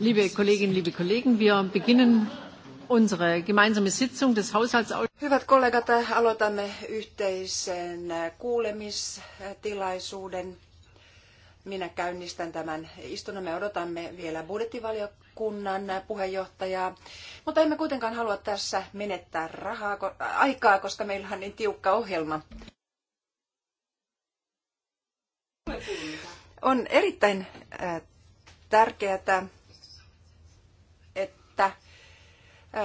Liebe Kolleginnen, liebe Kollegen, wir beginnen unsere gemeinsame Sitzung des Haushaltsausschusses. Hyvät kollegat, aloitamme yhteisen kuulemistilaisuuden. Minä käynnistän tämän istunnon. Me odotamme vielä budjettivaliokunnan puheenjohtajaa, mutta emme kuitenkaan halua tässä menettää rahaa, aikaa, koska meillä on niin tiukka ohjelma. On erittäin äh, tärkeää,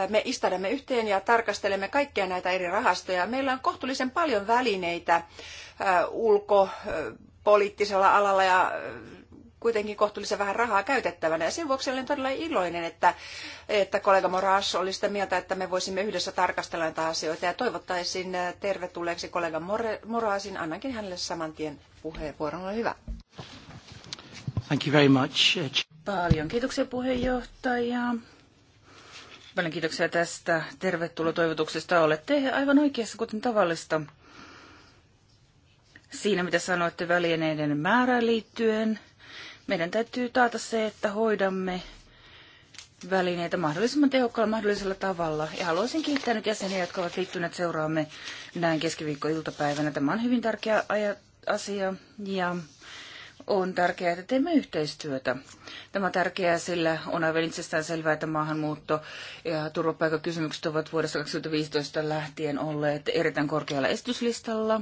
me istadamme yhteen ja tarkastelemme kaikkia näitä eri rahastoja. Meillä on kohtuullisen paljon välineitä ulkopoliittisella alalla ja kuitenkin kohtuullisen vähän rahaa käytettävänä. Ja sen vuoksi olen todella iloinen, että, että kollega Moraes oli sitä mieltä, että me voisimme yhdessä tarkastella näitä asioita. Ja toivottaisin tervetulleeksi kollega Moraesin. Annankin hänelle saman tien puheenvuoron. Ole hyvä. Thank you very much. Eh, paljon kiitoksia puheenjohtaja. Paljon kiitoksia tästä. Tervetuloa toivotuksesta. Olette aivan oikeassa, kuten tavallista. Siinä, mitä sanoitte välineiden määrään liittyen, meidän täytyy taata se, että hoidamme välineitä mahdollisimman tehokkaalla mahdollisella tavalla. Ja haluaisin kiittää nyt jäseniä, jotka ovat liittyneet seuraamme näin keskiviikkoiltapäivänä. Tämä on hyvin tärkeä asia ja on tärkeää, että teemme yhteistyötä. Tämä on tärkeää, sillä on aivan itsestään selvää, että maahanmuutto- ja turvapaikkakysymykset ovat vuodesta 2015 lähtien olleet erittäin korkealla esityslistalla.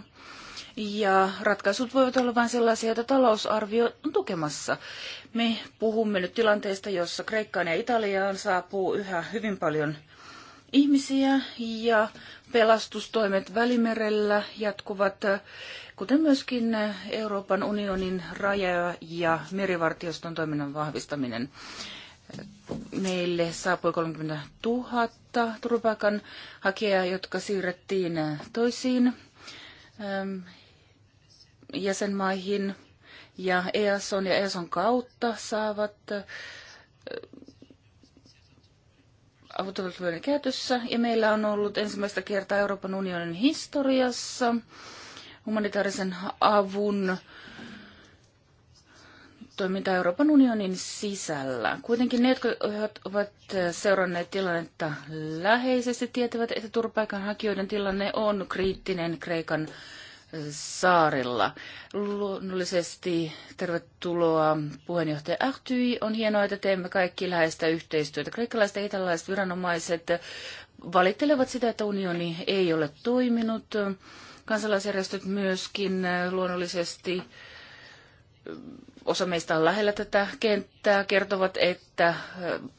Ja ratkaisut voivat olla vain sellaisia, joita talousarvio on tukemassa. Me puhumme nyt tilanteesta, jossa Kreikkaan ja Italiaan saapuu yhä hyvin paljon ihmisiä ja pelastustoimet Välimerellä jatkuvat kuten myöskin Euroopan unionin raja- ja merivartioston toiminnan vahvistaminen. Meille saapui 30 000 turvapaikanhakijaa, hakijaa, jotka siirrettiin toisiin ähm, jäsenmaihin ja EASON ja EASON kautta saavat äh, avuntarvitsijoiden käytössä. Ja meillä on ollut ensimmäistä kertaa Euroopan unionin historiassa humanitaarisen avun toimintaa Euroopan unionin sisällä. Kuitenkin ne, jotka ovat seuranneet tilannetta läheisesti, tietävät, että turvapaikanhakijoiden tilanne on kriittinen Kreikan saarilla. Luonnollisesti tervetuloa puheenjohtaja Ahtyi. On hienoa, että teemme kaikki läheistä yhteistyötä. Kreikkalaiset ja italaiset viranomaiset valittelevat sitä, että unioni ei ole toiminut. Kansalaisjärjestöt myöskin äh, luonnollisesti, äh, osa meistä on lähellä tätä kenttää, kertovat, että äh,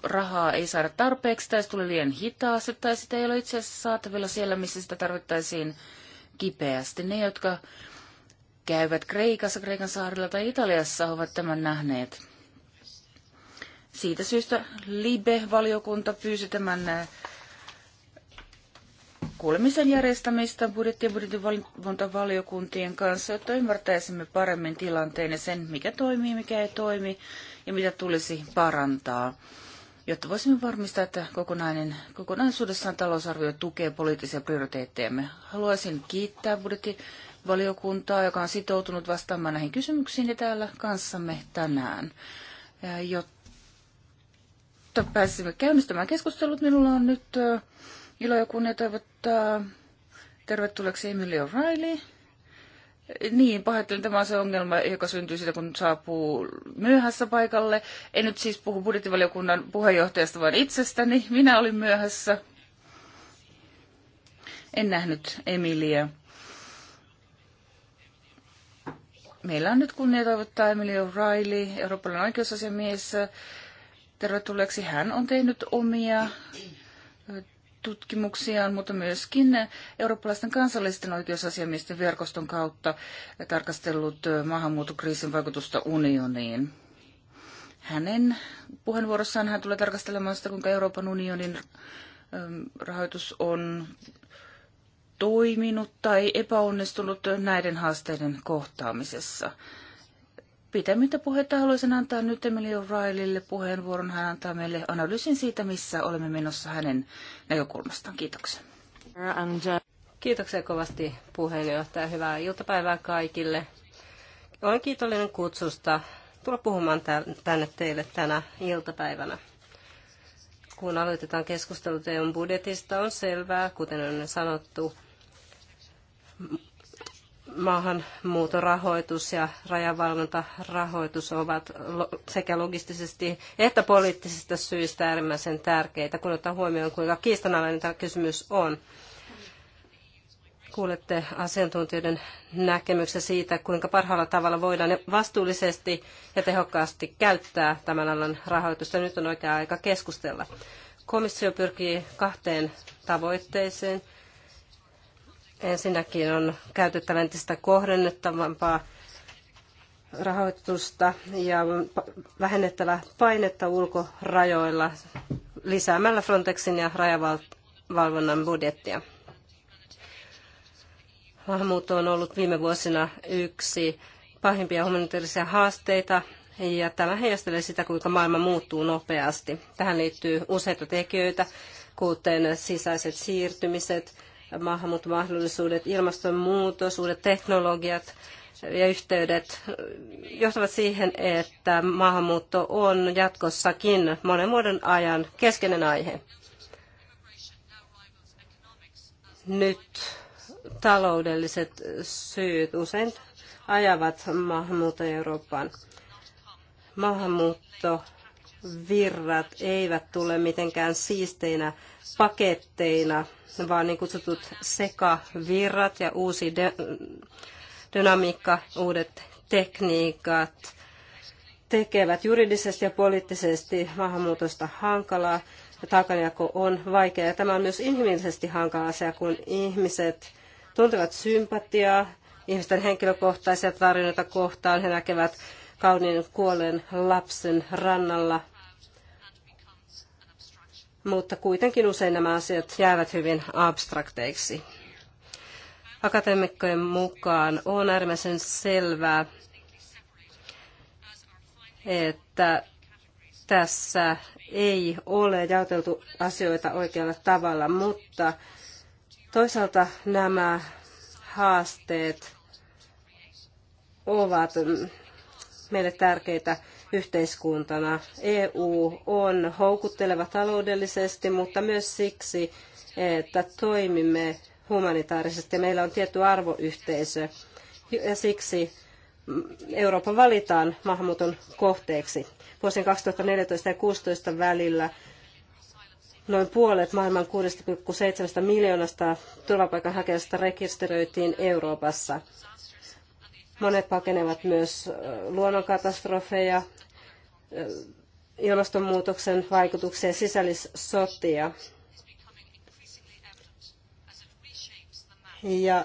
rahaa ei saada tarpeeksi tai se tulee liian hitaasti tai sitä ei ole itse asiassa saatavilla siellä, missä sitä tarvittaisiin kipeästi. Ne, jotka käyvät Kreikassa, Kreikan saarilla tai Italiassa, ovat tämän nähneet. Siitä syystä LIBE-valiokunta pyysi tämän kuulemisen järjestämistä budjetti- ja budjettivalvontavaliokuntien kanssa, jotta ymmärtäisimme paremmin tilanteen ja sen, mikä toimii, mikä ei toimi ja mitä tulisi parantaa, jotta voisimme varmistaa, että kokonainen, kokonaisuudessaan talousarvio tukee poliittisia prioriteettejamme. Haluaisin kiittää budjettivaliokuntaa, joka on sitoutunut vastaamaan näihin kysymyksiin ja täällä kanssamme tänään, jotta pääsisimme käynnistämään keskustelut. Minulla on nyt ilo ja kunnia toivottaa tervetulleeksi Emily O'Reilly. Niin, pahoittelen, tämä on se ongelma, joka syntyy siitä, kun saapuu myöhässä paikalle. En nyt siis puhu budjettivaliokunnan puheenjohtajasta, vaan itsestäni. Minä olin myöhässä. En nähnyt Emiliä. Meillä on nyt kunnia toivottaa Emily O'Reilly, eurooppalainen oikeusasiamies. Tervetulleeksi. Hän on tehnyt omia tutkimuksiaan, mutta myöskin eurooppalaisten kansallisten oikeusasiamiesten verkoston kautta tarkastellut maahanmuuttokriisin vaikutusta unioniin. Hänen puheenvuorossaan hän tulee tarkastelemaan sitä, kuinka Euroopan unionin ähm, rahoitus on toiminut tai epäonnistunut näiden haasteiden kohtaamisessa pitämättä puhetta haluaisin antaa nyt Emily O'Reillylle puheenvuoron. Hän antaa meille analyysin siitä, missä olemme menossa hänen näkökulmastaan. Kiitoksia. Uh, Kiitoksia kovasti puheenjohtaja. Hyvää iltapäivää kaikille. Olen kiitollinen kutsusta tulla puhumaan tänne teille tänä iltapäivänä. Kun aloitetaan keskustelut EUn budjetista, on selvää, kuten on sanottu, maahanmuutorahoitus ja rajavalvontarahoitus ovat sekä logistisesti että poliittisista syistä äärimmäisen tärkeitä, kun ottaa huomioon, kuinka kiistanalainen tämä kysymys on. Kuulette asiantuntijoiden näkemyksiä siitä, kuinka parhaalla tavalla voidaan vastuullisesti ja tehokkaasti käyttää tämän alan rahoitusta. Nyt on oikea aika keskustella. Komissio pyrkii kahteen tavoitteeseen – Ensinnäkin on käytettävä entistä kohdennettavampaa rahoitusta ja vähennettävä painetta ulkorajoilla lisäämällä Frontexin ja rajavalvonnan budjettia. Maahanmuutto on ollut viime vuosina yksi pahimpia humanitaarisia haasteita ja tämä heijastelee sitä, kuinka maailma muuttuu nopeasti. Tähän liittyy useita tekijöitä, kuten sisäiset siirtymiset, maahanmuuttomahdollisuudet, ilmastonmuutos, uudet teknologiat ja yhteydet johtavat siihen, että maahanmuutto on jatkossakin monen vuoden ajan keskeinen aihe. Nyt taloudelliset syyt usein ajavat maahanmuutto Eurooppaan. Maahanmuutto virrat eivät tule mitenkään siisteinä paketteina, vaan niin kutsutut sekavirrat ja uusi dynamiikka, uudet tekniikat tekevät juridisesti ja poliittisesti maahanmuutosta hankalaa. Ja taakanjako on vaikea. Ja tämä on myös inhimillisesti hankala asia, kun ihmiset tuntevat sympatiaa ihmisten henkilökohtaisia tarinoita kohtaan. He näkevät kauniin kuolleen lapsen rannalla. Mutta kuitenkin usein nämä asiat jäävät hyvin abstrakteiksi. Akateemikkojen mukaan on äärimmäisen selvää, että tässä ei ole jaoteltu asioita oikealla tavalla, mutta toisaalta nämä haasteet ovat meille tärkeitä yhteiskuntana. EU on houkutteleva taloudellisesti, mutta myös siksi, että toimimme humanitaarisesti. Meillä on tietty arvoyhteisö ja siksi Eurooppa valitaan maahanmuuton kohteeksi. Vuosien 2014 ja 2016 välillä noin puolet maailman 6,7 miljoonasta turvapaikanhakijasta rekisteröitiin Euroopassa. Monet pakenevat myös luonnonkatastrofeja, ilmastonmuutoksen vaikutuksia, sisällissotia. Ja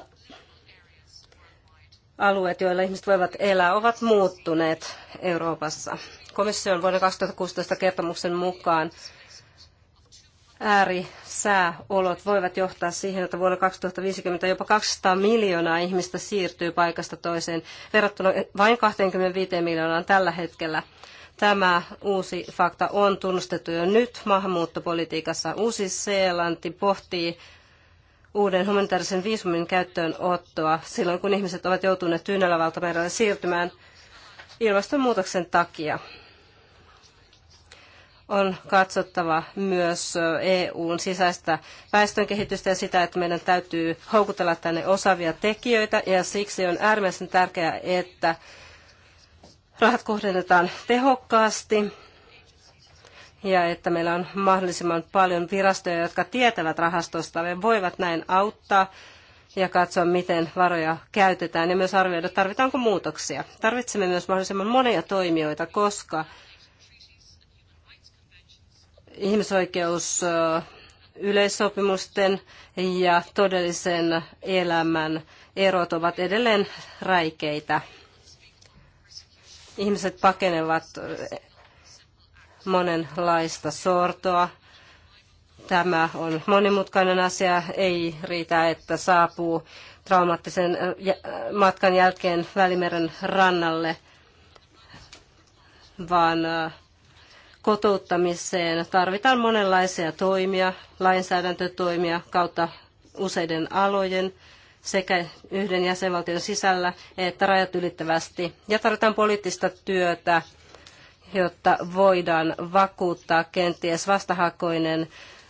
alueet, joilla ihmiset voivat elää, ovat muuttuneet Euroopassa. Komission vuoden 2016 kertomuksen mukaan äärisääolot voivat johtaa siihen, että vuonna 2050 jopa 200 miljoonaa ihmistä siirtyy paikasta toiseen verrattuna vain 25 miljoonaan tällä hetkellä. Tämä uusi fakta on tunnustettu jo nyt maahanmuuttopolitiikassa. Uusi-Seelanti pohtii uuden humanitaarisen viisumin käyttöönottoa silloin, kun ihmiset ovat joutuneet Tyynellä valtamerellä siirtymään ilmastonmuutoksen takia on katsottava myös EUn sisäistä väestönkehitystä ja sitä, että meidän täytyy houkutella tänne osaavia tekijöitä ja siksi on äärimmäisen tärkeää, että rahat kohdennetaan tehokkaasti ja että meillä on mahdollisimman paljon virastoja, jotka tietävät rahastosta ja voivat näin auttaa ja katsoa, miten varoja käytetään ja myös arvioida, tarvitaanko muutoksia. Tarvitsemme myös mahdollisimman monia toimijoita, koska ihmisoikeus ja todellisen elämän erot ovat edelleen räikeitä. Ihmiset pakenevat monenlaista sortoa. Tämä on monimutkainen asia. Ei riitä, että saapuu traumaattisen matkan jälkeen Välimeren rannalle, vaan kotouttamiseen tarvitaan monenlaisia toimia, lainsäädäntötoimia kautta useiden alojen sekä yhden jäsenvaltion sisällä että rajat ylittävästi. Ja tarvitaan poliittista työtä, jotta voidaan vakuuttaa kenties vastahakoinen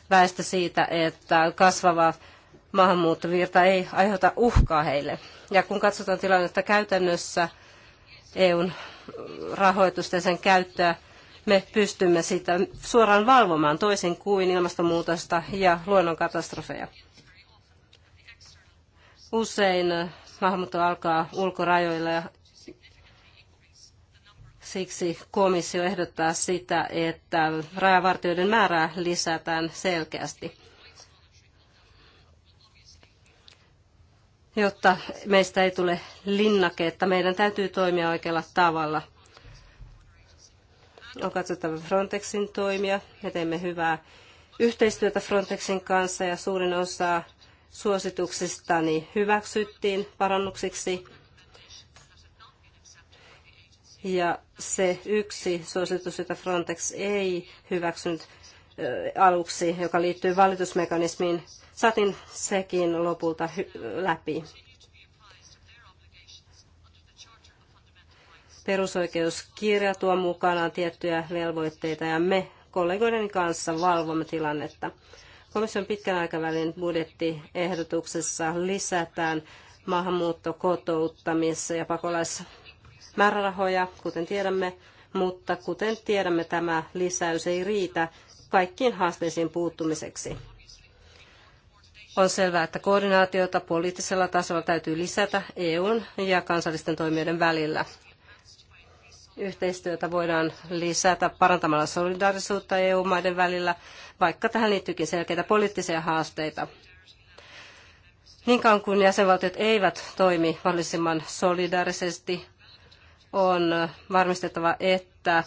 väestö siitä, että kasvava maahanmuuttovirta ei aiheuta uhkaa heille. Ja kun katsotaan tilannetta käytännössä, EUn rahoitusta ja sen käyttöä, me pystymme sitä suoraan valvomaan toisin kuin ilmastonmuutosta ja luonnonkatastrofeja. Usein maahanmuutto alkaa ulkorajoilla ja siksi komissio ehdottaa sitä, että rajavartijoiden määrää lisätään selkeästi. Jotta meistä ei tule linnake, että meidän täytyy toimia oikealla tavalla – on katsottava Frontexin toimia. Me teemme hyvää yhteistyötä Frontexin kanssa ja suurin osa suosituksistani hyväksyttiin parannuksiksi. Ja se yksi suositus, jota Frontex ei hyväksynyt aluksi, joka liittyy valitusmekanismiin, saatiin sekin lopulta läpi. Perusoikeuskirja tuo mukanaan tiettyjä velvoitteita ja me kollegoiden kanssa valvomme tilannetta. Komission pitkän aikavälin budjettiehdotuksessa lisätään maahanmuutto-, kotouttamis- ja pakolaismäärärahoja, kuten tiedämme, mutta kuten tiedämme, tämä lisäys ei riitä kaikkiin haasteisiin puuttumiseksi. On selvää, että koordinaatiota poliittisella tasolla täytyy lisätä EUn ja kansallisten toimijoiden välillä. Yhteistyötä voidaan lisätä parantamalla solidaarisuutta EU-maiden välillä, vaikka tähän liittyykin selkeitä poliittisia haasteita. Niin kauan kuin jäsenvaltiot eivät toimi mahdollisimman solidaarisesti, on varmistettava, että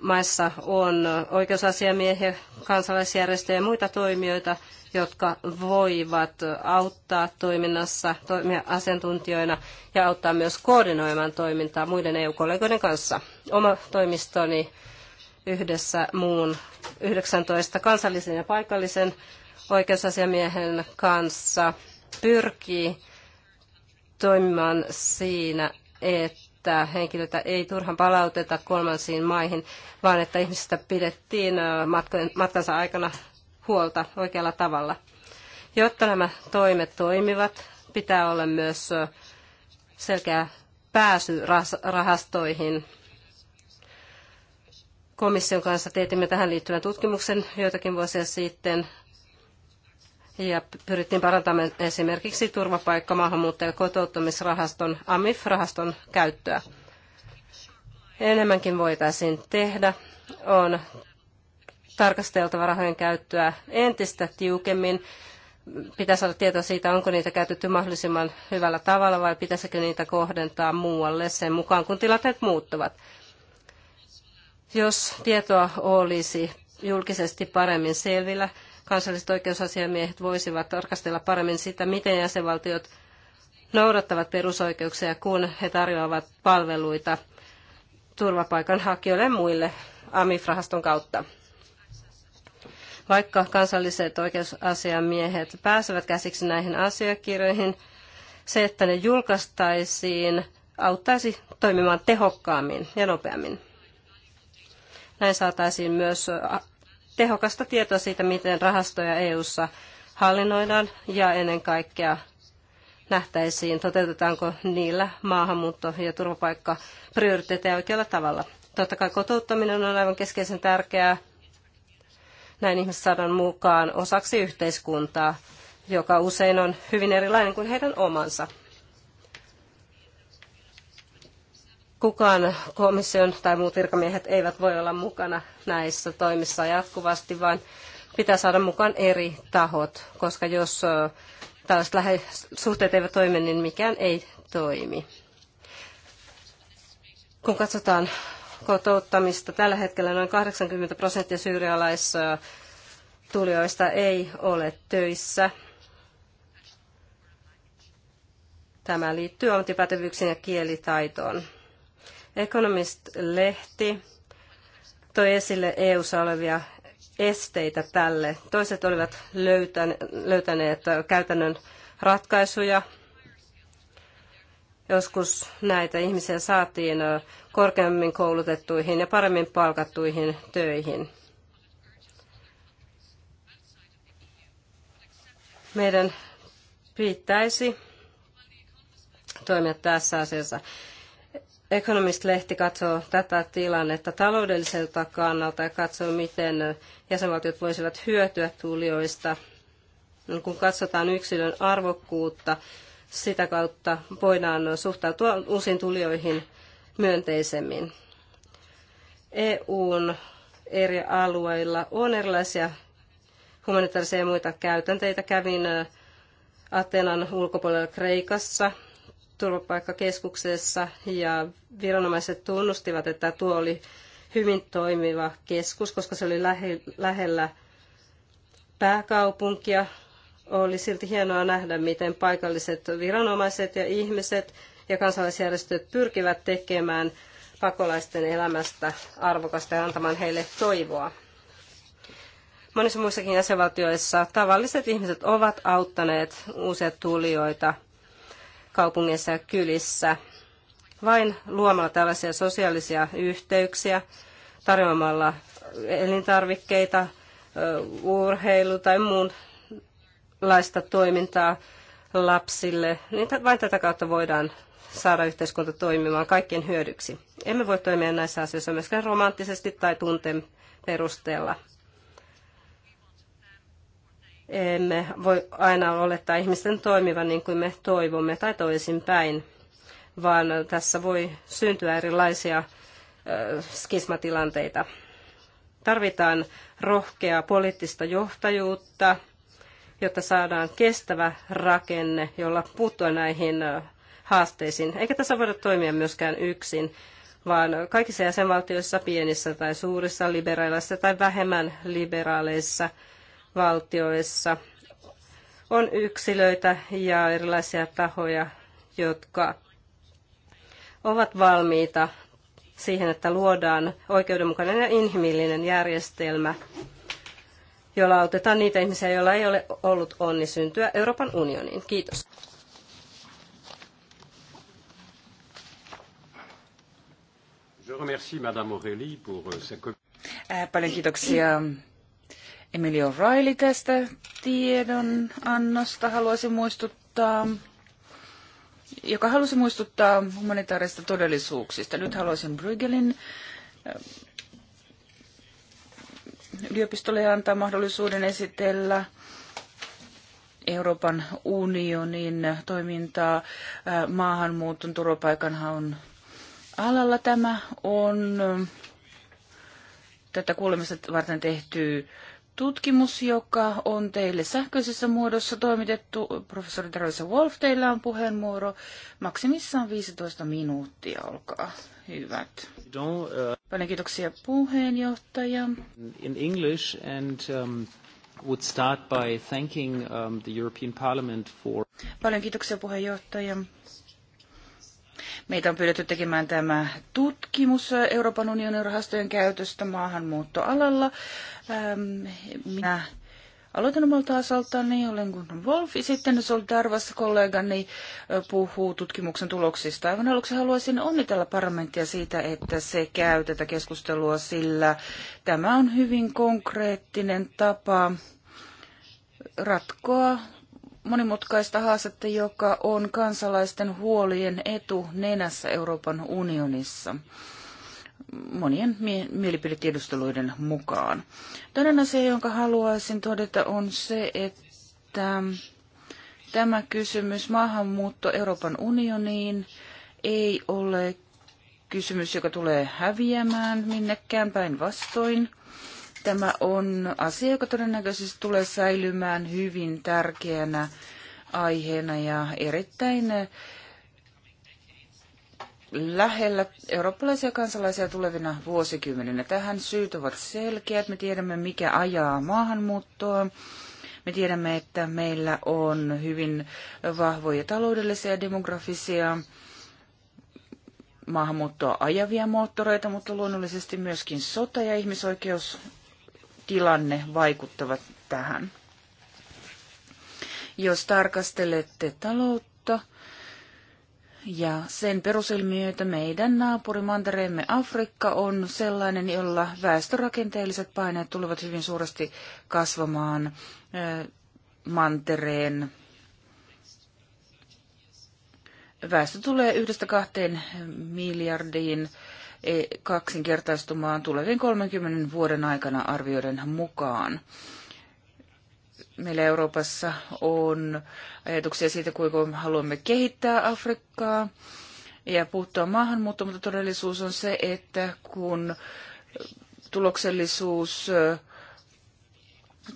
maissa on oikeusasiamiehiä, kansalaisjärjestöjä ja muita toimijoita, jotka voivat auttaa toiminnassa, toimia asiantuntijoina ja auttaa myös koordinoimaan toimintaa muiden EU-kollegoiden kanssa. Oma toimistoni yhdessä muun 19 kansallisen ja paikallisen oikeusasiamiehen kanssa pyrkii toimimaan siinä, että että henkilöitä ei turhan palauteta kolmansiin maihin, vaan että ihmisistä pidettiin matkansa aikana huolta oikealla tavalla. Jotta nämä toimet toimivat, pitää olla myös selkeä pääsy rahastoihin. Komission kanssa teetimme tähän liittyvän tutkimuksen joitakin vuosia sitten ja pyrittiin parantamaan esimerkiksi turvapaikka, maahanmuutto- ja kotouttamisrahaston, AMIF-rahaston käyttöä. Enemmänkin voitaisiin tehdä. On tarkasteltava rahojen käyttöä entistä tiukemmin. Pitää saada tietoa siitä, onko niitä käytetty mahdollisimman hyvällä tavalla vai pitäisikö niitä kohdentaa muualle sen mukaan, kun tilanteet muuttuvat. Jos tietoa olisi julkisesti paremmin selvillä, kansalliset oikeusasiamiehet voisivat tarkastella paremmin sitä, miten jäsenvaltiot noudattavat perusoikeuksia, kun he tarjoavat palveluita turvapaikanhakijoille ja muille AMIF-rahaston kautta. Vaikka kansalliset oikeusasiamiehet pääsevät käsiksi näihin asiakirjoihin, se, että ne julkaistaisiin, auttaisi toimimaan tehokkaammin ja nopeammin. Näin saataisiin myös tehokasta tietoa siitä, miten rahastoja EU:ssa hallinnoidaan ja ennen kaikkea nähtäisiin, toteutetaanko niillä maahanmuutto- ja turvapaikkaprioriteetteja oikealla tavalla. Totta kai kotouttaminen on aivan keskeisen tärkeää. Näin ihmiset saadaan mukaan osaksi yhteiskuntaa, joka usein on hyvin erilainen kuin heidän omansa. kukaan komission tai muut virkamiehet eivät voi olla mukana näissä toimissa jatkuvasti, vaan pitää saada mukaan eri tahot, koska jos tällaiset lähe- suhteet eivät toimi, niin mikään ei toimi. Kun katsotaan kotouttamista, tällä hetkellä noin 80 prosenttia syyrialaistulijoista ei ole töissä. Tämä liittyy ammattipätevyyksiin ja kielitaitoon. Economist-lehti toi esille EU-ssa olevia esteitä tälle. Toiset olivat löytäneet käytännön ratkaisuja. Joskus näitä ihmisiä saatiin korkeammin koulutettuihin ja paremmin palkattuihin töihin. Meidän pitäisi toimia tässä asiassa. Economist-lehti katsoo tätä tilannetta taloudelliselta kannalta ja katsoo, miten jäsenvaltiot voisivat hyötyä tulijoista. Kun katsotaan yksilön arvokkuutta, sitä kautta voidaan suhtautua uusiin tulijoihin myönteisemmin. EUn eri alueilla on erilaisia humanitaarisia ja muita käytänteitä. Kävin Atenan ulkopuolella Kreikassa – turvapaikkakeskuksessa ja viranomaiset tunnustivat, että tuo oli hyvin toimiva keskus, koska se oli lähellä pääkaupunkia. Oli silti hienoa nähdä, miten paikalliset viranomaiset ja ihmiset ja kansalaisjärjestöt pyrkivät tekemään pakolaisten elämästä arvokasta ja antamaan heille toivoa. Monissa muissakin jäsenvaltioissa tavalliset ihmiset ovat auttaneet uusia tulijoita – kaupungeissa ja kylissä. Vain luomalla tällaisia sosiaalisia yhteyksiä, tarjoamalla elintarvikkeita, urheilu tai muunlaista toimintaa lapsille, niin vain tätä kautta voidaan saada yhteiskunta toimimaan kaikkien hyödyksi. Emme voi toimia näissä asioissa myöskään romanttisesti tai tunteen perusteella. Emme voi aina olettaa ihmisten toimivan niin kuin me toivomme tai toisinpäin, vaan tässä voi syntyä erilaisia skismatilanteita. Tarvitaan rohkeaa poliittista johtajuutta, jotta saadaan kestävä rakenne, jolla puuttua näihin haasteisiin. Eikä tässä voida toimia myöskään yksin, vaan kaikissa jäsenvaltioissa, pienissä tai suurissa, liberaaleissa tai vähemmän liberaaleissa – valtioissa on yksilöitä ja erilaisia tahoja, jotka ovat valmiita siihen, että luodaan oikeudenmukainen ja inhimillinen järjestelmä, jolla autetaan niitä ihmisiä, joilla ei ole ollut onni syntyä Euroopan unioniin. Kiitos. Euh, paljon kiitoksia Emilio Riley tästä tiedon annosta haluaisi muistuttaa, joka halusi muistuttaa humanitaarista todellisuuksista. Nyt haluaisin Bruegelin äh, yliopistolle antaa mahdollisuuden esitellä Euroopan unionin toimintaa äh, maahanmuuton turvapaikanhaun alalla. Tämä on äh, tätä kuulemista varten tehty tutkimus, joka on teille sähköisessä muodossa toimitettu. Professori Teresa Wolf, teillä on puheenvuoro. Maksimissaan 15 minuuttia, olkaa hyvät. Paljon kiitoksia puheenjohtaja. In English and um, would start by thanking um, the European Parliament for... Paljon kiitoksia puheenjohtaja. Meitä on pyydetty tekemään tämä tutkimus Euroopan unionin rahastojen käytöstä maahanmuuttoalalla. Minä aloitan omalta osaltani, olen Gunnar Wolf, ja sitten Soldarvassa kollegani äh, puhuu tutkimuksen tuloksista. Aivan aluksi haluaisin onnitella parlamenttia siitä, että se käy tätä keskustelua, sillä tämä on hyvin konkreettinen tapa ratkoa monimutkaista haastetta, joka on kansalaisten huolien etu nenässä Euroopan unionissa monien mie- mielipidetiedusteluiden mukaan. Toinen asia, jonka haluaisin todeta, on se, että tämä kysymys maahanmuutto Euroopan unioniin ei ole kysymys, joka tulee häviämään minnekään päinvastoin. Tämä on asia, joka todennäköisesti tulee säilymään hyvin tärkeänä aiheena ja erittäin lähellä eurooppalaisia kansalaisia tulevina vuosikymmeninä. Tähän syyt ovat selkeät. Me tiedämme, mikä ajaa maahanmuuttoa. Me tiedämme, että meillä on hyvin vahvoja taloudellisia ja demografisia maahanmuuttoa ajavia moottoreita, mutta luonnollisesti myöskin sota- ja ihmisoikeus tilanne vaikuttavat tähän. Jos tarkastelette taloutta ja sen perusilmiöitä, meidän naapurimantereemme Afrikka on sellainen, jolla väestörakenteelliset paineet tulevat hyvin suuresti kasvamaan mantereen väestö tulee yhdestä kahteen miljardiin E, kaksinkertaistumaan tulevien 30 vuoden aikana arvioiden mukaan. Meillä Euroopassa on ajatuksia siitä, kuinka haluamme kehittää Afrikkaa ja puuttua maahanmuuttoon, mutta todellisuus on se, että kun tuloksellisuus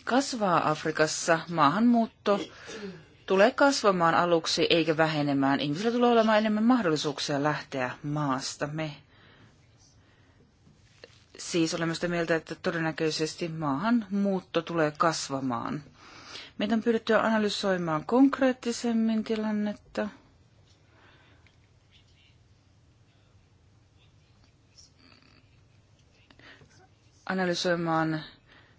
kasvaa Afrikassa, maahanmuutto tulee kasvamaan aluksi eikä vähenemään. Ihmisillä tulee olemaan enemmän mahdollisuuksia lähteä maasta. Me Siis olemme sitä mieltä, että todennäköisesti maahan muutto tulee kasvamaan. Meitä on pyydetty analysoimaan konkreettisemmin tilannetta. Analysoimaan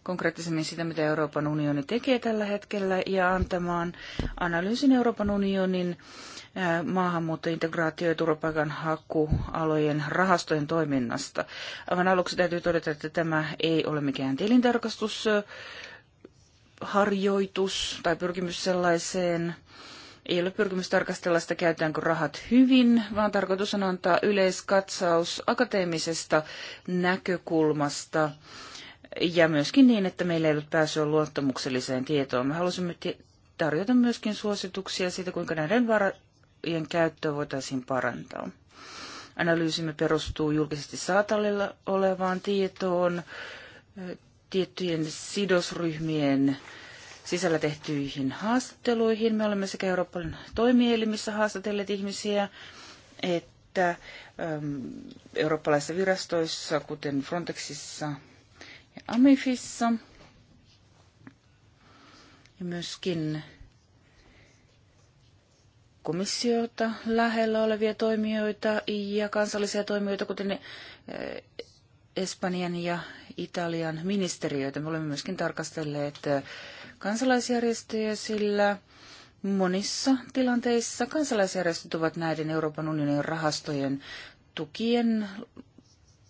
konkreettisemmin sitä, mitä Euroopan unioni tekee tällä hetkellä ja antamaan analyysin Euroopan unionin Äh, maahanmuutto, integraatio- ja turvapaikanhakualojen rahastojen toiminnasta. Aivan aluksi täytyy todeta, että tämä ei ole mikään tilintarkastusharjoitus tai pyrkimys sellaiseen. Ei ole pyrkimys tarkastella sitä, käytetäänkö rahat hyvin, vaan tarkoitus on antaa yleiskatsaus akateemisesta näkökulmasta ja myöskin niin, että meillä ei ole pääsyä luottamukselliseen tietoon. Me halusimme tarjota myöskin suosituksia siitä, kuinka näiden käyttöä voitaisiin parantaa. Analyysimme perustuu julkisesti saatavilla olevaan tietoon, tiettyjen sidosryhmien sisällä tehtyihin haastatteluihin. Me olemme sekä Euroopan toimielimissä haastatelleet ihmisiä, että eurooppalaisissa virastoissa, kuten Frontexissa ja Amifissa, ja myöskin komissiota lähellä olevia toimijoita ja kansallisia toimijoita, kuten eh, Espanjan ja Italian ministeriöitä. Me olemme myöskin tarkastelleet eh, kansalaisjärjestöjä, sillä monissa tilanteissa kansalaisjärjestöt ovat näiden Euroopan unionin rahastojen tukien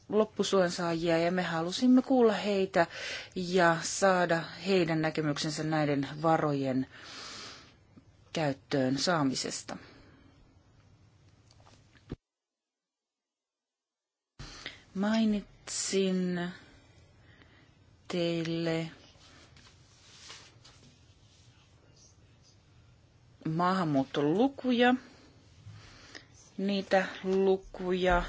loppusuojan saajia ja me halusimme kuulla heitä ja saada heidän näkemyksensä näiden varojen käyttöön saamisesta. Mainitsin teille maahanmuuttolukuja, niitä lukuja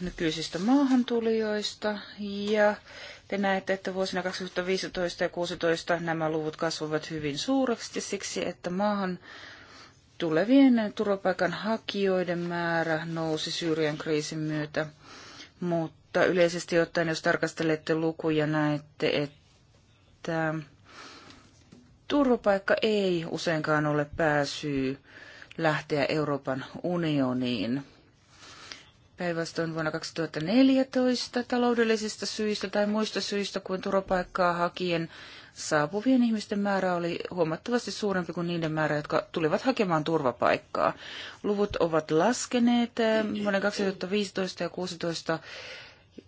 nykyisistä maahantulijoista ja te näette, että vuosina 2015 ja 2016 nämä luvut kasvavat hyvin suureksi siksi, että maahan tulevien turvapaikanhakijoiden määrä nousi Syyrian kriisin myötä. Mutta yleisesti ottaen, jos tarkastelette lukuja, näette, että turvapaikka ei useinkaan ole pääsyy lähteä Euroopan unioniin. Päinvastoin vuonna 2014 taloudellisista syistä tai muista syistä kuin turvapaikkaa hakien saapuvien ihmisten määrä oli huomattavasti suurempi kuin niiden määrä, jotka tulivat hakemaan turvapaikkaa. Luvut ovat laskeneet eh, vuoden 2015 ja 2016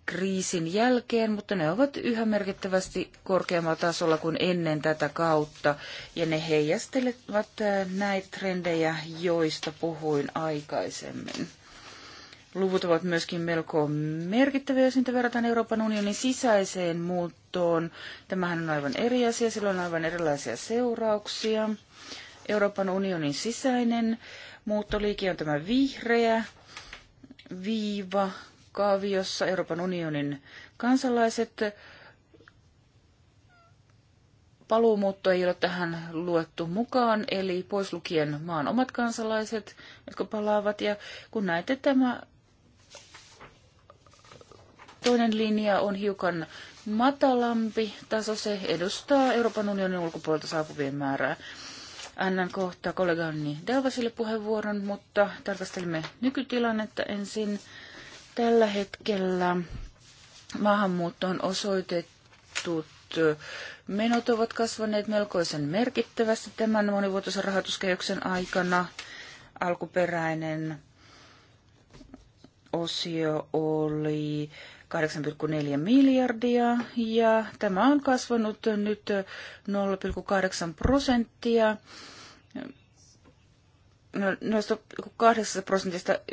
kriisin jälkeen, mutta ne ovat yhä merkittävästi korkeammalla tasolla kuin ennen tätä kautta, ja ne heijastelevat eh, näitä trendejä, joista puhuin aikaisemmin. Luvut ovat myöskin melko merkittäviä, jos niitä verrataan Euroopan unionin sisäiseen muuttoon. Tämähän on aivan eri asia, sillä on aivan erilaisia seurauksia. Euroopan unionin sisäinen muuttoliike on tämä vihreä viiva kaaviossa. Euroopan unionin kansalaiset paluumuutto ei ole tähän luettu mukaan, eli pois lukien maan omat kansalaiset, jotka palaavat. Ja kun näette, tämä Toinen linja on hiukan matalampi taso. Se edustaa Euroopan unionin ulkopuolelta saapuvien määrää. Annan kohta kollegani Delvasille puheenvuoron, mutta tarkastelemme nykytilannetta ensin. Tällä hetkellä maahanmuuttoon osoitetut menot ovat kasvaneet melkoisen merkittävästi tämän monivuotoisen rahoituskehyksen aikana. Alkuperäinen osio oli 8,4 miljardia ja tämä on kasvanut nyt 0,8 prosenttia. No, noista 0,8 prosentista 1,3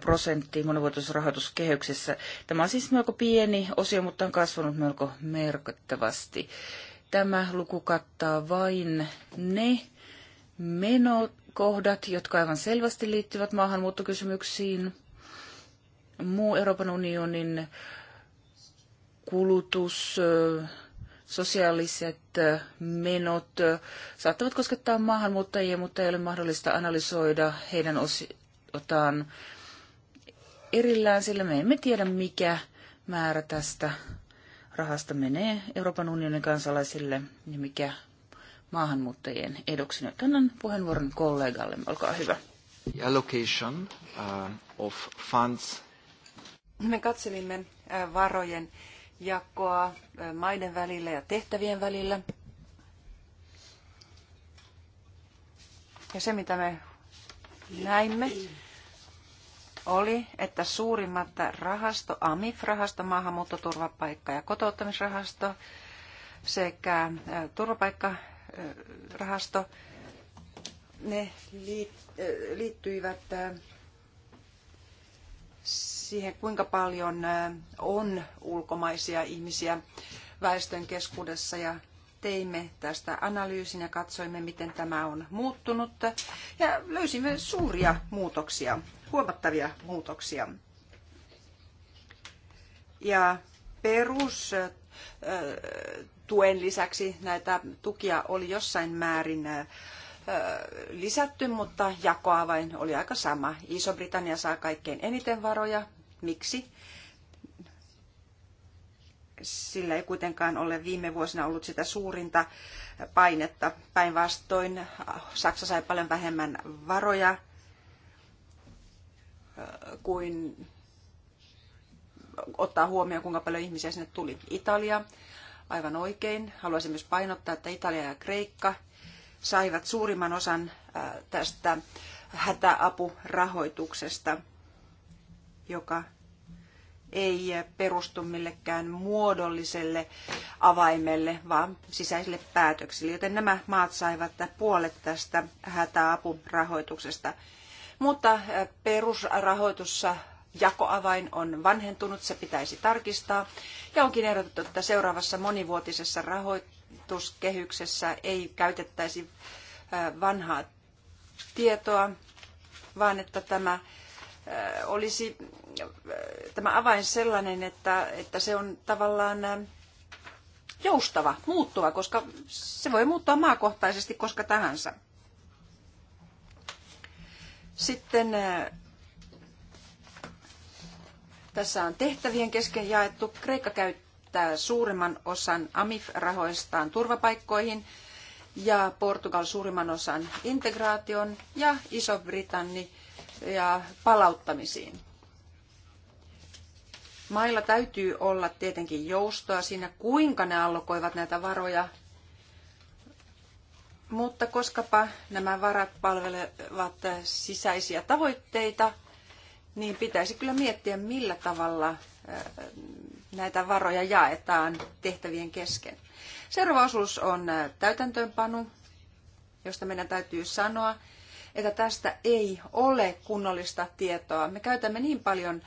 prosenttiin monivuotoisrahoituskehyksessä. Tämä on siis melko pieni osio, mutta on kasvanut melko merkittävästi. Tämä luku kattaa vain ne menokohdat, jotka aivan selvästi liittyvät maahanmuuttokysymyksiin – muu Euroopan unionin kulutus, sosiaaliset menot saattavat koskettaa maahanmuuttajia, mutta ei ole mahdollista analysoida heidän osiotaan erillään, sillä me emme tiedä, mikä määrä tästä rahasta menee Euroopan unionin kansalaisille ja mikä maahanmuuttajien eduksi. Nyt annan puheenvuoron kollegalle. Olkaa hyvä. The allocation uh, of funds me katselimme varojen jakoa maiden välillä ja tehtävien välillä. Ja se, mitä me näimme, oli, että suurimmat rahasto, AMIF-rahasto, maahanmuuttoturvapaikka ja kotouttamisrahasto sekä turvapaikkarahasto, ne liittyivät siihen, kuinka paljon on ulkomaisia ihmisiä väestön keskuudessa ja teimme tästä analyysin ja katsoimme, miten tämä on muuttunut. Ja löysimme suuria muutoksia, huomattavia muutoksia. Ja perus tuen lisäksi näitä tukia oli jossain määrin lisätty, mutta jakoa vain oli aika sama. Iso-Britannia saa kaikkein eniten varoja, Miksi? Sillä ei kuitenkaan ole viime vuosina ollut sitä suurinta painetta. Päinvastoin Saksa sai paljon vähemmän varoja kuin ottaa huomioon, kuinka paljon ihmisiä sinne tuli. Italia, aivan oikein. Haluaisin myös painottaa, että Italia ja Kreikka saivat suurimman osan tästä hätäapurahoituksesta joka ei perustu millekään muodolliselle avaimelle, vaan sisäisille päätöksille. Joten nämä maat saivat puolet tästä hätäapurahoituksesta. Mutta perusrahoitussa jakoavain on vanhentunut, se pitäisi tarkistaa. Ja onkin ehdotettu, että seuraavassa monivuotisessa rahoituskehyksessä ei käytettäisi vanhaa tietoa, vaan että tämä olisi tämä avain sellainen, että, että se on tavallaan joustava, muuttuva, koska se voi muuttua maakohtaisesti koska tahansa. Sitten tässä on tehtävien kesken jaettu. Kreikka käyttää suurimman osan AMIF-rahoistaan turvapaikkoihin ja Portugal suurimman osan integraation ja Iso-Britanni ja palauttamisiin. Mailla täytyy olla tietenkin joustoa siinä, kuinka ne allokoivat näitä varoja, mutta koskapa nämä varat palvelevat sisäisiä tavoitteita, niin pitäisi kyllä miettiä, millä tavalla näitä varoja jaetaan tehtävien kesken. Seuraava osuus on täytäntöönpanu, josta meidän täytyy sanoa, että tästä ei ole kunnollista tietoa. Me käytämme niin paljon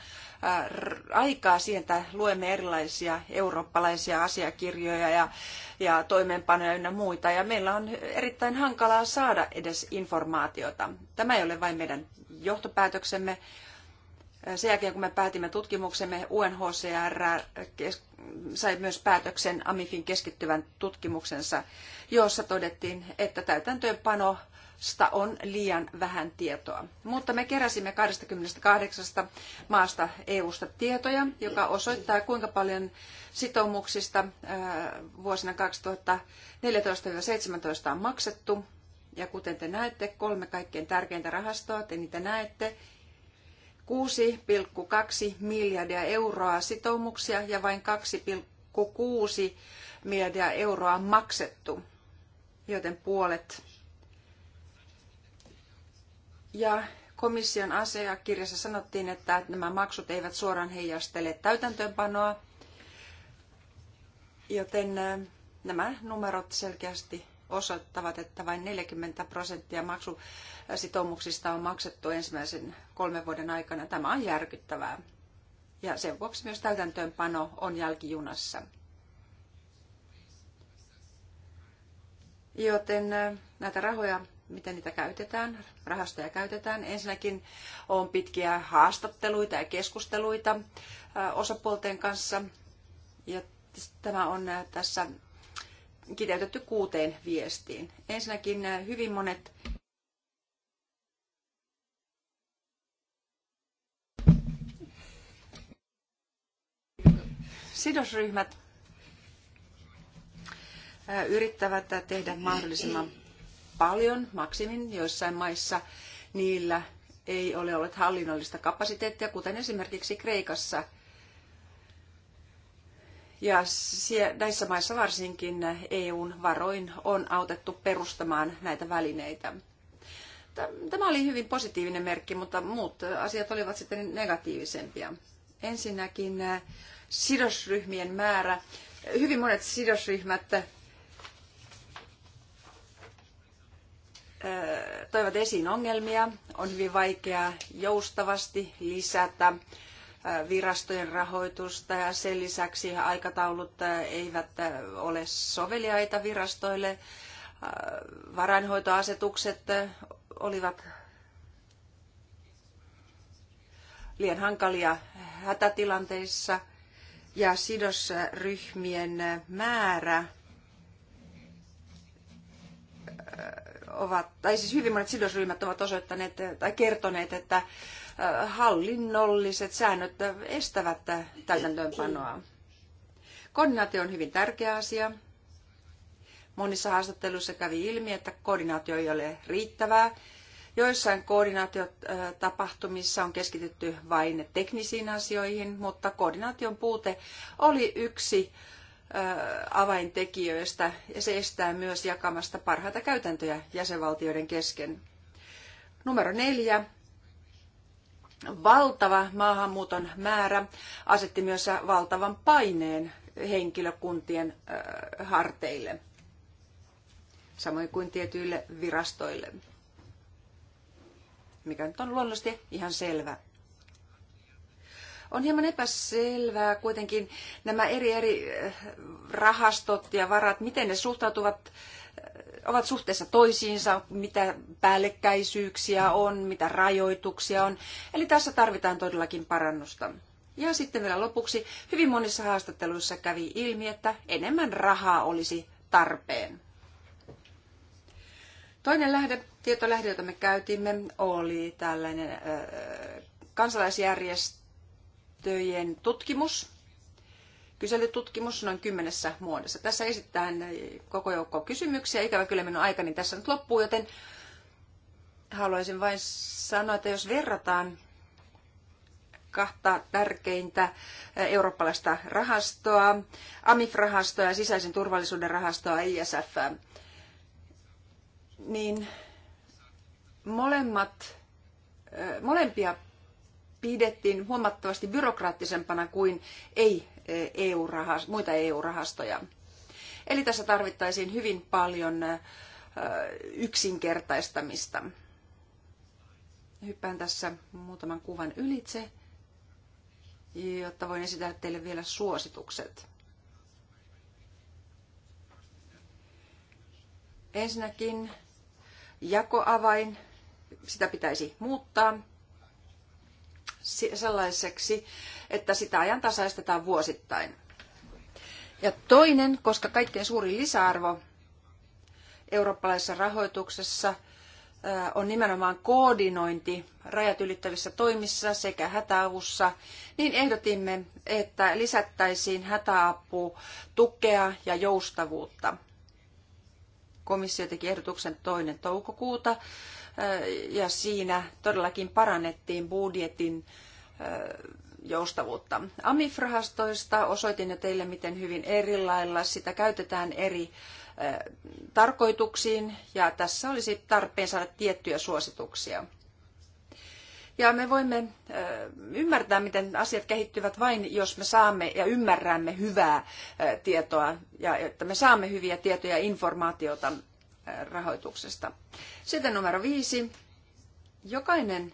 aikaa siihen, että luemme erilaisia eurooppalaisia asiakirjoja ja, ja toimeenpanoja ynnä muita, ja meillä on erittäin hankalaa saada edes informaatiota. Tämä ei ole vain meidän johtopäätöksemme. Sen jälkeen, kun me päätimme tutkimuksemme, UNHCR sai myös päätöksen AMIFin keskittyvän tutkimuksensa, jossa todettiin, että täytäntöönpano josta on liian vähän tietoa. Mutta me keräsimme 28 maasta EU-sta tietoja, joka osoittaa kuinka paljon sitoumuksista äh, vuosina 2014-2017 on maksettu. Ja kuten te näette, kolme kaikkein tärkeintä rahastoa, te niitä näette, 6,2 miljardia euroa sitoumuksia ja vain 2,6 miljardia euroa maksettu, joten puolet ja komission asiakirjassa sanottiin, että nämä maksut eivät suoraan heijastele täytäntöönpanoa, joten nämä numerot selkeästi osoittavat, että vain 40 prosenttia maksusitoumuksista on maksettu ensimmäisen kolmen vuoden aikana. Tämä on järkyttävää. Ja sen vuoksi myös täytäntöönpano on jälkijunassa. Joten näitä rahoja miten niitä käytetään, rahastoja käytetään. Ensinnäkin on pitkiä haastatteluita ja keskusteluita osapuolten kanssa. Ja tämä on tässä kiteytetty kuuteen viestiin. Ensinnäkin hyvin monet sidosryhmät yrittävät tehdä mahdollisimman paljon, maksimin joissain maissa niillä ei ole ollut hallinnollista kapasiteettia, kuten esimerkiksi Kreikassa. Ja näissä maissa varsinkin EUn varoin on autettu perustamaan näitä välineitä. Tämä oli hyvin positiivinen merkki, mutta muut asiat olivat sitten negatiivisempia. Ensinnäkin äh, sidosryhmien määrä. Hyvin monet sidosryhmät toivat esiin ongelmia. On hyvin vaikea joustavasti lisätä virastojen rahoitusta ja sen lisäksi aikataulut eivät ole soveliaita virastoille. Varainhoitoasetukset olivat liian hankalia hätätilanteissa ja sidosryhmien määrä ovat, tai siis hyvin monet sidosryhmät ovat osoittaneet tai kertoneet, että hallinnolliset säännöt estävät täytäntöönpanoa. Koordinaatio on hyvin tärkeä asia. Monissa haastatteluissa kävi ilmi, että koordinaatio ei ole riittävää. Joissain koordinaatiotapahtumissa on keskitytty vain teknisiin asioihin, mutta koordinaation puute oli yksi avaintekijöistä ja se estää myös jakamasta parhaita käytäntöjä jäsenvaltioiden kesken. Numero neljä. Valtava maahanmuuton määrä asetti myös valtavan paineen henkilökuntien harteille, samoin kuin tietyille virastoille, mikä nyt on luonnollisesti ihan selvä on hieman epäselvää kuitenkin nämä eri eri eh, rahastot ja varat, miten ne suhtautuvat eh, ovat suhteessa toisiinsa, mitä päällekkäisyyksiä on, mitä rajoituksia on. Eli tässä tarvitaan todellakin parannusta. Ja sitten vielä lopuksi, hyvin monissa haastatteluissa kävi ilmi, että enemmän rahaa olisi tarpeen. Toinen lähde, tietolähde, jota me käytimme, oli tällainen ö, eh, kansalaisjärjestö, järjestöjen tutkimus, kyselytutkimus noin kymmenessä muodossa. Tässä esitetään koko joukko kysymyksiä. Ikävä kyllä minun aikani tässä nyt loppuu, joten haluaisin vain sanoa, että jos verrataan kahta tärkeintä eurooppalaista rahastoa, AMIF-rahastoa ja sisäisen turvallisuuden rahastoa ISF, niin molemmat, molempia pidettiin huomattavasti byrokraattisempana kuin ei e, EU -rahast, muita EU-rahastoja. Eli tässä tarvittaisiin hyvin paljon e, yksinkertaistamista. Hyppään tässä muutaman kuvan ylitse, jotta voin esitellä teille vielä suositukset. Ensinnäkin jakoavain, sitä pitäisi muuttaa sellaiseksi, että sitä ajantasaistetaan vuosittain. Ja toinen, koska kaikkein suurin lisäarvo eurooppalaisessa rahoituksessa on nimenomaan koordinointi rajat ylittävissä toimissa sekä hätäavussa, niin ehdotimme, että lisättäisiin hätäapu, tukea ja joustavuutta. Komissio teki ehdotuksen toinen toukokuuta ja siinä todellakin parannettiin budjetin joustavuutta. AMIF-rahastoista osoitin jo teille, miten hyvin eri lailla sitä käytetään eri tarkoituksiin ja tässä olisi tarpeen saada tiettyjä suosituksia. Ja me voimme ymmärtää, miten asiat kehittyvät vain, jos me saamme ja ymmärrämme hyvää tietoa ja että me saamme hyviä tietoja ja informaatiota rahoituksesta. Sitten numero viisi. Jokainen,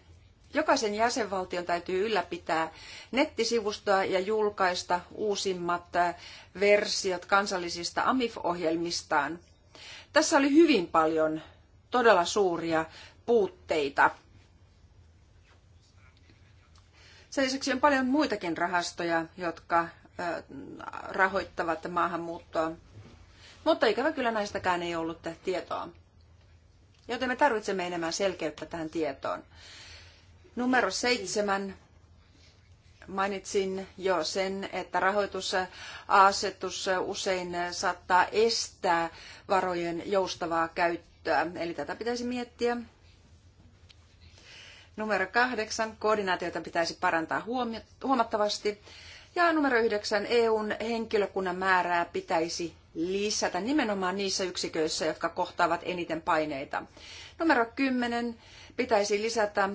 jokaisen jäsenvaltion täytyy ylläpitää nettisivustoa ja julkaista uusimmat äh, versiot kansallisista AMIF-ohjelmistaan. Tässä oli hyvin paljon todella suuria puutteita. Sen lisäksi on paljon muitakin rahastoja, jotka äh, rahoittavat maahanmuuttoa mutta ikävä kyllä näistäkään ei ollut tietoa. Joten me tarvitsemme enemmän selkeyttä tähän tietoon. Numero seitsemän. Mainitsin jo sen, että rahoitusasetus usein saattaa estää varojen joustavaa käyttöä, eli tätä pitäisi miettiä. Numero kahdeksan, koordinaatiota pitäisi parantaa huomattavasti. Ja numero yhdeksän, EUn henkilökunnan määrää pitäisi lisätä nimenomaan niissä yksiköissä, jotka kohtaavat eniten paineita. Numero 10. Pitäisi lisätä äh,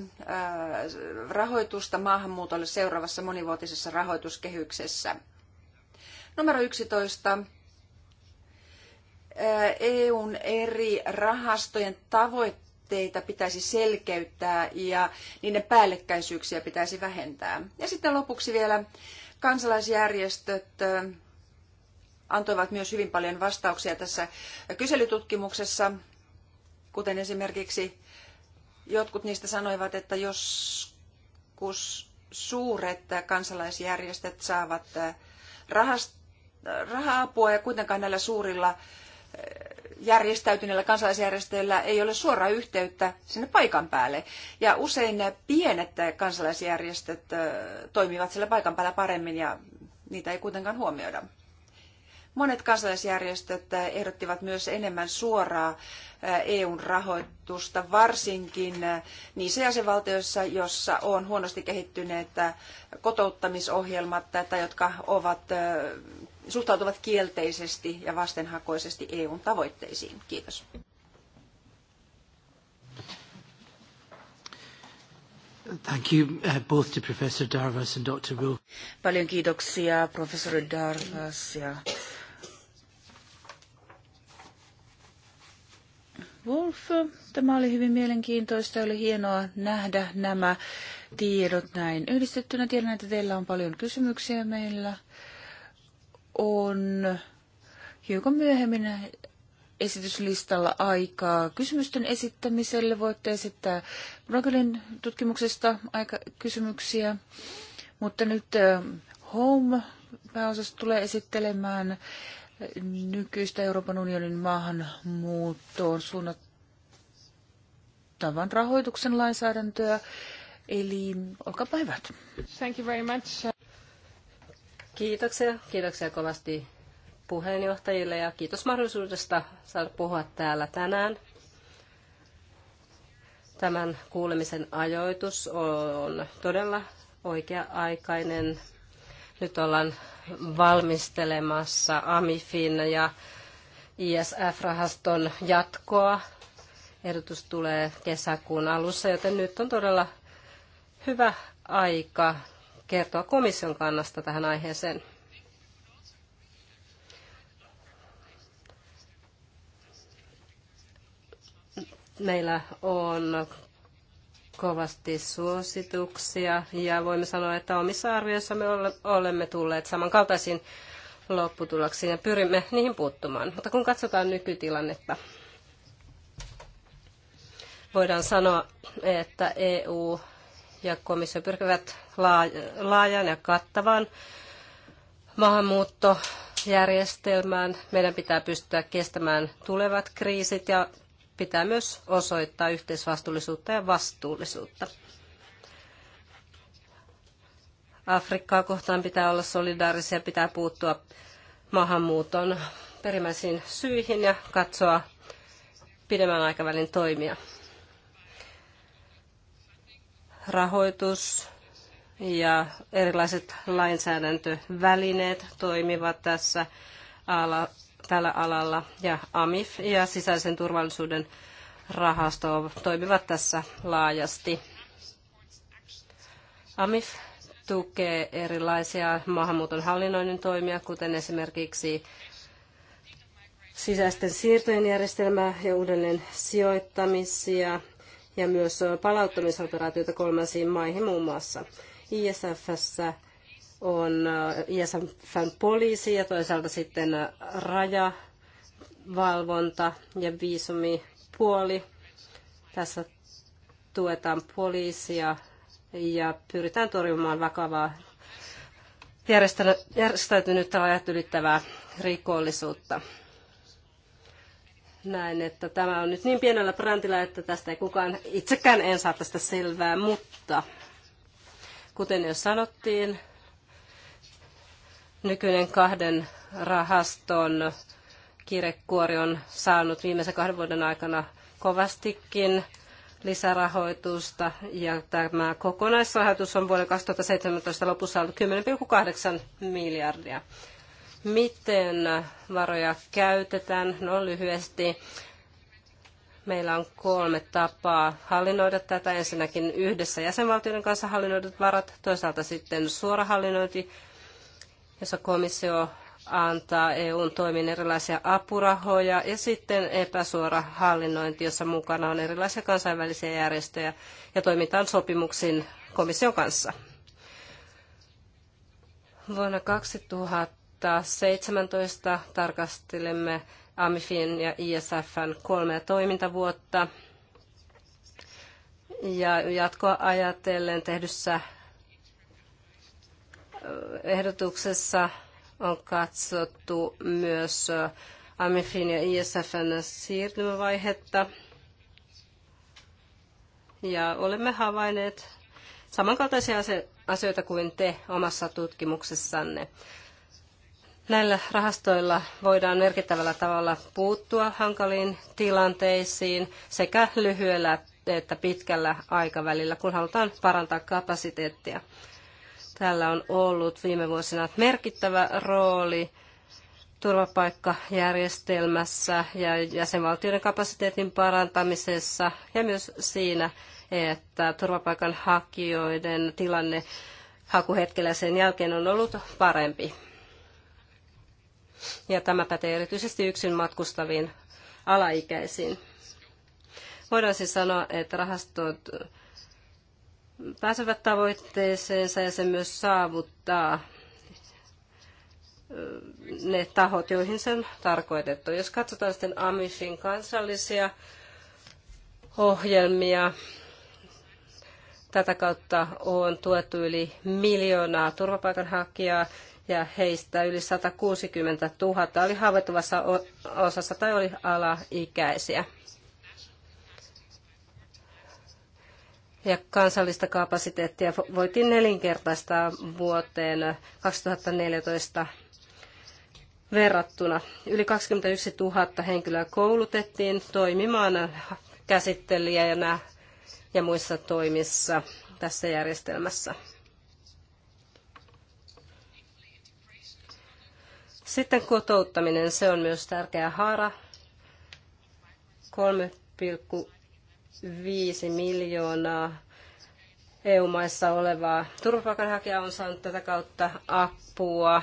rahoitusta maahanmuutolle seuraavassa monivuotisessa rahoituskehyksessä. Numero 11. Äh, EUn eri rahastojen tavoitteita pitäisi selkeyttää ja niiden päällekkäisyyksiä pitäisi vähentää. Ja sitten lopuksi vielä kansalaisjärjestöt, äh, antoivat myös hyvin paljon vastauksia tässä kyselytutkimuksessa, kuten esimerkiksi jotkut niistä sanoivat, että joskus suuret kansalaisjärjestöt saavat äh, raha-apua ja kuitenkaan näillä suurilla äh, järjestäytyneillä kansalaisjärjestöillä ei ole suoraa yhteyttä sinne paikan päälle. Ja usein pienet kansalaisjärjestöt äh, toimivat siellä paikan päällä paremmin ja niitä ei kuitenkaan huomioida. Monet kansalaisjärjestöt ehdottivat myös enemmän suoraa EUn rahoitusta, varsinkin niissä jäsenvaltioissa, joissa on huonosti kehittyneet kotouttamisohjelmat tai jotka ovat, suhtautuvat kielteisesti ja vastenhakoisesti EUn tavoitteisiin. Kiitos. Thank you uh, both to Professor Darvas and Dr. Wolf. Paljon kiitoksia professori Darvas ja Wolf. Tämä oli hyvin mielenkiintoista. Oli hienoa nähdä nämä tiedot näin yhdistettynä. Tiedän, että teillä on paljon kysymyksiä meillä. On hiukan myöhemmin esityslistalla aikaa kysymysten esittämiselle. Voitte esittää Brokelin tutkimuksesta aika kysymyksiä, mutta nyt eh, Home pääosassa tulee esittelemään nykyistä Euroopan unionin maahanmuuttoon suunnattavan rahoituksen lainsäädäntöä. Eli olkaapa hyvät. Thank you very much. Kiitoksia. Kiitoksia kovasti puheenjohtajille ja kiitos mahdollisuudesta saada puhua täällä tänään. Tämän kuulemisen ajoitus on todella oikea-aikainen. Nyt ollaan valmistelemassa AMIFin ja ISF-rahaston jatkoa. Ehdotus tulee kesäkuun alussa, joten nyt on todella hyvä aika kertoa komission kannasta tähän aiheeseen. Meillä on kovasti suosituksia ja voimme sanoa, että omissa me olemme tulleet samankaltaisiin lopputuloksiin ja pyrimme niihin puuttumaan. Mutta kun katsotaan nykytilannetta, voidaan sanoa, että EU ja komissio pyrkivät laajan ja kattavan maahanmuuttojärjestelmään. Meidän pitää pystyä kestämään tulevat kriisit ja pitää myös osoittaa yhteisvastuullisuutta ja vastuullisuutta. Afrikkaa kohtaan pitää olla solidaarisia, pitää puuttua maahanmuuton perimmäisiin syihin ja katsoa pidemmän aikavälin toimia. Rahoitus ja erilaiset lainsäädäntövälineet toimivat tässä tällä alalla ja AMIF ja sisäisen turvallisuuden rahasto toimivat tässä laajasti. AMIF tukee erilaisia maahanmuuton hallinnoinnin toimia, kuten esimerkiksi sisäisten siirtojen järjestelmää ja uudelleen sijoittamisia ja myös palauttamisoperaatioita kolmansiin maihin muun muassa. ISFssä on äh, ISFn poliisi ja toisaalta sitten äh, rajavalvonta ja viisumipuoli. Tässä tuetaan poliisia ja pyritään torjumaan vakavaa järjestäytynyttä rajat ylittävää rikollisuutta. Näin, että tämä on nyt niin pienellä brändillä, että tästä ei kukaan, itsekään en saa tästä selvää, mutta kuten jo sanottiin, nykyinen kahden rahaston kirekuori on saanut viimeisen kahden vuoden aikana kovastikin lisärahoitusta ja tämä kokonaisrahoitus on vuoden 2017 lopussa ollut 10,8 miljardia. Miten varoja käytetään? No lyhyesti. Meillä on kolme tapaa hallinnoida tätä. Ensinnäkin yhdessä jäsenvaltioiden kanssa hallinnoidut varat, toisaalta sitten suora hallinnointi jossa komissio antaa EUn toimin erilaisia apurahoja ja sitten epäsuora hallinnointi, jossa mukana on erilaisia kansainvälisiä järjestöjä ja toimitaan sopimuksiin komission kanssa. Vuonna 2017 tarkastelemme AMIFin ja ISFn kolmea toimintavuotta. Ja jatkoa ajatellen tehdyssä ehdotuksessa on katsottu myös AMIFin ja ISFn siirtymävaihetta. Ja olemme havainneet samankaltaisia asioita kuin te omassa tutkimuksessanne. Näillä rahastoilla voidaan merkittävällä tavalla puuttua hankaliin tilanteisiin sekä lyhyellä että pitkällä aikavälillä, kun halutaan parantaa kapasiteettia. Tällä on ollut viime vuosina merkittävä rooli turvapaikkajärjestelmässä ja jäsenvaltioiden kapasiteetin parantamisessa ja myös siinä, että turvapaikanhakijoiden tilanne hakuhetkellä sen jälkeen on ollut parempi. Ja tämä pätee erityisesti yksin matkustaviin alaikäisiin. Voidaan siis sanoa, että rahastot pääsevät tavoitteeseensa ja se myös saavuttaa ne tahot, joihin sen tarkoitettu. Jos katsotaan sitten Amishin kansallisia ohjelmia, tätä kautta on tuettu yli miljoonaa turvapaikanhakijaa ja heistä yli 160 000 oli haavoittuvassa osassa tai oli alaikäisiä. ja kansallista kapasiteettia voitiin nelinkertaistaa vuoteen 2014 verrattuna. Yli 21 000 henkilöä koulutettiin toimimaan käsittelijänä ja muissa toimissa tässä järjestelmässä. Sitten kotouttaminen, se on myös tärkeä haara. 3,5 5 miljoonaa EU-maissa olevaa turvapaikanhakijaa on saanut tätä kautta apua.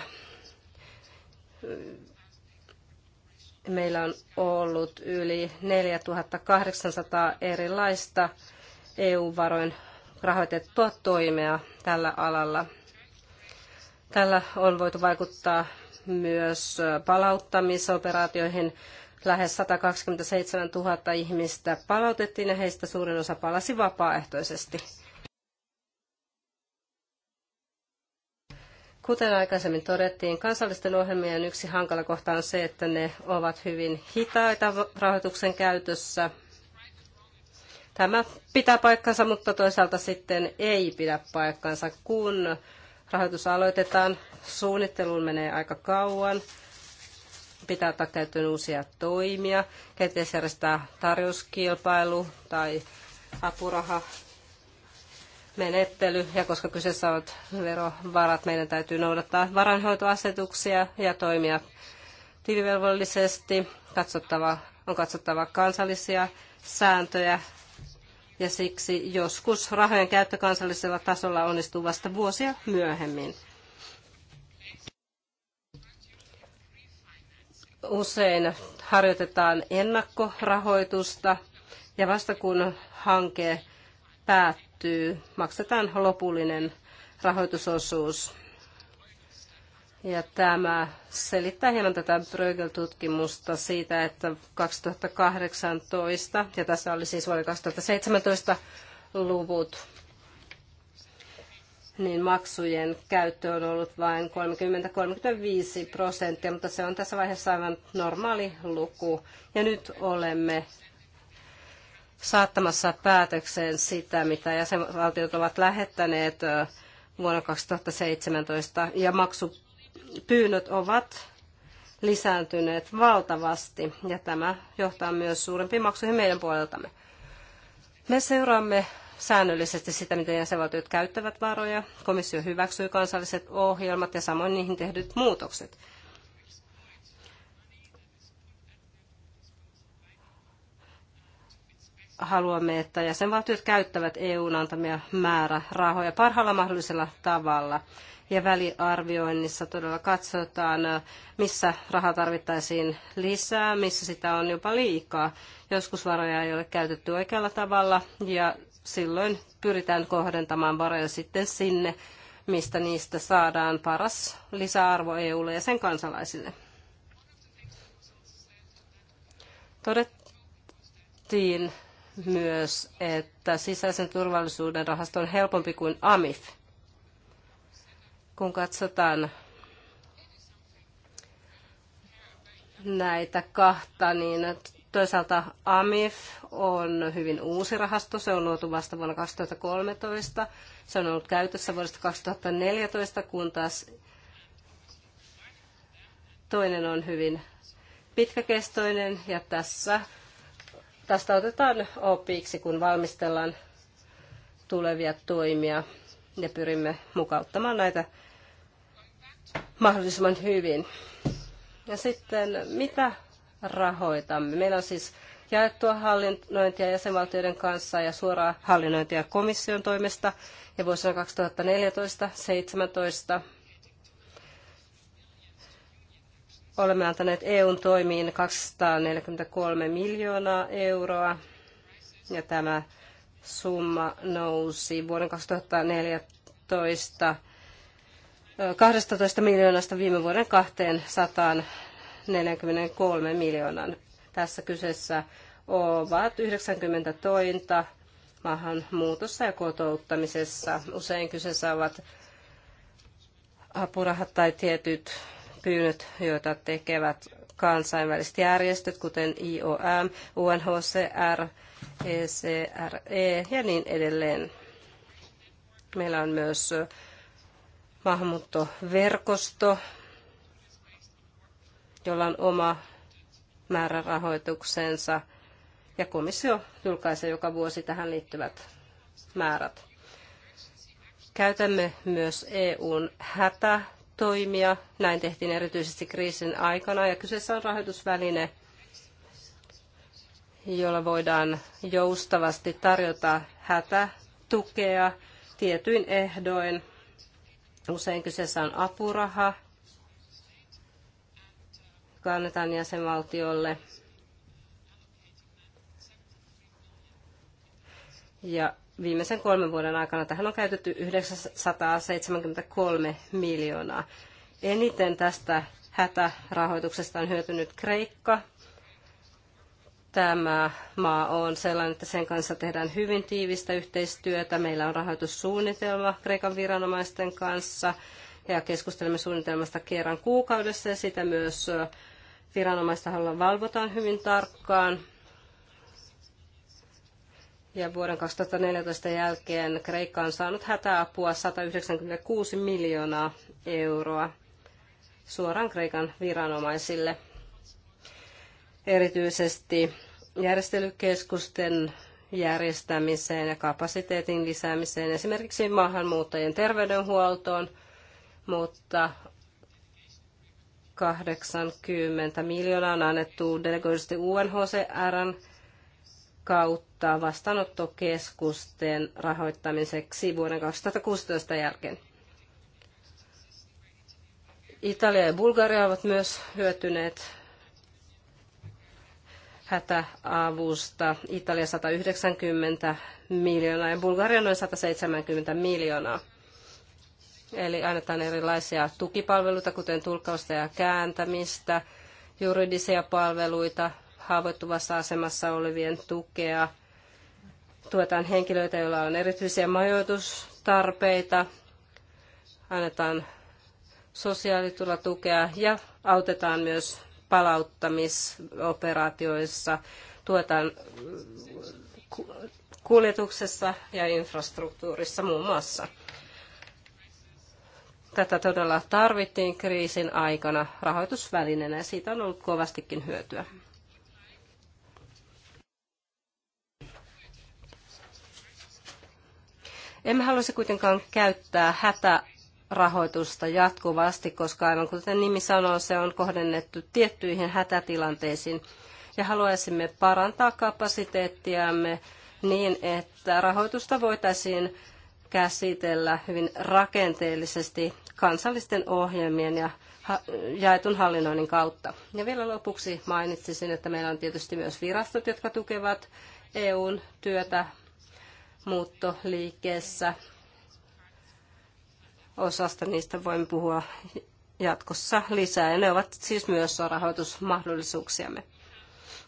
Meillä on ollut yli 4800 erilaista EU-varoin rahoitettua toimea tällä alalla. Tällä on voitu vaikuttaa myös palauttamisoperaatioihin. Lähes 127 000 ihmistä palautettiin ja heistä suurin osa palasi vapaaehtoisesti. Kuten aikaisemmin todettiin, kansallisten ohjelmien yksi hankala kohta on se, että ne ovat hyvin hitaita rahoituksen käytössä. Tämä pitää paikkansa, mutta toisaalta sitten ei pidä paikkansa, kun rahoitus aloitetaan. Suunnitteluun menee aika kauan. Pitää ottaa käyttöön uusia toimia. Kenties järjestää tarjouskilpailu tai apuraha menettely, ja koska kyseessä ovat verovarat, meidän täytyy noudattaa varainhoitoasetuksia ja toimia tilivelvollisesti. Katsottava, on katsottava kansallisia sääntöjä ja siksi joskus rahojen käyttö kansallisella tasolla onnistuu vasta vuosia myöhemmin. Usein harjoitetaan ennakkorahoitusta ja vasta kun hanke päättyy, maksetaan lopullinen rahoitusosuus. Ja tämä selittää hieman tätä Bruegel-tutkimusta siitä, että 2018, ja tässä oli siis vuoden 2017 luvut, niin maksujen käyttö on ollut vain 30-35 prosenttia, mutta se on tässä vaiheessa aivan normaali luku. Ja nyt olemme saattamassa päätökseen sitä, mitä jäsenvaltiot ovat lähettäneet vuonna 2017, ja maksu pyynnöt ovat lisääntyneet valtavasti ja tämä johtaa myös suurempiin maksuihin meidän puoleltamme. Me seuraamme säännöllisesti sitä, miten jäsenvaltiot käyttävät varoja. Komissio hyväksyy kansalliset ohjelmat ja samoin niihin tehdyt muutokset. Haluamme, että jäsenvaltiot käyttävät EUn antamia määrärahoja parhaalla mahdollisella tavalla ja väliarvioinnissa todella katsotaan, missä rahaa tarvittaisiin lisää, missä sitä on jopa liikaa. Joskus varoja ei ole käytetty oikealla tavalla ja silloin pyritään kohdentamaan varoja sitten sinne, mistä niistä saadaan paras lisäarvo EUlle ja sen kansalaisille. Todettiin myös, että sisäisen turvallisuuden rahasto on helpompi kuin AMIF – kun katsotaan näitä kahta, niin toisaalta AMIF on hyvin uusi rahasto. Se on luotu vasta vuonna 2013. Se on ollut käytössä vuodesta 2014, kun taas toinen on hyvin pitkäkestoinen ja tässä tästä otetaan opiksi, kun valmistellaan tulevia toimia ja pyrimme mukauttamaan näitä mahdollisimman hyvin. Ja sitten mitä rahoitamme? Meillä on siis jaettua hallinnointia jäsenvaltioiden kanssa ja suoraa hallinnointia komission toimesta. Ja vuosina 2014-2017 olemme antaneet EUn toimiin 243 miljoonaa euroa. Ja tämä summa nousi vuoden 2014 12 miljoonasta viime vuoden 243 miljoonan. Tässä kyseessä ovat 90 tointa maahanmuutossa ja kotouttamisessa. Usein kyseessä ovat apurahat tai tietyt pyynnöt, joita tekevät kansainväliset järjestöt, kuten IOM, UNHCR, ECRE ja niin edelleen. Meillä on myös maahanmuuttoverkosto, jolla on oma määrärahoituksensa, ja komissio julkaisee joka vuosi tähän liittyvät määrät. Käytämme myös EUn hätätoimia. Näin tehtiin erityisesti kriisin aikana, ja kyseessä on rahoitusväline, jolla voidaan joustavasti tarjota hätätukea tietyin ehdoin – Usein kyseessä on apuraha, joka annetaan jäsenvaltiolle. Ja viimeisen kolmen vuoden aikana tähän on käytetty 973 miljoonaa. Eniten tästä hätärahoituksesta on hyötynyt Kreikka, tämä maa on sellainen, että sen kanssa tehdään hyvin tiivistä yhteistyötä. Meillä on rahoitussuunnitelma Kreikan viranomaisten kanssa ja keskustelemme suunnitelmasta kerran kuukaudessa ja sitä myös viranomaistaholla valvotaan hyvin tarkkaan. Ja vuoden 2014 jälkeen Kreikka on saanut hätäapua 196 miljoonaa euroa suoraan Kreikan viranomaisille – erityisesti järjestelykeskusten järjestämiseen ja kapasiteetin lisäämiseen, esimerkiksi maahanmuuttajien terveydenhuoltoon, mutta 80 miljoonaa on annettu delegoidusti UNHCRn kautta vastaanottokeskusten rahoittamiseksi vuoden 2016 jälkeen. Italia ja Bulgaria ovat myös hyötyneet hätäavusta, Italia 190 miljoonaa ja Bulgaria noin 170 miljoonaa. Eli annetaan erilaisia tukipalveluita, kuten tulkkausta ja kääntämistä, juridisia palveluita, haavoittuvassa asemassa olevien tukea, tuetaan henkilöitä, joilla on erityisiä majoitustarpeita, annetaan sosiaaliturvatukea ja autetaan myös palauttamisoperaatioissa, tuetaan kuljetuksessa ja infrastruktuurissa muun muassa. Tätä todella tarvittiin kriisin aikana rahoitusvälineenä ja siitä on ollut kovastikin hyötyä. Emme haluaisi kuitenkaan käyttää hätä rahoitusta jatkuvasti, koska aivan kuten nimi sanoo, se on kohdennettu tiettyihin hätätilanteisiin. Ja haluaisimme parantaa kapasiteettiamme niin, että rahoitusta voitaisiin käsitellä hyvin rakenteellisesti kansallisten ohjelmien ja jaetun hallinnoinnin kautta. Ja vielä lopuksi mainitsisin, että meillä on tietysti myös virastot, jotka tukevat EUn työtä muuttoliikkeessä osasta niistä voimme puhua jatkossa lisää, ja ne ovat siis myös rahoitusmahdollisuuksiamme.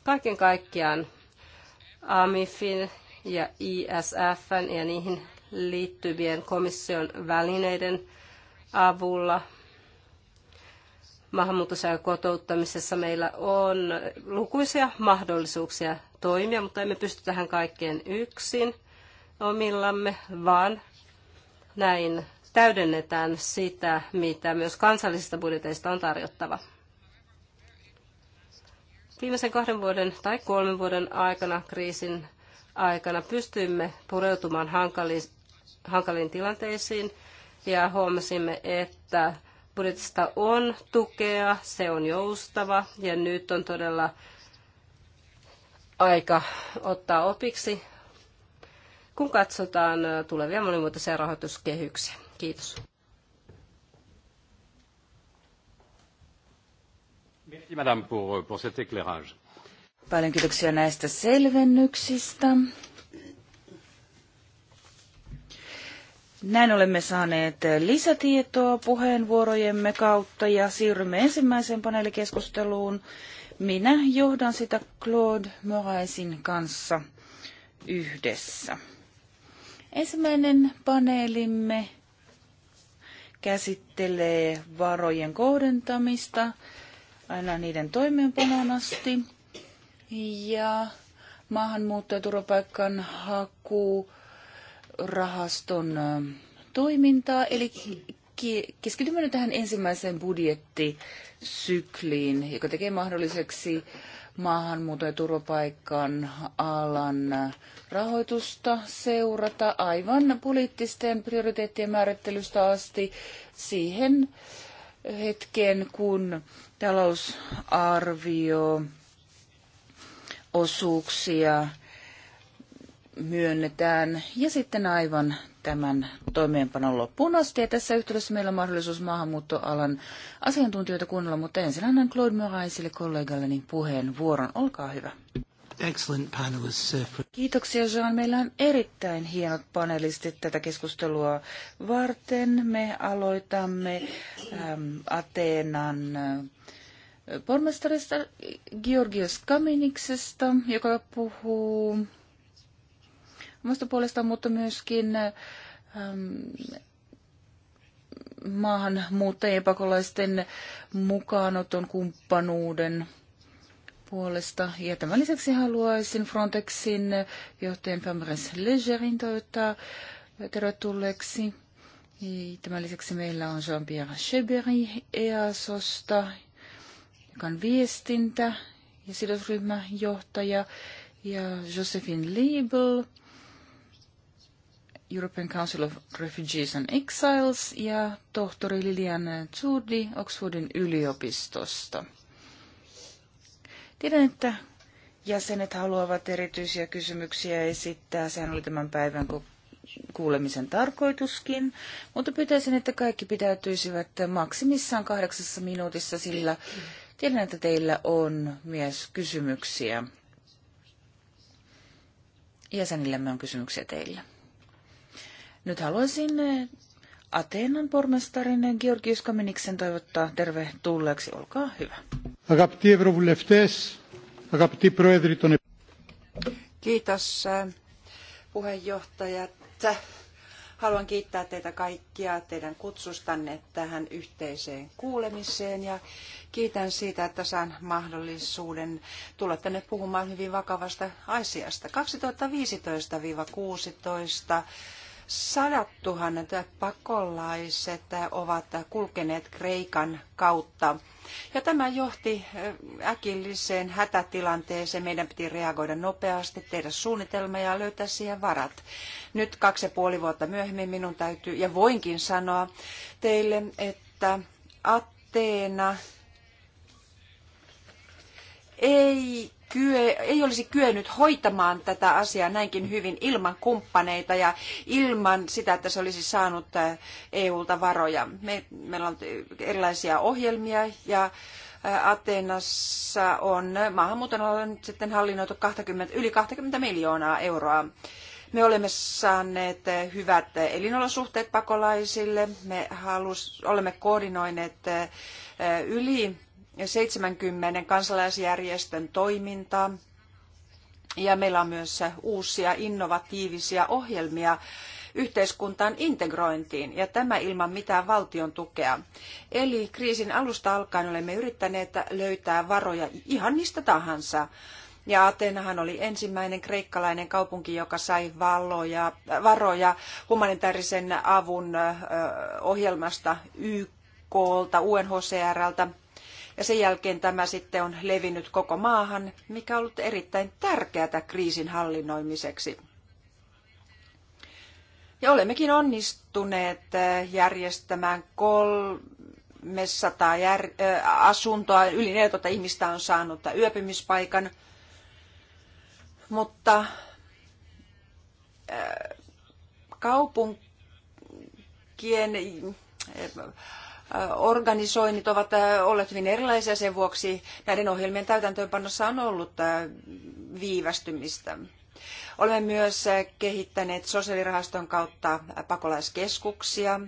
Kaiken kaikkiaan AMIFin ja ISFn ja niihin liittyvien komission välineiden avulla maahanmuutossa ja kotouttamisessa meillä on lukuisia mahdollisuuksia toimia, mutta emme pysty tähän kaikkeen yksin omillamme, vaan näin täydennetään sitä, mitä myös kansallisista budjeteista on tarjottava. Viimeisen kahden vuoden tai kolmen vuoden aikana kriisin aikana pystyimme pureutumaan hankaliin, hankaliin tilanteisiin ja huomasimme, että budjetista on tukea, se on joustava ja nyt on todella aika ottaa opiksi, kun katsotaan tulevia monimuotoisia rahoituskehyksiä. Kiitos. Merci, madame, pour, euh, pour cet éclairage. Paljon kiitoksia näistä selvennyksistä. Näin olemme saaneet lisätietoa puheenvuorojemme kautta ja siirrymme ensimmäiseen paneelikeskusteluun. Minä johdan sitä Claude Moraisin kanssa yhdessä. Ensimmäinen paneelimme käsittelee varojen kohdentamista aina niiden toimeenpanoon asti. Ja maahanmuutto- ja turvapaikan haku rahaston toimintaa, eli keskitymme nyt tähän ensimmäiseen budjettisykliin, joka tekee mahdolliseksi maahanmuuton ja turvapaikan alan rahoitusta seurata aivan poliittisten prioriteettien määrittelystä asti siihen hetkeen, kun talousarvio osuuksia myönnetään. Ja sitten aivan tämän toimeenpanon loppuun asti. Ja tässä yhteydessä meillä on mahdollisuus maahanmuuttoalan asiantuntijoita kuunnella, mutta ensin annan Claude Moraisille kollegalleni niin puheenvuoron. Olkaa hyvä. Excellent panelists. Uh, Kiitoksia Jean. Meillä on erittäin hienot panelistit tätä keskustelua varten. Me aloitamme ähm, Ateenan äh, pormestarista Georgios Kaminiksesta, joka puhuu omasta puolestaan, mutta myöskin ähm, maahanmuuttajien pakolaisten mukaanoton kumppanuuden puolesta. Ja tämän lisäksi haluaisin Frontexin johtajan Fabres Legerin toivottaa tervetulleeksi. Tämän lisäksi meillä on Jean-Pierre Cheberi EASosta, joka on viestintä- ja sidosryhmäjohtaja, ja Josephine Liebel, European Council of Refugees and Exiles ja tohtori Lilian Zurdi Oxfordin yliopistosta. Tiedän, että jäsenet haluavat erityisiä kysymyksiä esittää. Sehän oli tämän päivän kuulemisen tarkoituskin, mutta pyytäisin, että kaikki pitäytyisivät maksimissaan kahdeksassa minuutissa, sillä tiedän, että teillä on myös kysymyksiä. Jäsenillämme on kysymyksiä teille. Nyt haluaisin eh, Ateenan pormestarin Georgios Kameniksen toivottaa tervetulleeksi. Olkaa hyvä. Proedriton. Kiitos puheenjohtajat. Haluan kiittää teitä kaikkia teidän kutsustanne tähän yhteiseen kuulemiseen ja kiitän siitä, että saan mahdollisuuden tulla tänne puhumaan hyvin vakavasta asiasta. 2015-2016 Sadat tuhannet pakolaiset ovat kulkeneet Kreikan kautta. Ja tämä johti eh, äkilliseen hätätilanteeseen. Meidän piti reagoida nopeasti, tehdä suunnitelma ja löytää siihen varat. Nyt kaksi ja puoli vuotta myöhemmin minun täytyy, ja voinkin sanoa teille, että Ateena ei ei olisi kyennyt hoitamaan tätä asiaa näinkin hyvin ilman kumppaneita ja ilman sitä, että se olisi saanut äh, EUlta varoja. Me, meillä on erilaisia ohjelmia ja äh, Ateenassa on maahanmuuton alalla nyt sitten hallinnoitu 20, yli 20 miljoonaa euroa. Me olemme saaneet äh, hyvät elinolosuhteet pakolaisille. Me halus, olemme koordinoineet yli 70 kansalaisjärjestön toimintaa. Ja meillä on myös uusia innovatiivisia ohjelmia yhteiskuntaan integrointiin ja tämä ilman mitään valtion tukea. Eli kriisin alusta alkaen olemme yrittäneet löytää varoja ihan mistä tahansa. Ja Atenahan oli ensimmäinen kreikkalainen kaupunki, joka sai valoja, varoja humanitaarisen avun ohjelmasta YKlta, UNHCRltä. Ja sen jälkeen tämä sitten on levinnyt koko maahan, mikä on ollut erittäin tärkeää kriisin hallinnoimiseksi. Ja olemmekin onnistuneet eh, järjestämään kol 300 jär, eh, asuntoa, yli 40 ihmistä on saanut yöpymispaikan, mutta eh, kaupunkien organisoinnit ovat äh, olleet hyvin erilaisia sen vuoksi näiden ohjelmien täytäntöönpanossa on ollut äh, viivästymistä. Olemme myös äh, kehittäneet sosiaalirahaston kautta pakolaiskeskuksia.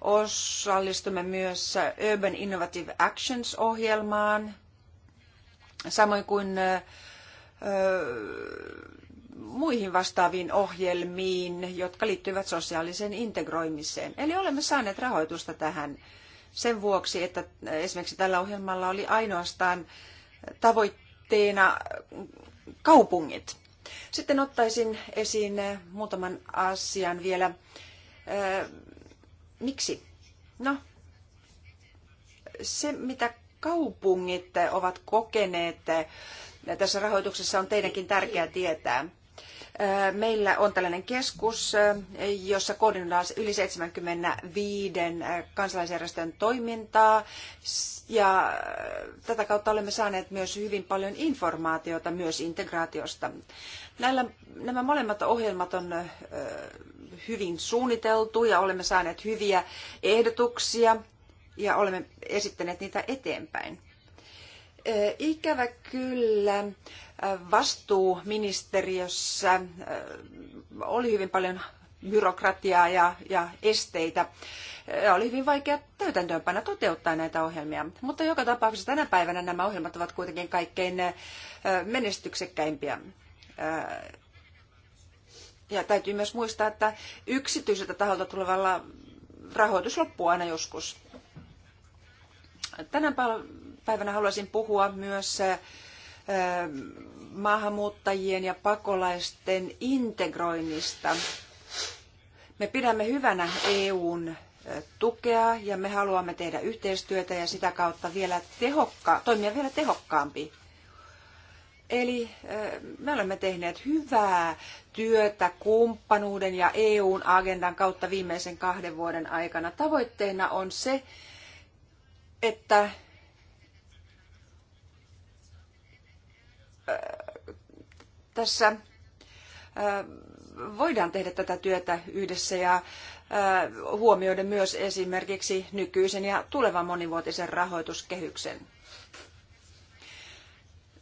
Osallistumme myös Urban Innovative Actions-ohjelmaan, samoin kuin muihin vastaaviin ohjelmiin, jotka liittyvät sosiaaliseen integroimiseen. Eli olemme saaneet rahoitusta tähän sen vuoksi, että esimerkiksi tällä ohjelmalla oli ainoastaan tavoitteena kaupungit. Sitten ottaisin esiin muutaman asian vielä. Miksi? No, se mitä kaupungit ovat kokeneet tässä rahoituksessa on teidänkin tärkeää tietää. Meillä on tällainen keskus, jossa koordinoidaan yli 75 kansalaisjärjestön toimintaa ja tätä kautta olemme saaneet myös hyvin paljon informaatiota myös integraatiosta. Näillä, nämä molemmat ohjelmat on hyvin suunniteltu ja olemme saaneet hyviä ehdotuksia ja olemme esittäneet niitä eteenpäin. Ikävä kyllä vastuuministeriössä äh, oli hyvin paljon byrokratiaa ja, ja esteitä. Ja äh, oli hyvin vaikea täytäntöönpana toteuttaa näitä ohjelmia. Mutta joka tapauksessa tänä päivänä nämä ohjelmat ovat kuitenkin kaikkein äh, menestyksekkäimpiä. Ja täytyy myös muistaa, että yksityiseltä taholta tulevalla rahoitus loppuu aina joskus. Tänä päivänä haluaisin puhua myös maahanmuuttajien ja pakolaisten integroinnista. Me pidämme hyvänä EUn tukea ja me haluamme tehdä yhteistyötä ja sitä kautta vielä tehokka- toimia vielä tehokkaampi. Eli me olemme tehneet hyvää työtä kumppanuuden ja EUn agendan kautta viimeisen kahden vuoden aikana. Tavoitteena on se, että tässä voidaan tehdä tätä työtä yhdessä ja huomioida myös esimerkiksi nykyisen ja tulevan monivuotisen rahoituskehyksen.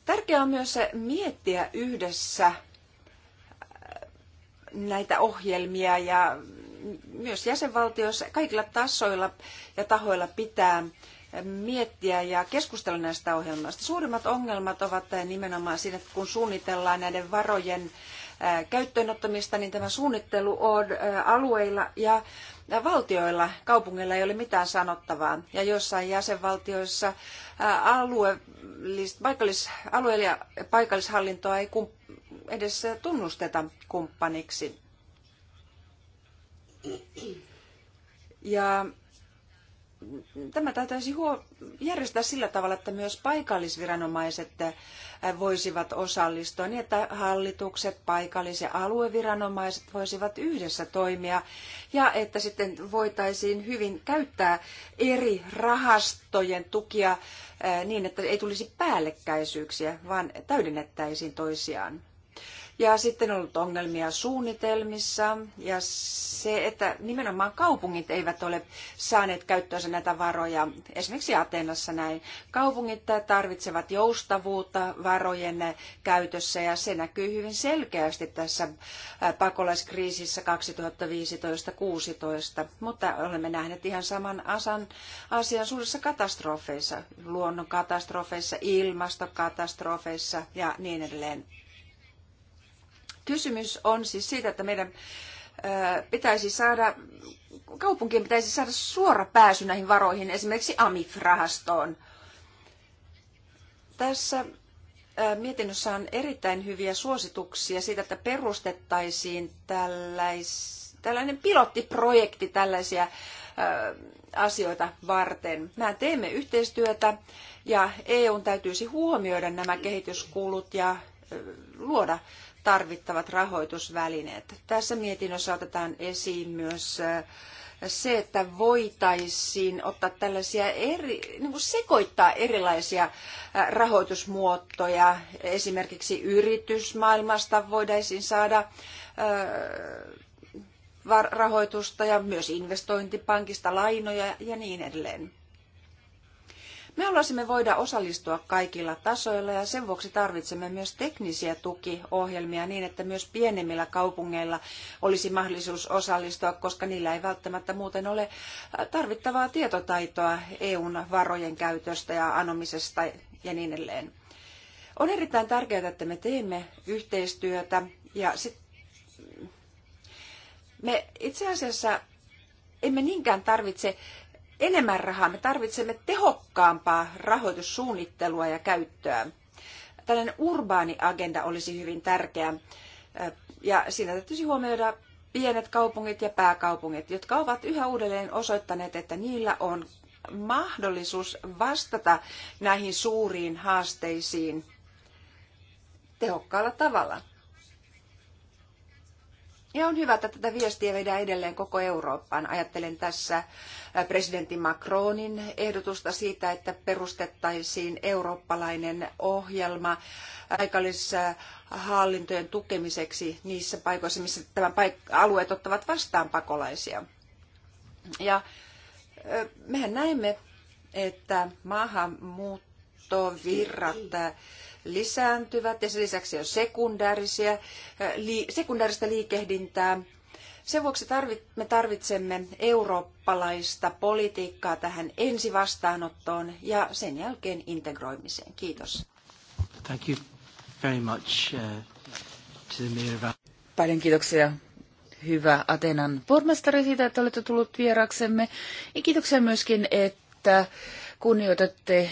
Tärkeää on myös miettiä yhdessä näitä ohjelmia ja myös jäsenvaltioissa kaikilla tasoilla ja tahoilla pitää miettiä ja keskustella näistä ohjelmista. Suurimmat ongelmat ovat nimenomaan siinä, että kun suunnitellaan näiden varojen käyttöönottamista, niin tämä suunnittelu on alueilla ja valtioilla, kaupungeilla ei ole mitään sanottavaa. Ja jossain jäsenvaltioissa alue ja paikallishallintoa ei edes tunnusteta kumppaniksi. Ja tämä täytyisi huo- järjestää sillä tavalla, että myös paikallisviranomaiset äh, voisivat osallistua niin, että hallitukset, paikallis- ja alueviranomaiset voisivat yhdessä toimia ja että sitten voitaisiin hyvin käyttää eri rahastojen tukia äh, niin, että ei tulisi päällekkäisyyksiä, vaan täydennettäisiin toisiaan. Ja sitten on ollut ongelmia suunnitelmissa ja se, että nimenomaan kaupungit eivät ole saaneet käyttöönsä näitä varoja. Esimerkiksi Atenassa näin. Kaupungit tarvitsevat joustavuutta varojen käytössä ja se näkyy hyvin selkeästi tässä äh, pakolaiskriisissä 2015-2016. Mutta olemme nähneet ihan saman asan, asian suurissa katastrofeissa, luonnonkatastrofeissa, ilmastokatastrofeissa ja niin edelleen. Kysymys on siis siitä, että meidän pitäisi saada, kaupunkien pitäisi saada suora pääsy näihin varoihin, esimerkiksi AMIF-rahastoon. Tässä mietinnössä on erittäin hyviä suosituksia siitä, että perustettaisiin tällais, tällainen pilottiprojekti tällaisia asioita varten. Mä teemme yhteistyötä ja EUn täytyisi huomioida nämä kehityskulut ja luoda tarvittavat rahoitusvälineet. Tässä mietinnössä otetaan esiin myös äh, se, että voitaisiin ottaa tällaisia eri, niin kuin sekoittaa erilaisia äh, rahoitusmuotoja. Esimerkiksi yritysmaailmasta voitaisiin saada äh, rahoitusta ja myös investointipankista lainoja ja niin edelleen. Me haluaisimme voida osallistua kaikilla tasoilla ja sen vuoksi tarvitsemme myös teknisiä tukiohjelmia niin, että myös pienemmillä kaupungeilla olisi mahdollisuus osallistua, koska niillä ei välttämättä muuten ole äh, tarvittavaa tietotaitoa EUn varojen käytöstä ja anomisesta ja niin edelleen. On erittäin tärkeää, että me teemme yhteistyötä ja sit me itse asiassa emme niinkään tarvitse enemmän rahaa. Me tarvitsemme tehokkaampaa rahoitussuunnittelua ja käyttöä. Tällainen urbaani agenda olisi hyvin tärkeä. Ja siinä täytyisi huomioida pienet kaupungit ja pääkaupungit, jotka ovat yhä uudelleen osoittaneet, että niillä on mahdollisuus vastata näihin suuriin haasteisiin tehokkaalla tavalla. Ja on hyvä, että tätä viestiä viedään edelleen koko Eurooppaan. Ajattelen tässä presidentti Macronin ehdotusta siitä, että perustettaisiin eurooppalainen ohjelma paikallishallintojen tukemiseksi niissä paikoissa, missä tämän paik- alueet ottavat vastaan pakolaisia. Ja mehän näemme, että maahanmuuttovirrat lisääntyvät ja sen lisäksi on sekundäärisiä, li, sekundääristä liikehdintää. Sen vuoksi me tarvitsemme eurooppalaista politiikkaa tähän ensivastaanottoon ja sen jälkeen integroimiseen. Kiitos. Thank you very much, uh, to the mayor of... Paljon kiitoksia hyvä Atenan pormestari siitä, että olette tullut vieraksemme. Ja kiitoksia myöskin, että kunnioitatte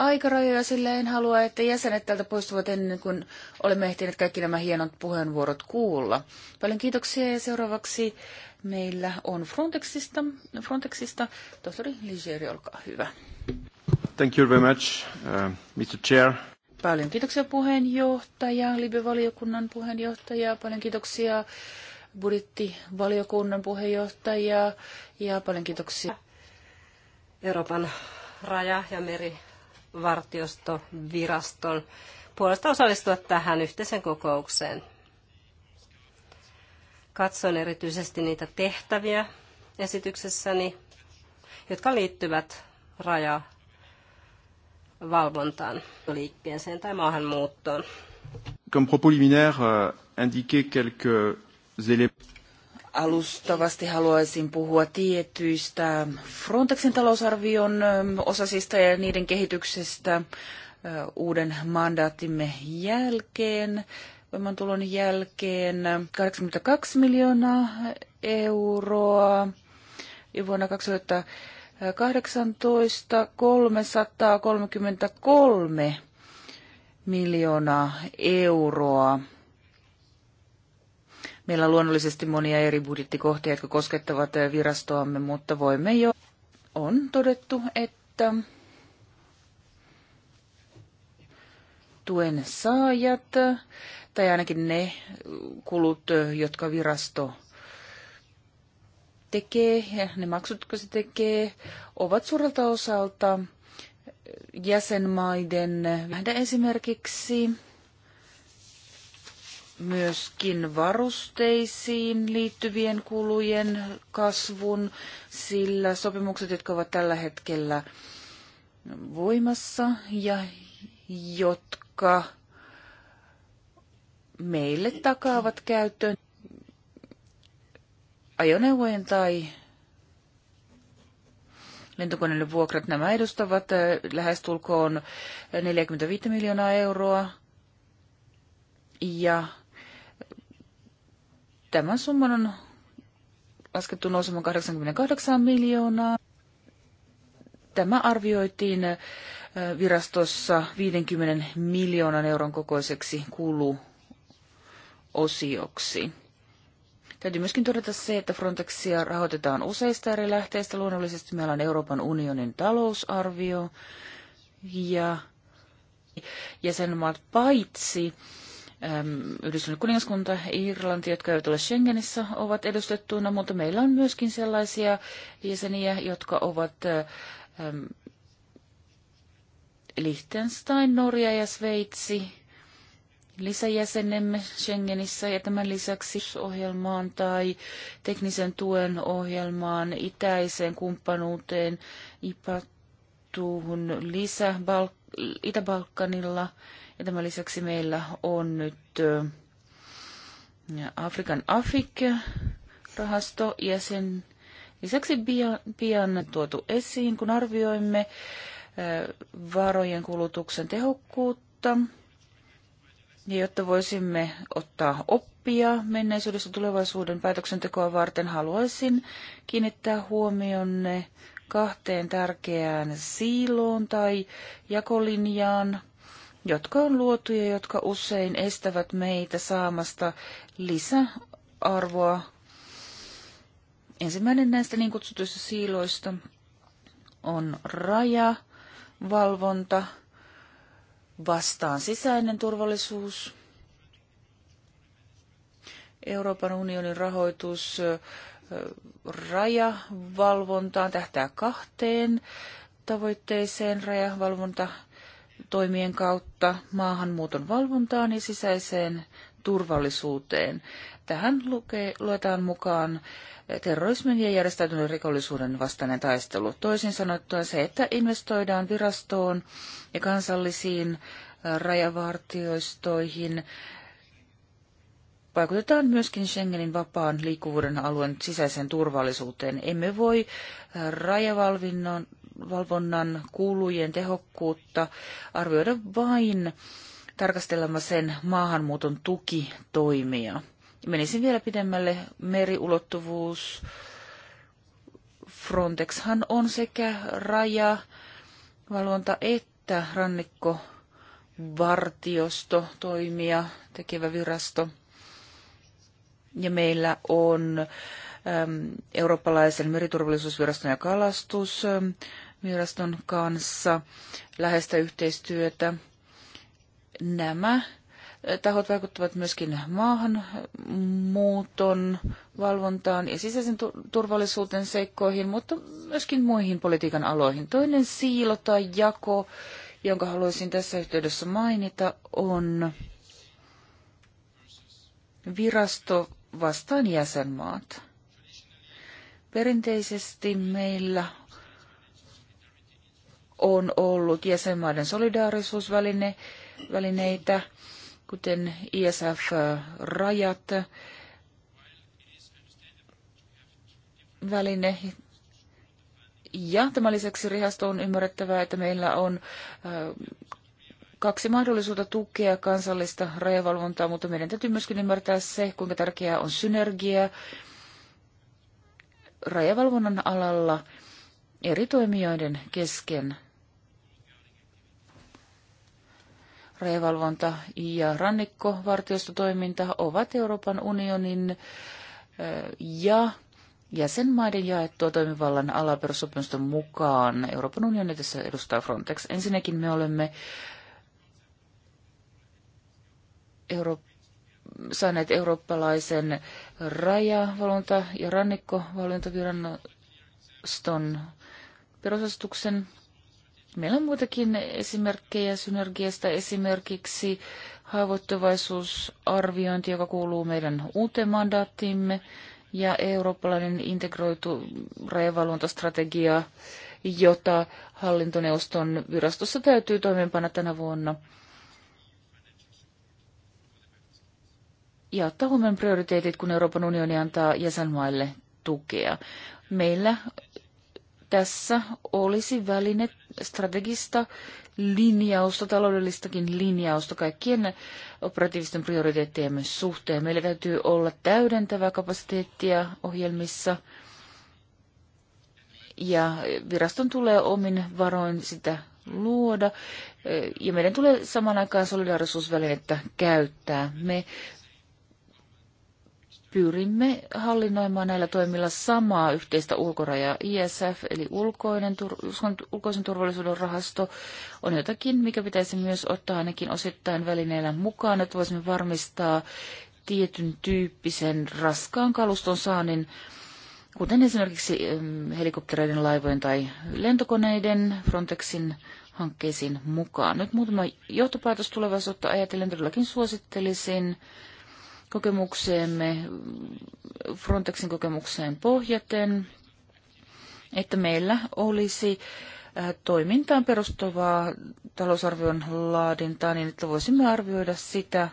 aikarajoja, sillä en halua, että jäsenet täältä poistuvat ennen kuin olemme ehtineet kaikki nämä hienot puheenvuorot kuulla. Paljon kiitoksia ja seuraavaksi meillä on Frontexista, Frontexista tohtori Ligeri, olkaa hyvä. Thank you very much, uh, Mr. Chair. Paljon kiitoksia puheenjohtaja, Libe-valiokunnan puheenjohtaja, paljon kiitoksia budjettivaliokunnan puheenjohtaja ja paljon kiitoksia Euroopan raja- ja meri rajavartiostoviraston puolesta osallistua tähän yhteisen kokoukseen. Katson erityisesti niitä tehtäviä esityksessäni, jotka liittyvät rajavalvontaan, liikkeeseen tai maahanmuuttoon. Comme propos liminaire, euh, indiquer quelques éléments Alustavasti haluaisin puhua tietyistä Frontexin talousarvion osasista ja niiden kehityksestä uuden mandaattimme jälkeen, voimantulon jälkeen 82 miljoonaa euroa ja vuonna 2018 333 miljoonaa euroa. Meillä on luonnollisesti monia eri budjettikohtia, jotka koskettavat eh, virastoamme, mutta voimme jo. On todettu, että tuen saajat, tai ainakin ne kulut, eh, jotka virasto tekee, ne maksut, jotka se tekee, ovat suurelta osalta jäsenmaiden. Nähdä esimerkiksi myöskin varusteisiin liittyvien kulujen kasvun, sillä sopimukset, jotka ovat tällä hetkellä voimassa ja jotka meille takaavat käyttöön ajoneuvojen tai lentokoneiden vuokrat, nämä edustavat äh, lähestulkoon 45 miljoonaa euroa ja Tämän summan on laskettu nousemaan 88 miljoonaa. Tämä arvioitiin virastossa 50 miljoonan euron kokoiseksi kuluosioksi. Täytyy myöskin todeta se, että Frontexia rahoitetaan useista eri lähteistä. Luonnollisesti meillä on Euroopan unionin talousarvio ja jäsenmaat paitsi Ähm, Yhdistynyt kuningaskunta ja Irlanti, jotka eivät ole Schengenissä, ovat edustettuina, mutta meillä on myöskin sellaisia jäseniä, jotka ovat ähm, Liechtenstein, Norja ja Sveitsi lisäjäsenemme Schengenissä ja tämän lisäksi ohjelmaan tai teknisen tuen ohjelmaan, itäiseen kumppanuuteen, IPA-tuuhun lisä Itä-Balkanilla ja tämän lisäksi meillä on nyt Afrikan AFIC-rahasto ja sen lisäksi pian, tuotu esiin, kun arvioimme varojen kulutuksen tehokkuutta. Ja jotta voisimme ottaa oppia menneisyydessä tulevaisuuden päätöksentekoa varten, haluaisin kiinnittää huomionne kahteen tärkeään siiloon tai jakolinjaan jotka on luotu ja jotka usein estävät meitä saamasta lisäarvoa. Ensimmäinen näistä niin kutsutuista siiloista on raja, valvonta, vastaan sisäinen turvallisuus, Euroopan unionin rahoitus rajavalvontaan tähtää kahteen tavoitteeseen. Rajavalvonta toimien kautta maahanmuuton valvontaan ja sisäiseen turvallisuuteen. Tähän lukee, luetaan mukaan terrorismin ja järjestäytyneen rikollisuuden vastainen taistelu. Toisin sanottuna se, että investoidaan virastoon ja kansallisiin rajavartioistoihin, vaikutetaan myöskin Schengenin vapaan liikkuvuuden alueen sisäiseen turvallisuuteen. Emme voi rajavalvinnon valvonnan kulujen tehokkuutta arvioida vain tarkastelemme sen maahanmuuton tukitoimia. Menisin vielä pidemmälle meriulottuvuus. Frontexhan on sekä raja, valvonta että rannikko vartiosto toimia tekevä virasto. Ja meillä on äm, eurooppalaisen meriturvallisuusviraston ja kalastus, äm, viraston kanssa läheistä yhteistyötä. Nämä tahot vaikuttavat myöskin maahanmuuton valvontaan ja sisäisen turvallisuuden seikkoihin, mutta myöskin muihin politiikan aloihin. Toinen siilo tai jako, jonka haluaisin tässä yhteydessä mainita, on virasto vastaan jäsenmaat. Perinteisesti meillä on ollut jäsenmaiden solidaarisuusvälineitä, kuten ISF-rajat, äh, väline. Ja tämän lisäksi rihasto on ymmärrettävää, että meillä on äh, kaksi mahdollisuutta tukea kansallista rajavalvontaa, mutta meidän täytyy myöskin ymmärtää se, kuinka tärkeää on synergia rajavalvonnan alalla eri toimijoiden kesken. rajavalvonta ja rannikkovartiostotoiminta ovat Euroopan unionin ja jäsenmaiden jaettua toimivallan ala perussopimusten mukaan. Euroopan unioni tässä edustaa Frontex. Ensinnäkin me olemme Euro- saaneet eurooppalaisen rajavalvonta- ja rannikkovalvontaviraston perusastuksen Meillä on muitakin esimerkkejä synergiasta, esimerkiksi haavoittuvaisuusarviointi, joka kuuluu meidän uuteen mandaattiimme, ja eurooppalainen integroitu rajavalvontastrategia, jota hallintoneuvoston virastossa täytyy toimeenpanna tänä vuonna. Ja ottaa huomioon prioriteetit, kun Euroopan unioni antaa jäsenmaille tukea. Meillä tässä olisi väline strategista linjausta, taloudellistakin linjausta kaikkien operatiivisten prioriteettiemme suhteen. Meillä täytyy olla täydentävää kapasiteettia ohjelmissa ja viraston tulee omin varoin sitä luoda ja meidän tulee samaan aikaan solidaarisuusvälinettä käyttää. Me pyrimme hallinnoimaan näillä toimilla samaa yhteistä ulkorajaa. ISF eli ulkoinen, ulkoisen turvallisuuden rahasto on jotakin, mikä pitäisi myös ottaa ainakin osittain välineellä mukaan, että voisimme varmistaa tietyn tyyppisen raskaan kaluston saannin, kuten esimerkiksi helikoptereiden, laivojen tai lentokoneiden Frontexin hankkeisiin mukaan. Nyt muutama johtopäätös tulevaisuutta ajatellen todellakin suosittelisin kokemukseemme, Frontexin kokemukseen pohjaten, että meillä olisi äh, toimintaan perustuvaa talousarvion laadintaa niin, että voisimme arvioida sitä,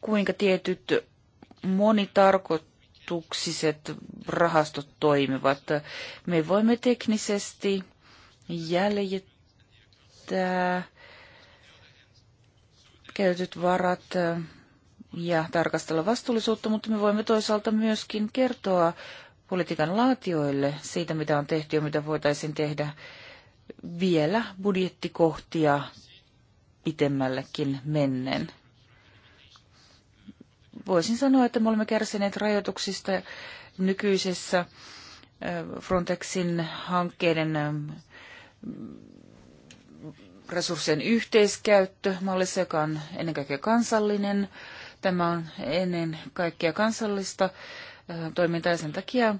kuinka tietyt monitarkoituksiset rahastot toimivat. Me voimme teknisesti jäljittää käytetyt varat ja tarkastella vastuullisuutta, mutta me voimme toisaalta myöskin kertoa politiikan laatioille siitä, mitä on tehty ja mitä voitaisiin tehdä vielä budjettikohtia pitemmällekin mennen. Voisin sanoa, että me olemme kärsineet rajoituksista nykyisessä Frontexin hankkeiden resurssien yhteiskäyttö mallissa, joka on ennen kaikkea kansallinen. Tämä on ennen kaikkea kansallista toimintaa ja sen takia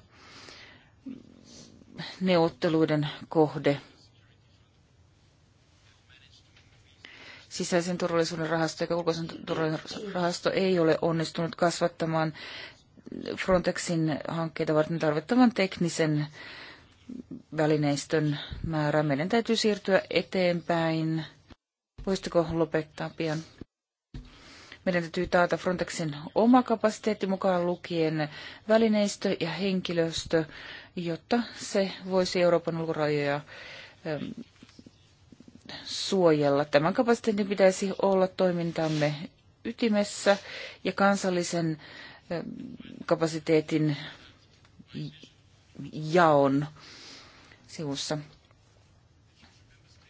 neuvotteluiden kohde. Sisäisen turvallisuuden rahasto ja ulkoisen turvallisuuden rahasto ei ole onnistunut kasvattamaan Frontexin hankkeita varten tarvittavan teknisen välineistön määrä. Meidän täytyy siirtyä eteenpäin. Voisitteko lopettaa pian? Meidän täytyy taata Frontexin oma kapasiteetti mukaan lukien välineistö ja henkilöstö, jotta se voisi Euroopan ulkorajoja ähm, suojella. Tämän kapasiteetin pitäisi olla toimintamme ytimessä ja kansallisen ähm, kapasiteetin jaon sivussa.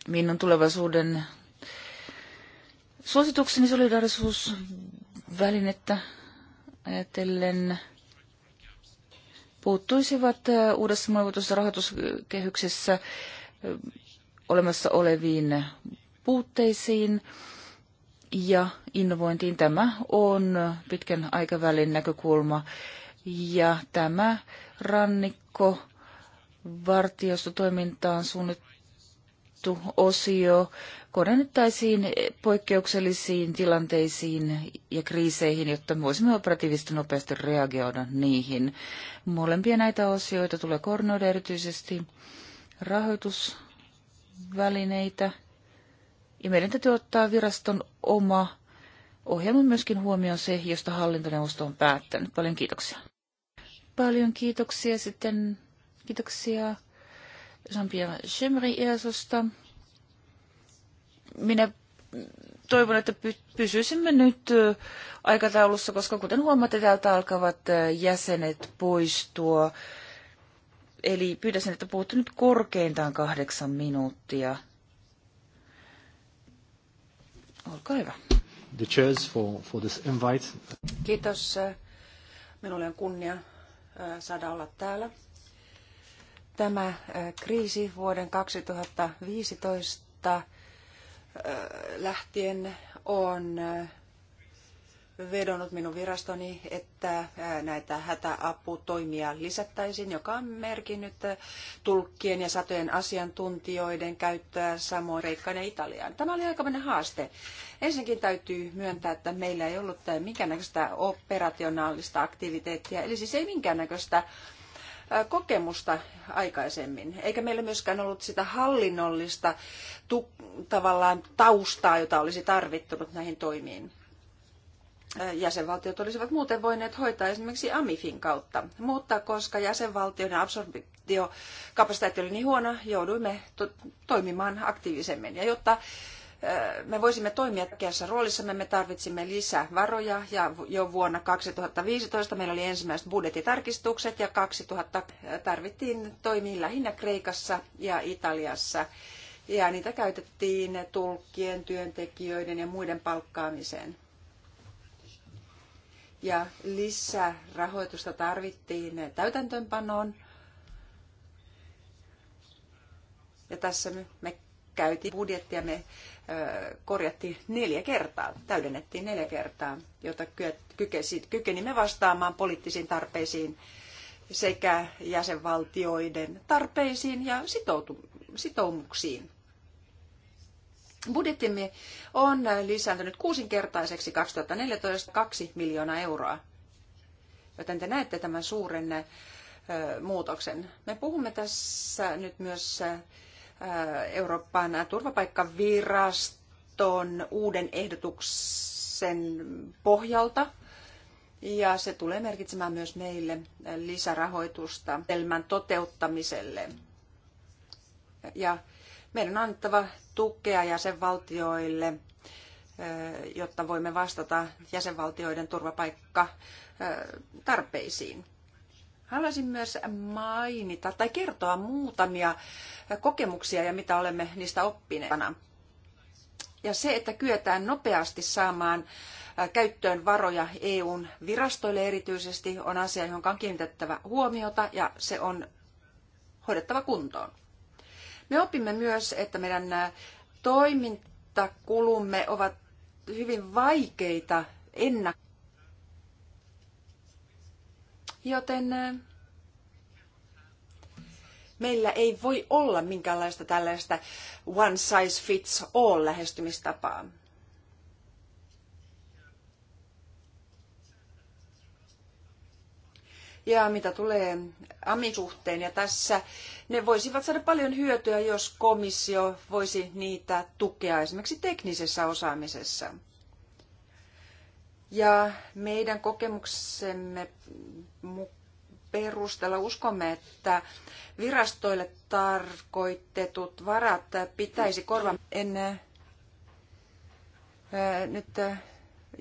Minun tulevaisuuden suositukseni solidaarisuusvälinettä ajatellen puuttuisivat uudessa maailmassa rahoituskehyksessä olemassa oleviin puutteisiin ja innovointiin. Tämä on pitkän aikavälin näkökulma ja tämä rannikko vartiostotoimintaan suunnittu osio kohdennettaisiin poikkeuksellisiin tilanteisiin ja kriiseihin, jotta voisimme operatiivisesti nopeasti reagoida niihin. Molempia näitä osioita tulee koordinoida erityisesti rahoitusvälineitä. Ja meidän täytyy ottaa viraston oma ohjelma myöskin huomioon se, josta hallintoneuvosto on päättänyt. Paljon kiitoksia. Paljon kiitoksia sitten. Kiitoksia Jean-Pierre Chemri EASosta. Minä toivon, että pysyisimme nyt aikataulussa, koska kuten huomaatte, täältä alkavat jäsenet poistua. Eli pyytäisin, että puhutte nyt korkeintaan kahdeksan minuuttia. Olkaa hyvä. The chairs for, for this invite. Kiitos. Minulle on kunnia saada olla täällä. Tämä kriisi vuoden 2015 lähtien on vedonnut minun virastoni, että näitä hätäaputoimia lisättäisiin, joka on merkinnyt tulkkien ja satojen asiantuntijoiden käyttöä samoin Kreikkaan ja Italiaan. Tämä oli aikamoinen haaste. Ensinnäkin täytyy myöntää, että meillä ei ollut minkäännäköistä operationaalista aktiviteettia, eli siis ei minkäännäköistä kokemusta aikaisemmin, eikä meillä myöskään ollut sitä hallinnollista tavallaan taustaa, jota olisi tarvittunut näihin toimiin jäsenvaltiot olisivat muuten voineet hoitaa esimerkiksi AMIFin kautta. Mutta koska jäsenvaltioiden absorptiokapasiteetti oli niin huono, jouduimme to- toimimaan aktiivisemmin. Ja jotta eh, me voisimme toimia tärkeässä roolissamme, me tarvitsimme lisää varoja ja jo vuonna 2015 meillä oli ensimmäiset budjettitarkistukset ja 2000 eh, tarvittiin toimia lähinnä Kreikassa ja Italiassa. Ja niitä käytettiin tulkkien, työntekijöiden ja muiden palkkaamiseen ja lisärahoitusta tarvittiin täytäntöönpanoon. Ja tässä me käytiin budjettia, me korjattiin neljä kertaa, täydennettiin neljä kertaa, jotta kykenimme vastaamaan poliittisiin tarpeisiin sekä jäsenvaltioiden tarpeisiin ja sitoumuksiin. Budjettimme on lisääntynyt kuusinkertaiseksi 2014 2 miljoonaa euroa. Joten te näette tämän suuren muutoksen. Me puhumme tässä nyt myös Euroopan turvapaikkaviraston uuden ehdotuksen pohjalta. Ja se tulee merkitsemään myös meille lisärahoitusta elmän toteuttamiselle. Ja meidän on annettava tukea jäsenvaltioille, jotta voimme vastata jäsenvaltioiden turvapaikkatarpeisiin. Haluaisin myös mainita tai kertoa muutamia kokemuksia ja mitä olemme niistä oppineena. Ja se, että kyetään nopeasti saamaan käyttöön varoja EUn virastoille erityisesti, on asia, johon on kiinnitettävä huomiota ja se on hoidettava kuntoon. Me opimme myös, että meidän äh, toimintakulumme ovat hyvin vaikeita ennakko, Joten äh, meillä ei voi olla minkäänlaista tällaista one size fits all lähestymistapaa. Ja mitä tulee AMI-suhteen, ja tässä ne voisivat saada paljon hyötyä, jos komissio voisi niitä tukea esimerkiksi teknisessä osaamisessa. Ja meidän kokemuksemme perusteella uskomme, että virastoille tarkoitetut varat pitäisi korvata. En nyt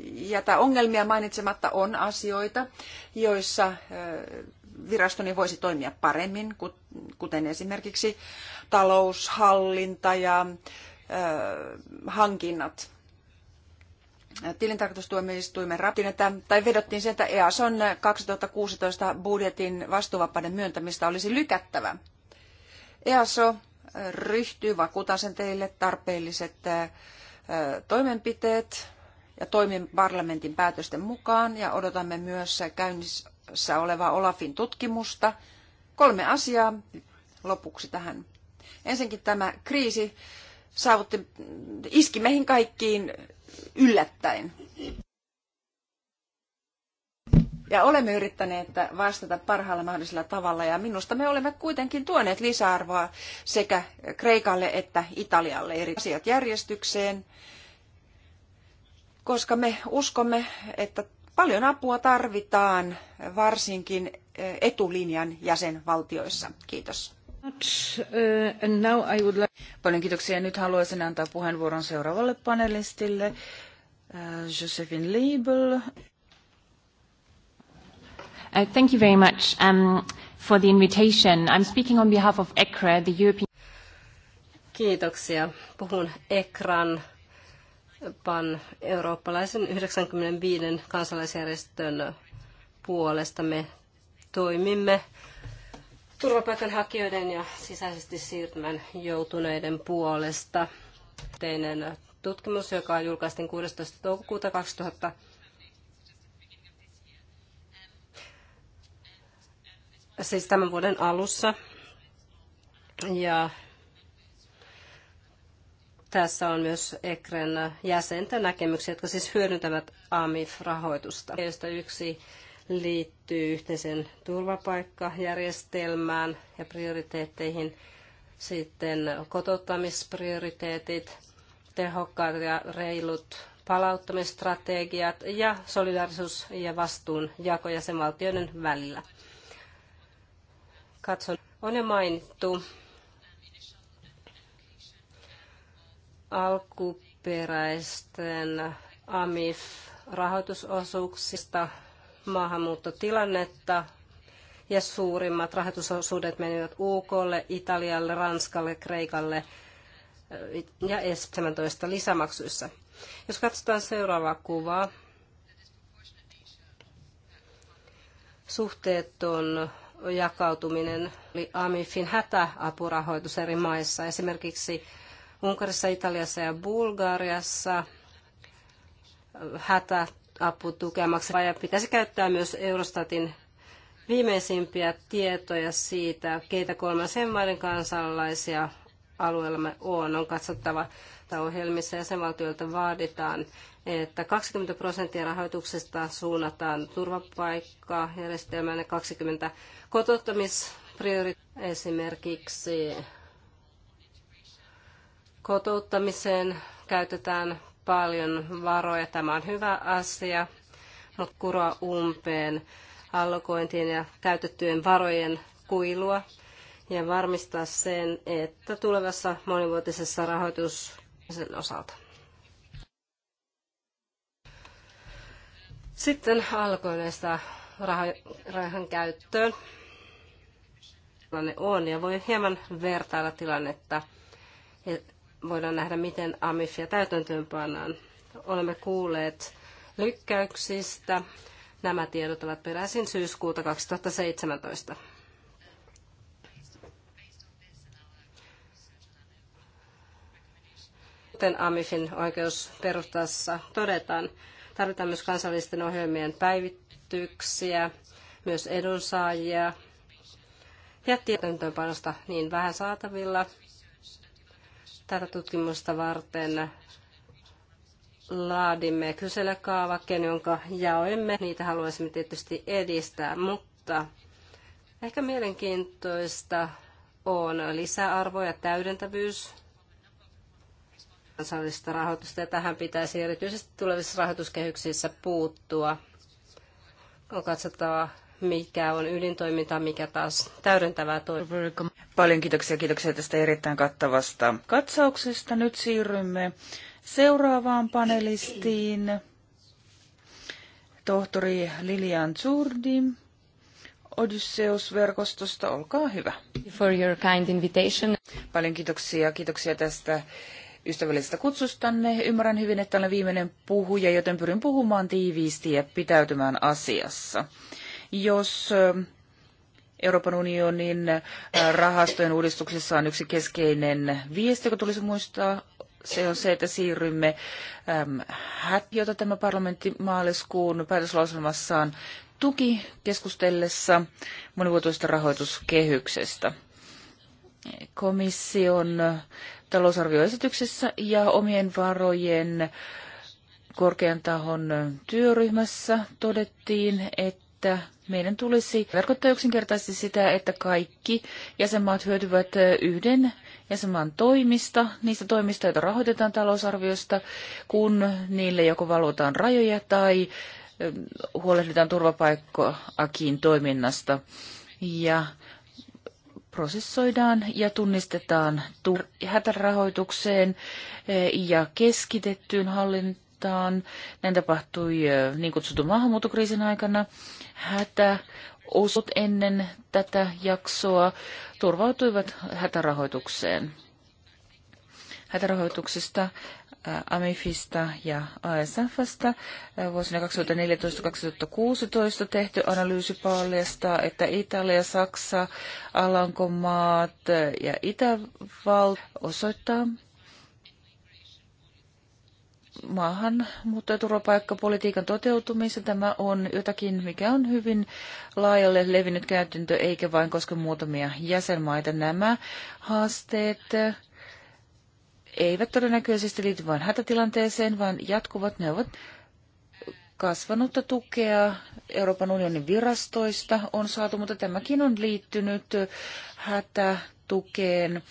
jätä ongelmia mainitsematta, on asioita, joissa virastoni voisi toimia paremmin, kuten esimerkiksi taloushallinta ja hankinnat. Tilintarkastustuomioistuimen rapinetta tai vedottiin sen, että EASON 2016 budjetin vastuuvapauden myöntämistä olisi lykättävä. EASO ryhtyy, vakuutan sen teille, tarpeelliset toimenpiteet ja toimin parlamentin päätösten mukaan ja odotamme myös käynnissä olevaa Olafin tutkimusta. Kolme asiaa lopuksi tähän. Ensinnäkin tämä kriisi saavutti, iski meihin kaikkiin yllättäen. Ja olemme yrittäneet vastata parhaalla mahdollisella tavalla ja minusta me olemme kuitenkin tuoneet lisäarvoa sekä Kreikalle että Italialle eri asiat järjestykseen koska me uskomme, että paljon apua tarvitaan varsinkin eh, etulinjan jäsenvaltioissa. Kiitos. Uh, paljon kiitoksia. Nyt haluaisin antaa puheenvuoron seuraavalle panelistille, eh, Josephine Liebel. Uh, thank you very much um, for the invitation. I'm speaking on behalf of ECRA, the European... Kiitoksia. Puhun ECRAn pan eurooppalaisen 95 kansalaisjärjestön puolesta. Me toimimme turvapaikanhakijoiden ja sisäisesti siirtymään joutuneiden puolesta. Teinen tutkimus, joka julkaistiin 16. toukokuuta 2000 siis tämän vuoden alussa. Ja tässä on myös EKREN jäsenten näkemyksiä, jotka siis hyödyntävät AMIF-rahoitusta. yksi liittyy yhteisen turvapaikkajärjestelmään ja prioriteetteihin. Sitten kotouttamisprioriteetit, tehokkaat ja reilut palauttamistrategiat ja solidaarisuus ja vastuunjako jäsenvaltioiden välillä. Katson, on jo mainittu alkuperäisten AMIF-rahoitusosuuksista maahanmuuttotilannetta ja suurimmat rahoitusosuudet menivät UKlle, Italialle, Ranskalle, Kreikalle äh, ja 17 lisämaksuissa. Jos katsotaan seuraavaa kuvaa, suhteeton jakautuminen oli AMIFin hätäapurahoitus eri maissa. Esimerkiksi Unkarissa, Italiassa ja Bulgariassa hätäapu tukemaksi. Ja pitäisi käyttää myös Eurostatin viimeisimpiä tietoja siitä, keitä kolmansien maiden kansalaisia alueellamme on. On katsottava, että ohjelmissa jäsenvaltioilta vaaditaan, että 20 prosenttia rahoituksesta suunnataan turvapaikkajärjestelmään ja 20 kotouttamisprioriteetti esimerkiksi Kotouttamiseen käytetään paljon varoja. Tämä on hyvä asia, mutta kuroa umpeen allokointien ja käytettyjen varojen kuilua ja varmistaa sen, että tulevassa monivuotisessa rahoitus osalta. Sitten alkoineesta rahan käyttöön. Tilanne on ja voi hieman vertailla tilannetta voidaan nähdä, miten AMIFia täytäntöön pannaan. Olemme kuulleet lykkäyksistä. Nämä tiedot ovat peräisin syyskuuta 2017. Kuten AMIFin oikeusperustassa todetaan, tarvitaan myös kansallisten ohjelmien päivityksiä, myös edunsaajia ja tietojentoinpanosta niin vähän saatavilla – Tätä tutkimusta varten laadimme kyselykaavakkeen, jonka jaoimme. Niitä haluaisimme tietysti edistää, mutta ehkä mielenkiintoista on lisäarvo ja täydentävyys kansallista rahoitusta ja tähän pitäisi erityisesti tulevissa rahoituskehyksissä puuttua. On katsottava mikä on ydintoiminta, mikä taas täydentävää toimintaa. Paljon kiitoksia, kiitoksia tästä erittäin kattavasta katsauksesta. Nyt siirrymme seuraavaan panelistiin. Tohtori Lilian Zurdi Odysseus-verkostosta, olkaa hyvä. For your kind invitation. Paljon kiitoksia, kiitoksia tästä ystävällisestä kutsustanne. Ymmärrän hyvin, että olen viimeinen puhuja, joten pyrin puhumaan tiiviisti ja pitäytymään asiassa jos ähm, Euroopan unionin äh, rahastojen uudistuksessa on yksi keskeinen viesti, joka tulisi muistaa. Se on se, että siirrymme ähm, hät, jota tämä parlamentti maaliskuun päätöslauselmassaan tuki keskustellessa monivuotoisesta rahoituskehyksestä. Komission talousarvioesityksessä ja omien varojen korkean tahon työryhmässä todettiin, että meidän tulisi tarkoittaa yksinkertaisesti sitä, että kaikki jäsenmaat hyötyvät yhden jäsenmaan toimista, niistä toimista, joita rahoitetaan talousarviosta, kun niille joko valvotaan rajoja tai huolehditaan turvapaikkoakin toiminnasta ja prosessoidaan ja tunnistetaan hätärahoitukseen ja keskitettyyn hallintoon valvontaan. Näin tapahtui niin kutsutun maahanmuuttokriisin aikana. Hätä osut ennen tätä jaksoa turvautuivat hätärahoitukseen. Hätärahoituksesta AMIFista ja ASFstä vuosina 2014-2016 tehty analyysi paljastaa, että Italia, Saksa, Alankomaat ja Itävalta osoittaa, maahan mutta turvapaikkapolitiikan toteutumista. Tämä on jotakin, mikä on hyvin laajalle levinnyt käytäntö, eikä vain koske muutamia jäsenmaita. Nämä haasteet eivät todennäköisesti liity vain hätätilanteeseen, vaan jatkuvat. Ne ovat kasvanutta tukea Euroopan unionin virastoista on saatu, mutta tämäkin on liittynyt hätätukeen,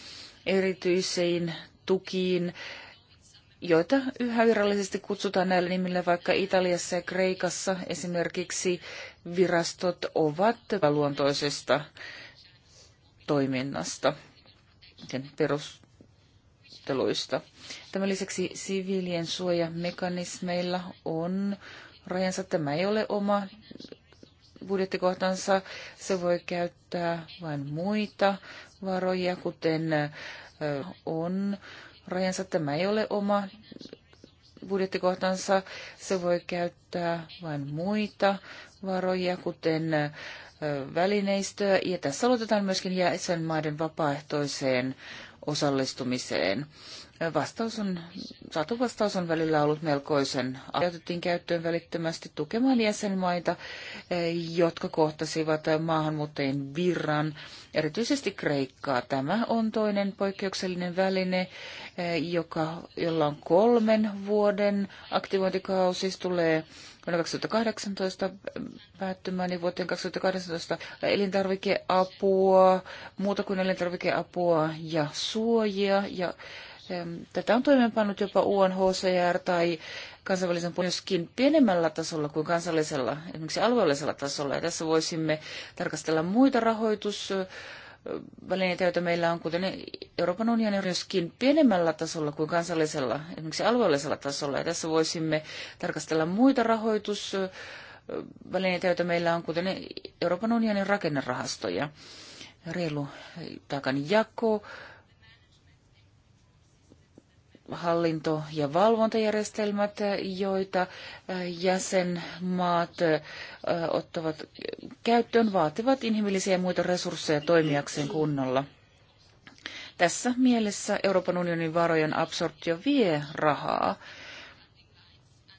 erityisiin tukiin joita yhä virallisesti kutsutaan näillä nimillä, vaikka Italiassa ja Kreikassa esimerkiksi virastot ovat luontoisesta toiminnasta, sen perusteluista. Tämän lisäksi siviilien suojamekanismeilla on rajansa. Tämä ei ole oma budjettikohtansa. Se voi käyttää vain muita varoja, kuten on rajansa. Tämä ei ole oma budjettikohtansa. Se voi käyttää vain muita varoja, kuten välineistöä. Ja tässä luotetaan myöskin jäsenmaiden vapaaehtoiseen osallistumiseen. Vastaus on, saatu vastaus on välillä ollut melkoisen. Otettiin käyttöön välittömästi tukemaan jäsenmaita, eh, jotka kohtasivat maahanmuuttajien virran, erityisesti Kreikkaa. Tämä on toinen poikkeuksellinen väline, eh, joka, jolla on kolmen vuoden aktivointikausi, tulee vuonna 2018 eh, päättymään, niin vuoteen 2018 elintarvikeapua, muuta kuin elintarvikeapua ja suojia ja Tätä on toimeenpannut jopa UNHCR tai kansainvälisen myöskin pienemmällä tasolla kuin kansallisella, esimerkiksi alueellisella tasolla. Ja tässä voisimme tarkastella muita rahoitusvälineitä, joita meillä on, kuten Euroopan unionin myöskin pienemmällä tasolla kuin kansallisella, esimerkiksi alueellisella tasolla. Ja tässä voisimme tarkastella muita rahoitusvälineitä, joita meillä on, kuten Euroopan unionin rakennerahastoja. Reilu taakan jako, hallinto- ja valvontajärjestelmät, joita äh, jäsenmaat äh, ottavat käyttöön, vaativat inhimillisiä ja muita resursseja toimijakseen kunnolla. Tässä mielessä Euroopan unionin varojen absorptio vie rahaa.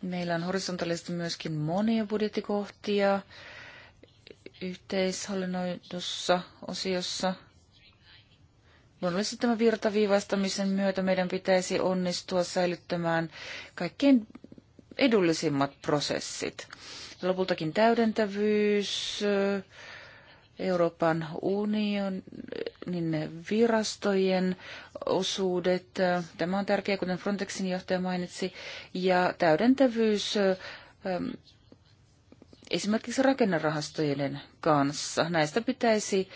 Meillä on horisontaalisesti myöskin monia budjettikohtia yhteishallinnoidussa osiossa – Luonnollisesti tämän virtaviivastamisen myötä meidän pitäisi onnistua säilyttämään kaikkein edullisimmat prosessit. Lopultakin täydentävyys, Euroopan unionin niin virastojen osuudet. Tämä on tärkeää, kuten Frontexin johtaja mainitsi. Ja täydentävyys esimerkiksi rakennerahastojen kanssa. Näistä pitäisi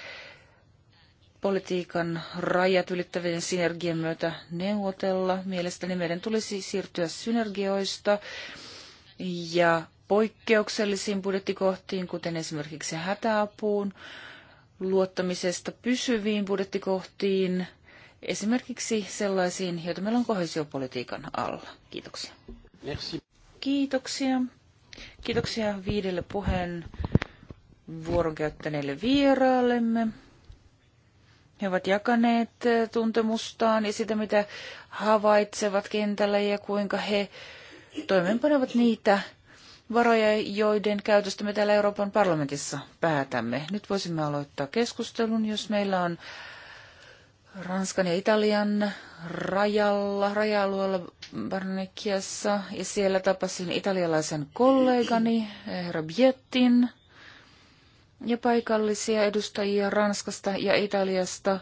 politiikan rajat ylittävien synergien myötä neuvotella. Mielestäni meidän tulisi siirtyä synergioista ja poikkeuksellisiin budjettikohtiin, kuten esimerkiksi hätäapuun, luottamisesta pysyviin budjettikohtiin, esimerkiksi sellaisiin, joita meillä on kohesiopolitiikan alla. Kiitoksia. Merci. Kiitoksia. Kiitoksia viidelle puheen vuoron käyttäneille vieraallemme. He ovat jakaneet eh, tuntemustaan ja sitä, mitä havaitsevat kentällä ja kuinka he toimeenpanevat niitä varoja, joiden käytöstä me täällä Euroopan parlamentissa päätämme. Nyt voisimme aloittaa keskustelun, jos meillä on Ranskan ja Italian rajalla, raja-alueella Barnekiassa, ja siellä tapasin italialaisen kollegani, eh, herra Biettin ja paikallisia edustajia Ranskasta ja Italiasta.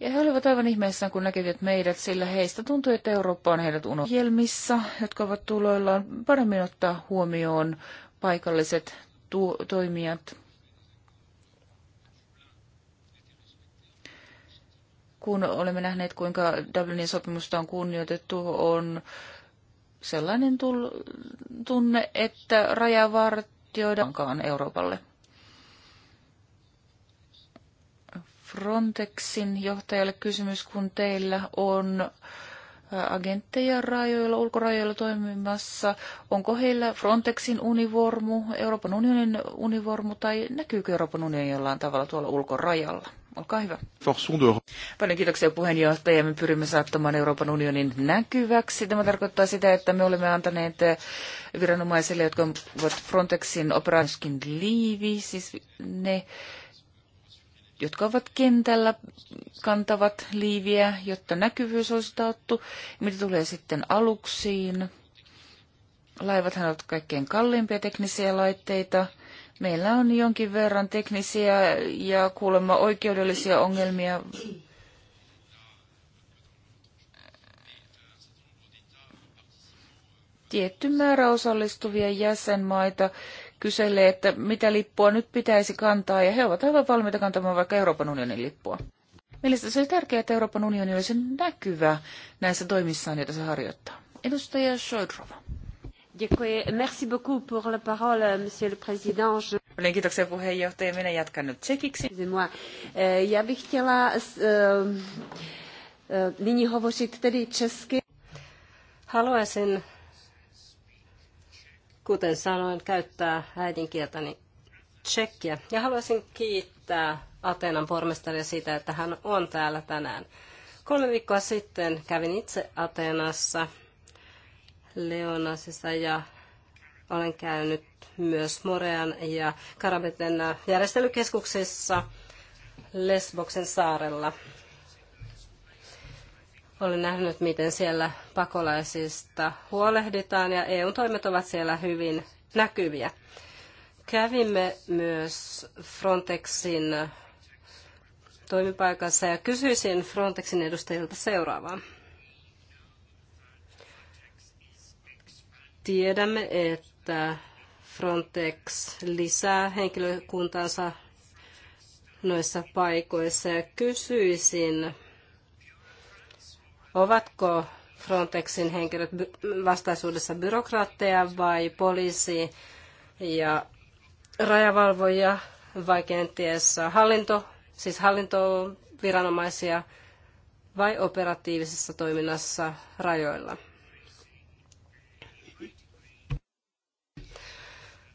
Ja he olivat aivan ihmeissään, kun näkivät meidät, sillä heistä tuntui, että Eurooppa on heidät unohjelmissa, jotka ovat tuloillaan paremmin ottaa huomioon paikalliset tu- toimijat. Kun olemme nähneet, kuinka Dublinin sopimusta on kunnioitettu, on sellainen tunne, että rajavartioidaankaan Euroopalle. Frontexin johtajalle kysymys, kun teillä on agentteja rajoilla, ulkorajoilla toimimassa. Onko heillä Frontexin univormu, Euroopan unionin univormu tai näkyykö Euroopan unionin jollain tavalla tuolla ulkorajalla? Olkaa hyvä. Paljon kiitoksia puheenjohtaja. Me pyrimme saattamaan Euroopan unionin näkyväksi. Tämä tarkoittaa sitä, että me olemme antaneet viranomaisille, jotka ovat Frontexin operaatioskin liivi, siis ne jotka ovat kentällä, kantavat liiviä, jotta näkyvyys olisi taattu. Mitä tulee sitten aluksiin? Laivathan ovat kaikkein kalliimpia teknisiä laitteita. Meillä on jonkin verran teknisiä ja kuulemma oikeudellisia ongelmia tietty määrä osallistuvia jäsenmaita kyselee, että mitä lippua nyt pitäisi kantaa, ja he ovat aivan valmiita kantamaan vaikka Euroopan unionin lippua. Mielestäni se oli tärkeää, että Euroopan unioni olisi näkyvä näissä toimissaan, joita se harjoittaa. Edustaja Shodrova. Merci beaucoup pour la parole, monsieur le président. Je... Olen kiitoksia puheenjohtaja. Minä jatkan nyt tsekiksi. Eh, ja bych chtěla eh, eh, nyní hovořit tedy česky. Haluaisin kuten sanoin, käyttää äidinkieltäni tsekkiä. Ja haluaisin kiittää Ateenan pormestaria siitä, että hän on täällä tänään. Kolme viikkoa sitten kävin itse Ateenassa Leonasissa ja olen käynyt myös Morean ja Karabeten järjestelykeskuksessa Lesboksen saarella. Olen nähnyt, miten siellä pakolaisista huolehditaan ja EU-toimet ovat siellä hyvin näkyviä. Kävimme myös Frontexin toimipaikassa ja kysyisin Frontexin edustajilta seuraavaa. Tiedämme, että Frontex lisää henkilökuntansa noissa paikoissa ja kysyisin, Ovatko Frontexin henkilöt vastaisuudessa byrokraatteja vai poliisi ja rajavalvojia vai kenties hallinto, siis hallintoviranomaisia vai operatiivisessa toiminnassa rajoilla.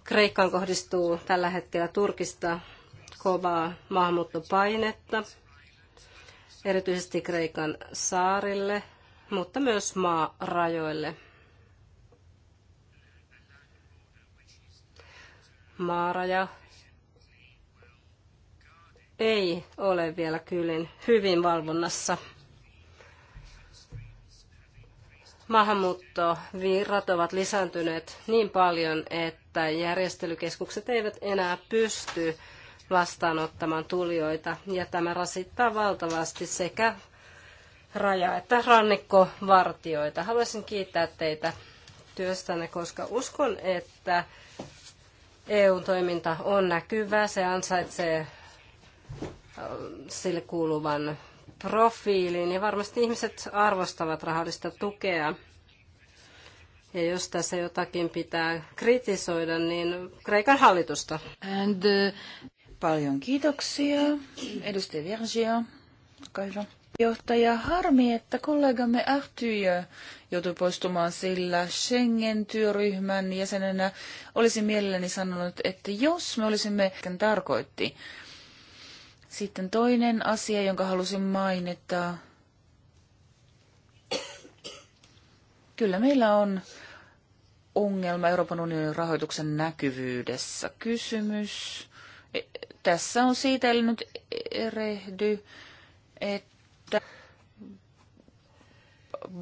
Kreikkaan kohdistuu tällä hetkellä Turkista kovaa maahanmuuttopainetta erityisesti Kreikan saarille, mutta myös maarajoille. Maaraja ei ole vielä kylin hyvin valvonnassa. Maahanmuuttovirrat ovat lisääntyneet niin paljon, että järjestelykeskukset eivät enää pysty vastaanottamaan tulijoita. Ja tämä rasittaa valtavasti sekä raja- että rannikkovartioita. Haluaisin kiittää teitä työstänne, koska uskon, että EU-toiminta on näkyvää. Se ansaitsee äh, sille kuuluvan profiiliin ja varmasti ihmiset arvostavat rahallista tukea. Ja jos tässä jotakin pitää kritisoida, niin Kreikan hallitusta. And, uh... Paljon kiitoksia. Edustaja Virgia, olkaa hyvä. Johtaja, harmi, että kollegamme Ahtyjö joutui poistumaan, sillä Schengen-työryhmän jäsenenä olisi mielelläni sanonut, että jos me olisimme, ken tarkoitti. Sitten toinen asia, jonka halusin mainita. Kyllä meillä on ongelma Euroopan unionin rahoituksen näkyvyydessä. Kysymys tässä on siitä, nyt erehdy, että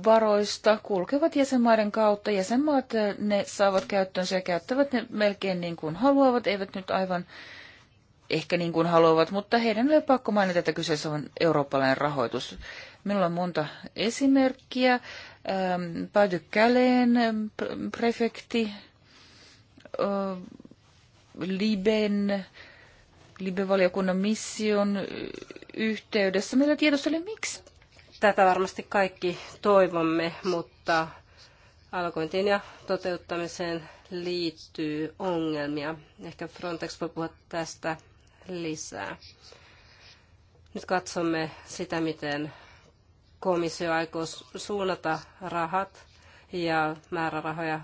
varoista kulkevat jäsenmaiden kautta. Jäsenmaat ne saavat käyttöönsä ja käyttävät ne melkein niin kuin haluavat, eivät nyt aivan ehkä niin kuin haluavat, mutta heidän ei ole pakko mainita, että kyseessä on eurooppalainen rahoitus. Minulla on monta esimerkkiä. Pääty ähm, Käleen ähm, prefekti, äh, Liben Libe-valiokunnan mission yhteydessä. Meillä tiedosteli miksi. Tätä varmasti kaikki toivomme, mutta alkointiin ja toteuttamiseen liittyy ongelmia. Ehkä Frontex voi puhua tästä lisää. Nyt katsomme sitä, miten komissio aikoo suunnata rahat ja määrärahoja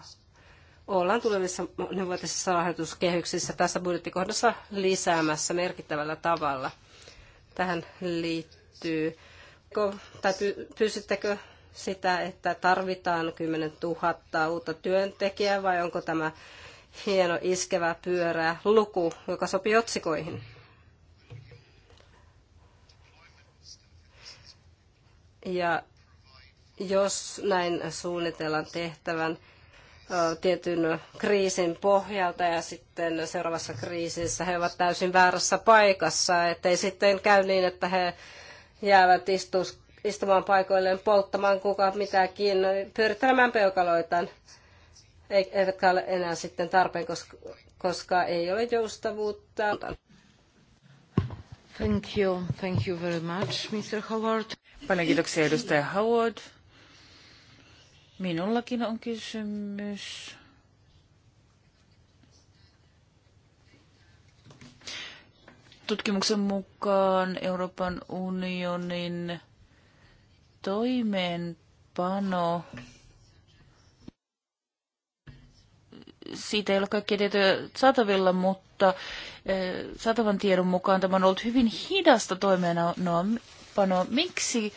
ollaan tulevissa monivuotisissa rahoituskehyksissä tässä budjettikohdassa lisäämässä merkittävällä tavalla. Tähän liittyy, tai pyysittekö sitä, että tarvitaan 10 000 uutta työntekijää vai onko tämä hieno iskevä pyörä luku, joka sopii otsikoihin? Ja jos näin suunnitellaan tehtävän, tietyn kriisin pohjalta ja sitten seuraavassa kriisissä he ovat täysin väärässä paikassa, ettei sitten käy niin, että he jäävät istus, istumaan paikoilleen polttamaan kuka mitäkin, pyörittelemään peukaloitaan, eivätkä ole enää sitten tarpeen, koska, koska ei ole joustavuutta. Thank you. Thank you very much, Mr. Howard. Paljon kiitoksia, edustaja Howard. Minullakin on kysymys. Tutkimuksen mukaan Euroopan unionin toimeenpano siitä ei ole kaikkia tietoja saatavilla, mutta eh, saatavan tiedon mukaan tämä on ollut hyvin hidasta toimeenpanoa. Miksi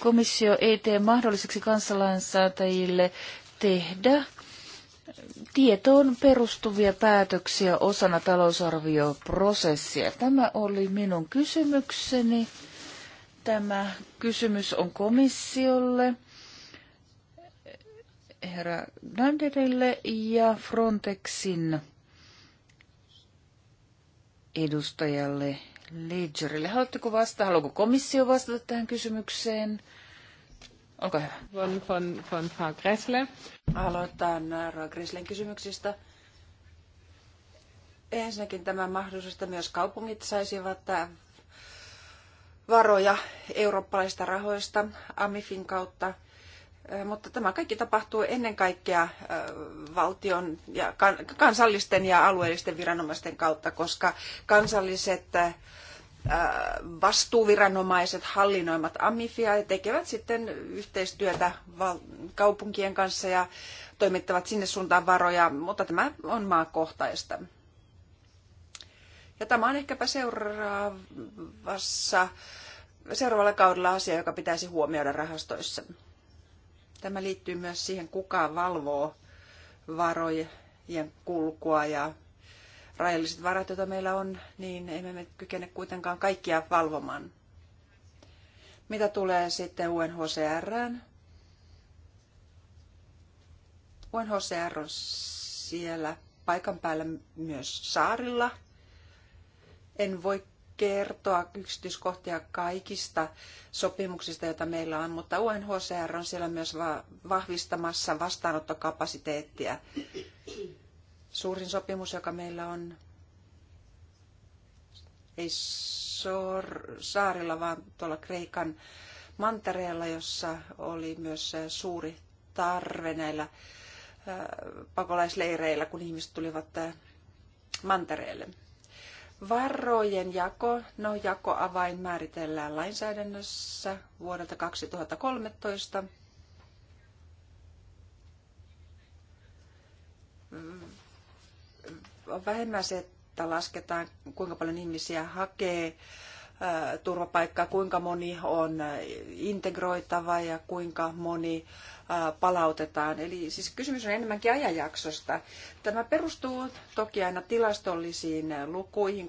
komissio ei tee mahdolliseksi kansalainsäätäjille tehdä tietoon perustuvia päätöksiä osana talousarvioprosessia. Tämä oli minun kysymykseni. Tämä kysymys on komissiolle, herra Danderille ja Frontexin edustajalle Ledgerille. Haluatteko vastata? Haluaako komissio vastata tähän kysymykseen? Olkaa hyvä. Von, von, von Frau Gressle. Aloitetaan äh, Frau Gresslen kysymyksistä. Ensinnäkin tämä mahdollisuus, että myös kaupungit saisivat äh, varoja eurooppalaisista rahoista AMIFin kautta – mutta tämä kaikki tapahtuu ennen kaikkea valtion ja kansallisten ja alueellisten viranomaisten kautta, koska kansalliset vastuuviranomaiset hallinnoimat AMIFia ja tekevät sitten yhteistyötä kaupunkien kanssa ja toimittavat sinne suuntaan varoja, mutta tämä on maakohtaista. Ja tämä on ehkäpä seuraavassa, seuraavalla kaudella asia, joka pitäisi huomioida rahastoissa. Tämä liittyy myös siihen, kuka valvoo varojen kulkua ja rajalliset varat, joita meillä on, niin emme me kykene kuitenkaan kaikkia valvomaan. Mitä tulee sitten UNHCRään? UNHCR on siellä paikan päällä myös saarilla. En voi kertoa yksityiskohtia kaikista sopimuksista, joita meillä on, mutta UNHCR on siellä myös vahvistamassa vastaanottokapasiteettia. Suurin sopimus, joka meillä on, ei saarilla, vaan tuolla Kreikan mantereella, jossa oli myös suuri tarve näillä pakolaisleireillä, kun ihmiset tulivat mantereelle. Varojen jako, no jakoavain määritellään lainsäädännössä vuodelta 2013. On vähemmän se, että lasketaan kuinka paljon ihmisiä hakee turvapaikkaa, kuinka moni on integroitava ja kuinka moni palautetaan. Eli siis kysymys on enemmänkin ajanjaksosta. Tämä perustuu toki aina tilastollisiin lukuihin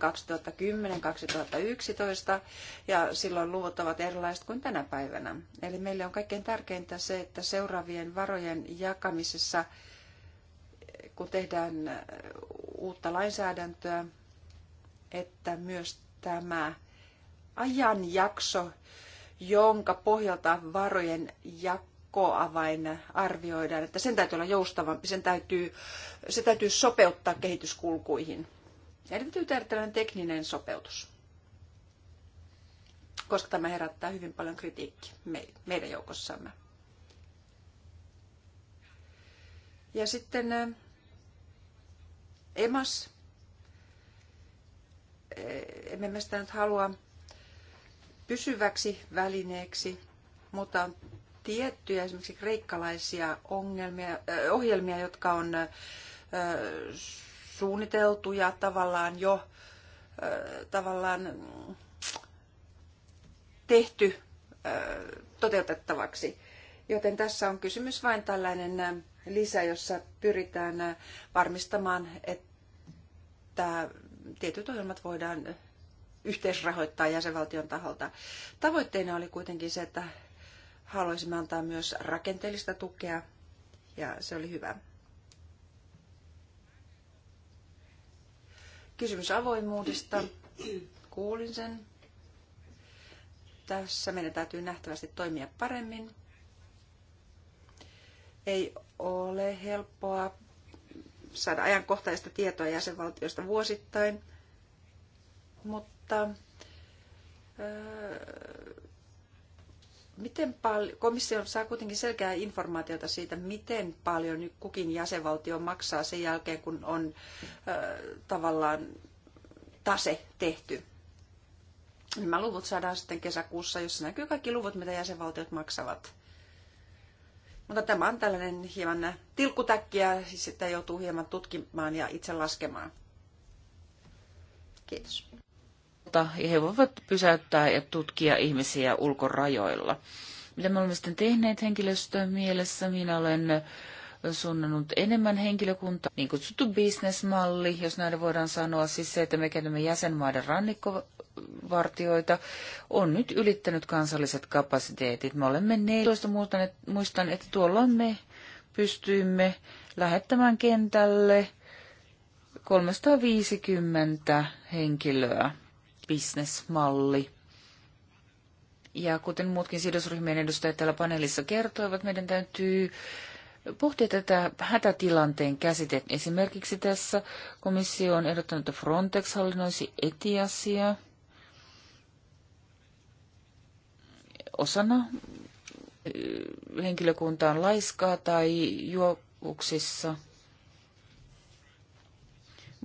2010-2011 ja silloin luvut ovat erilaiset kuin tänä päivänä. Eli meille on kaikkein tärkeintä se, että seuraavien varojen jakamisessa, kun tehdään uutta lainsäädäntöä, että myös tämä ajanjakso, jonka pohjalta varojen jakamisessa avain arvioidaan, että sen täytyy olla joustavampi, sen täytyy, se täytyy sopeuttaa kehityskulkuihin. Ja täytyy tehdä tällainen tekninen sopeutus, koska tämä herättää hyvin paljon kritiikkiä meidän joukossamme. Ja sitten eh, EMAS. Eh, emme me sitä nyt halua pysyväksi välineeksi, mutta tiettyjä esimerkiksi kreikkalaisia ongelmia, ohjelmia, jotka on suunniteltuja tavallaan jo tavallaan mm, tehty toteutettavaksi. Joten tässä on kysymys vain tällainen lisä, jossa pyritään varmistamaan, että tietyt ohjelmat voidaan yhteisrahoittaa jäsenvaltion taholta. Tavoitteena oli kuitenkin se, että haluaisimme antaa myös rakenteellista tukea ja se oli hyvä. Kysymys avoimuudesta. Kuulin sen. Tässä meidän täytyy nähtävästi toimia paremmin. Ei ole helppoa saada ajankohtaista tietoa jäsenvaltiosta vuosittain, mutta öö, Miten pal- komissio saa kuitenkin selkeää informaatiota siitä, miten paljon kukin jäsenvaltio maksaa sen jälkeen, kun on ö, tavallaan tase tehty. Nämä luvut saadaan sitten kesäkuussa, jossa näkyy kaikki luvut, mitä jäsenvaltiot maksavat. Mutta tämä on tällainen hieman tilkkutäkkiä, siis sitä joutuu hieman tutkimaan ja itse laskemaan. Kiitos ja he voivat pysäyttää ja tutkia ihmisiä ulkorajoilla. Mitä me olemme sitten tehneet henkilöstön mielessä? Minä olen suunnannut enemmän henkilökuntaa, niin kutsuttu bisnesmalli, jos näin voidaan sanoa, siis se, että me käytämme jäsenmaiden rannikkovartioita, on nyt ylittänyt kansalliset kapasiteetit. Me olemme 14, muistan, muistan, että tuolloin me pystyimme lähettämään kentälle 350 henkilöä bisnesmalli. Ja kuten muutkin sidosryhmien edustajat täällä paneelissa kertoivat, meidän täytyy pohtia tätä hätätilanteen käsitettä. Esimerkiksi tässä komissio on ehdottanut, että Frontex hallinnoisi etiasia osana henkilökuntaan laiskaa tai juovuksissa.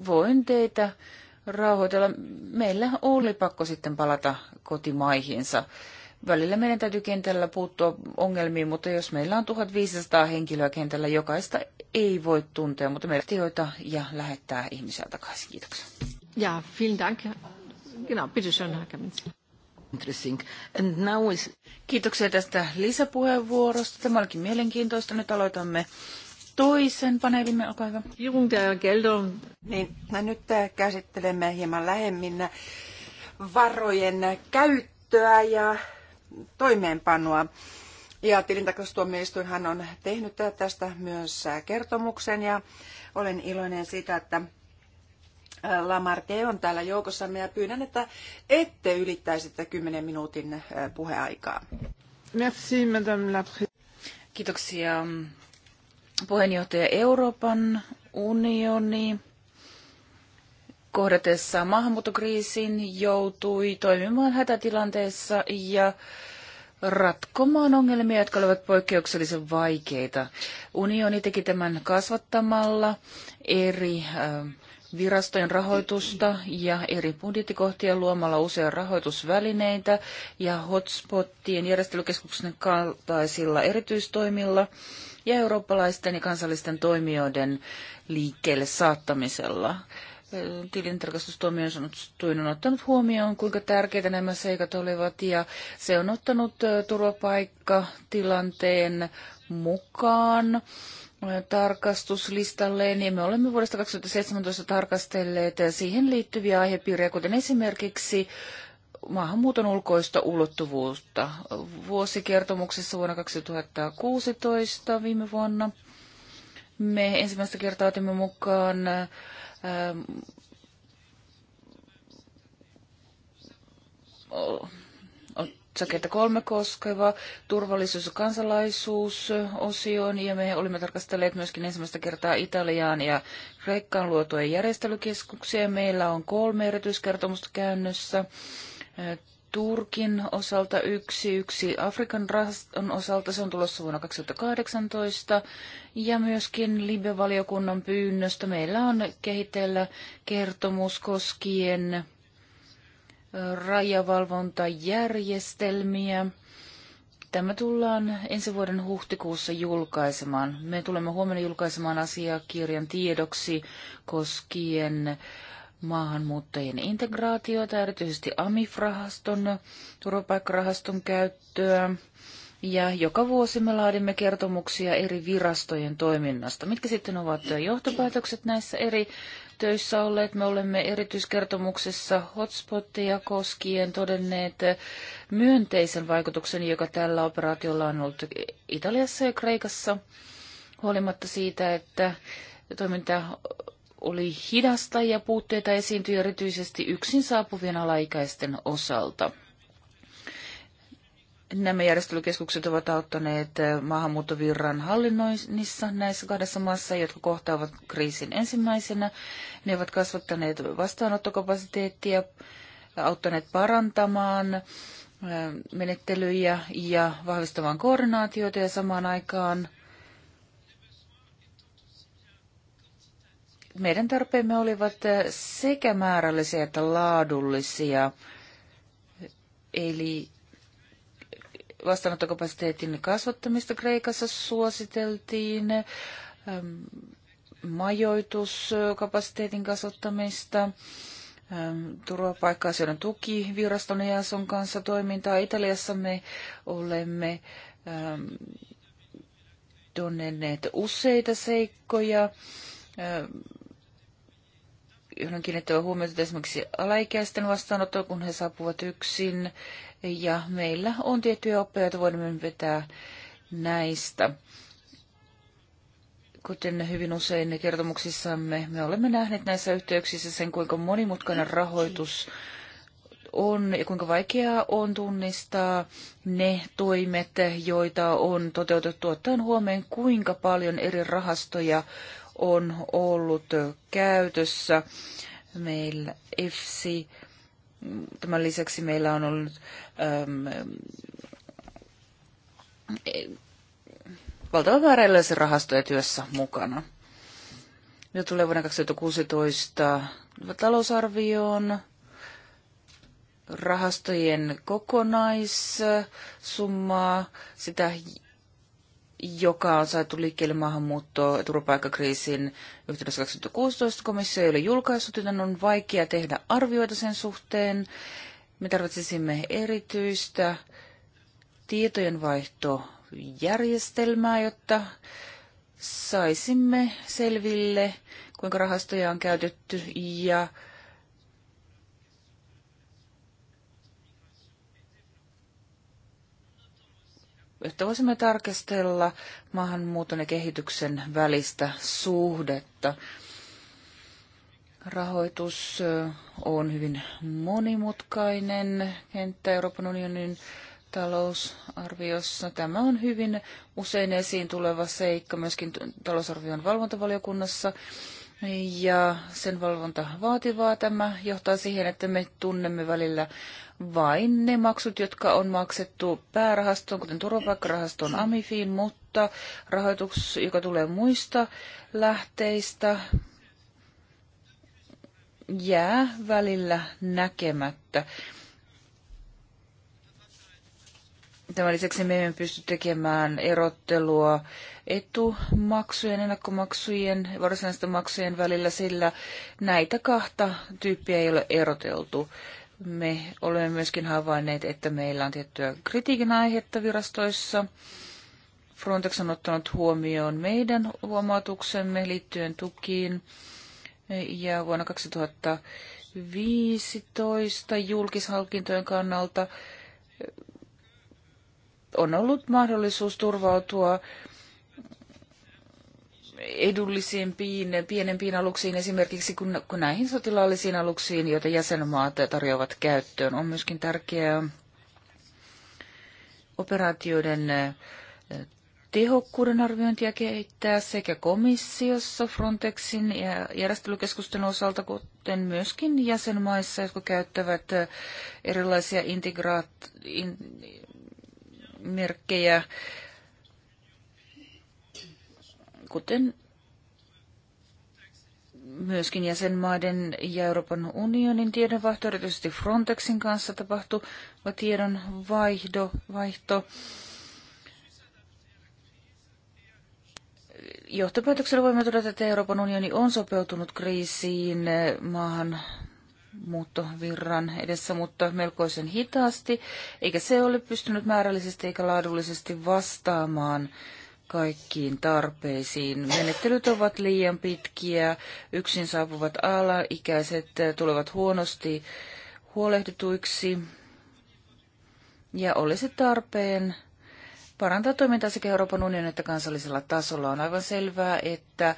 Voin teitä rauhoitella. Meillä oli pakko sitten palata kotimaihinsa. Välillä meidän täytyy kentällä puuttua ongelmiin, mutta jos meillä on 1500 henkilöä kentällä, jokaista ei voi tuntea, mutta meillä tioita ja lähettää ihmisiä takaisin. Kiitoksia. Ja, vielen dank. Genau, bitte schön, Herr is Kiitoksia tästä lisäpuheenvuorosta. Tämä olikin mielenkiintoista. Nyt aloitamme toisen paneelimme, olkaa hyvä. Niin, no nyt äh, käsittelemme hieman lähemmin varojen käyttöä ja toimeenpanoa. Ja tilintarkastustuomioistuinhan on tehnyt tästä myös äh, kertomuksen ja olen iloinen siitä, että äh, Lamarke on täällä joukossamme ja pyydän, että ette ylittäisi tätä 10 minuutin puheaikaa. Merci, madame la Kiitoksia puheenjohtaja Euroopan unioni kohdatessaan maahanmuuttokriisin joutui toimimaan hätätilanteessa ja ratkomaan ongelmia, jotka olivat poikkeuksellisen vaikeita. Unioni teki tämän kasvattamalla eri äh, virastojen rahoitusta ja eri budjettikohtien luomalla usea rahoitusvälineitä ja hotspottien järjestelykeskuksen kaltaisilla erityistoimilla ja eurooppalaisten ja kansallisten toimijoiden liikkeelle saattamisella. Tilintarkastustuomioistuin on ottanut huomioon, kuinka tärkeitä nämä seikat olivat, ja se on ottanut turvapaikkatilanteen mukaan tarkastuslistalleen niin ja me olemme vuodesta 2017 tarkastelleet siihen liittyviä aihepiirejä, kuten esimerkiksi maahanmuuton ulkoista ulottuvuutta. Vuosikertomuksessa vuonna 2016 viime vuonna me ensimmäistä kertaa otimme mukaan ähm, otsaketta kolme koskeva turvallisuus- ja kansalaisuusosioon, ja me olimme tarkastelleet myöskin ensimmäistä kertaa Italiaan ja Kreikkaan luotujen järjestelykeskuksia. Meillä on kolme erityiskertomusta käännössä. Turkin osalta yksi, yksi Afrikan rahaston osalta, se on tulossa vuonna 2018, ja myöskin Libe-valiokunnan pyynnöstä meillä on kehitellä kertomus koskien rajavalvontajärjestelmiä. Tämä tullaan ensi vuoden huhtikuussa julkaisemaan. Me tulemme huomenna julkaisemaan asiakirjan tiedoksi koskien maahanmuuttajien integraatiota, erityisesti AMIF-rahaston, turvapaikkarahaston käyttöä. Ja joka vuosi me laadimme kertomuksia eri virastojen toiminnasta. Mitkä sitten ovat johtopäätökset näissä eri töissä olleet. Me olemme erityiskertomuksessa hotspotteja koskien todenneet myönteisen vaikutuksen, joka tällä operaatiolla on ollut Italiassa ja Kreikassa, huolimatta siitä, että toiminta oli hidasta ja puutteita esiintyi erityisesti yksin saapuvien alaikäisten osalta. Nämä järjestelykeskukset ovat auttaneet eh, maahanmuuttovirran hallinnoinnissa näissä kahdessa maassa, jotka kohtaavat kriisin ensimmäisenä. Ne ovat kasvattaneet vastaanottokapasiteettia, auttaneet parantamaan eh, menettelyjä ja vahvistamaan koordinaatioita ja samaan aikaan meidän tarpeemme olivat eh, sekä määrällisiä että laadullisia. Eli vastaanottokapasiteetin kasvattamista Kreikassa suositeltiin, ähm, majoituskapasiteetin kasvattamista, ähm, turvapaikka-asioiden tuki viraston ja EASON kanssa toimintaa. Italiassa me olemme ähm, tuonneet useita seikkoja, johon on kiinnittävä huomiota esimerkiksi alaikäisten vastaanottoon, kun he saapuvat yksin ja meillä on tiettyjä oppeja, joita voimme vetää näistä. Kuten hyvin usein kertomuksissamme, me olemme nähneet näissä yhteyksissä sen, kuinka monimutkainen rahoitus on ja kuinka vaikeaa on tunnistaa ne toimet, joita on toteutettu ottaen huomioon, kuinka paljon eri rahastoja on ollut käytössä. Meillä EFSI, Tämän lisäksi meillä on ollut äm, eh, valtava määrä erilaisia rahastoja työssä mukana. Nyt tulee vuonna 2016 talousarvioon rahastojen kokonaissummaa, sitä joka on saatu liikkeelle maahanmuutto- ja turvapaikkakriisin yhteydessä 2016. Komissio ei ole julkaissut, joten on vaikea tehdä arvioita sen suhteen. Me tarvitsisimme erityistä tietojenvaihtojärjestelmää, jotta saisimme selville, kuinka rahastoja on käytetty ja että voisimme tarkastella maahanmuuton ja kehityksen välistä suhdetta. Rahoitus on hyvin monimutkainen kenttä Euroopan unionin talousarviossa. Tämä on hyvin usein esiin tuleva seikka myöskin talousarvion valvontavaliokunnassa. Ja sen valvonta vaativaa tämä johtaa siihen, että me tunnemme välillä vain ne maksut, jotka on maksettu päärahastoon, kuten turvapaikkarahastoon AMIFiin, mutta rahoitus, joka tulee muista lähteistä, jää välillä näkemättä. Tämän lisäksi me emme pysty tekemään erottelua etumaksujen, ennakkomaksujen, varsinaisten maksujen välillä, sillä näitä kahta tyyppiä ei ole eroteltu. Me olemme myöskin havainneet, että meillä on tiettyä kritiikin aihetta virastoissa. Frontex on ottanut huomioon meidän huomautuksemme liittyen tukiin. Ja vuonna 2015 julkishankintojen kannalta on ollut mahdollisuus turvautua edullisimpiin, pienempiin aluksiin, esimerkiksi kun, näihin sotilaallisiin aluksiin, joita jäsenmaat tarjoavat käyttöön, on myöskin tärkeää operaatioiden tehokkuuden arviointia kehittää sekä komissiossa Frontexin ja järjestelykeskusten osalta, kuten myöskin jäsenmaissa, jotka käyttävät erilaisia integraat, in, merkkejä kuten myöskin jäsenmaiden ja Euroopan unionin tiedonvaihto, erityisesti Frontexin kanssa tapahtuva tiedon vaihdo, vaihto. Johtopäätöksellä voimme todeta, että Euroopan unioni on sopeutunut kriisiin maahan muuttovirran edessä, mutta melkoisen hitaasti, eikä se ole pystynyt määrällisesti eikä laadullisesti vastaamaan kaikkiin tarpeisiin. Menettelyt ovat liian pitkiä, yksin saapuvat alaikäiset tulevat huonosti huolehdituiksi ja olisi tarpeen parantaa toimintaa sekä Euroopan unionin että kansallisella tasolla. On aivan selvää, että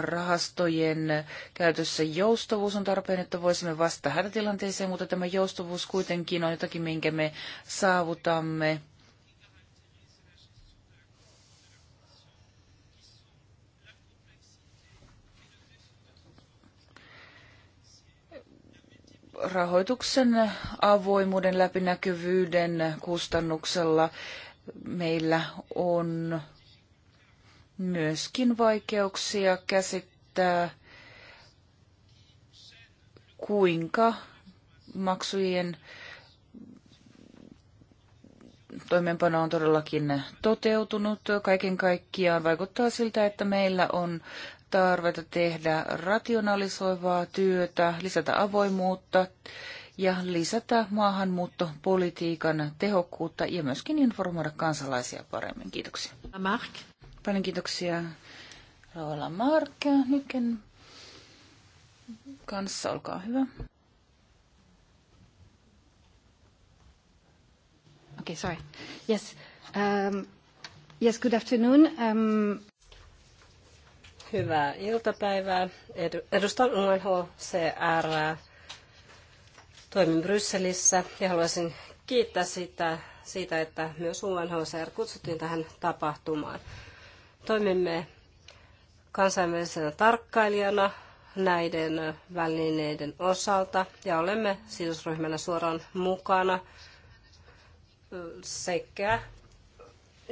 rahastojen käytössä joustavuus on tarpeen, että voisimme vastata hätätilanteeseen, mutta tämä joustavuus kuitenkin on jotakin, minkä me saavutamme rahoituksen avoimuuden läpinäkyvyyden kustannuksella meillä on myöskin vaikeuksia käsittää, kuinka maksujen toimeenpano on todellakin toteutunut. Kaiken kaikkiaan vaikuttaa siltä, että meillä on tarvetta tehdä rationalisoivaa työtä, lisätä avoimuutta ja lisätä maahanmuuttopolitiikan tehokkuutta ja myöskin informoida kansalaisia paremmin. Kiitoksia. Mark. Paljon kiitoksia Raula Mark. Nyken kanssa, olkaa hyvä. Okay, sorry. Yes. Um, yes, good afternoon. Um, Hyvää iltapäivää. Edustan UNHCR. Toimin Brysselissä ja haluaisin kiittää siitä, siitä että myös UNHCR kutsuttiin tähän tapahtumaan. Toimimme kansainvälisenä tarkkailijana näiden välineiden osalta ja olemme sidosryhmänä suoraan mukana sekä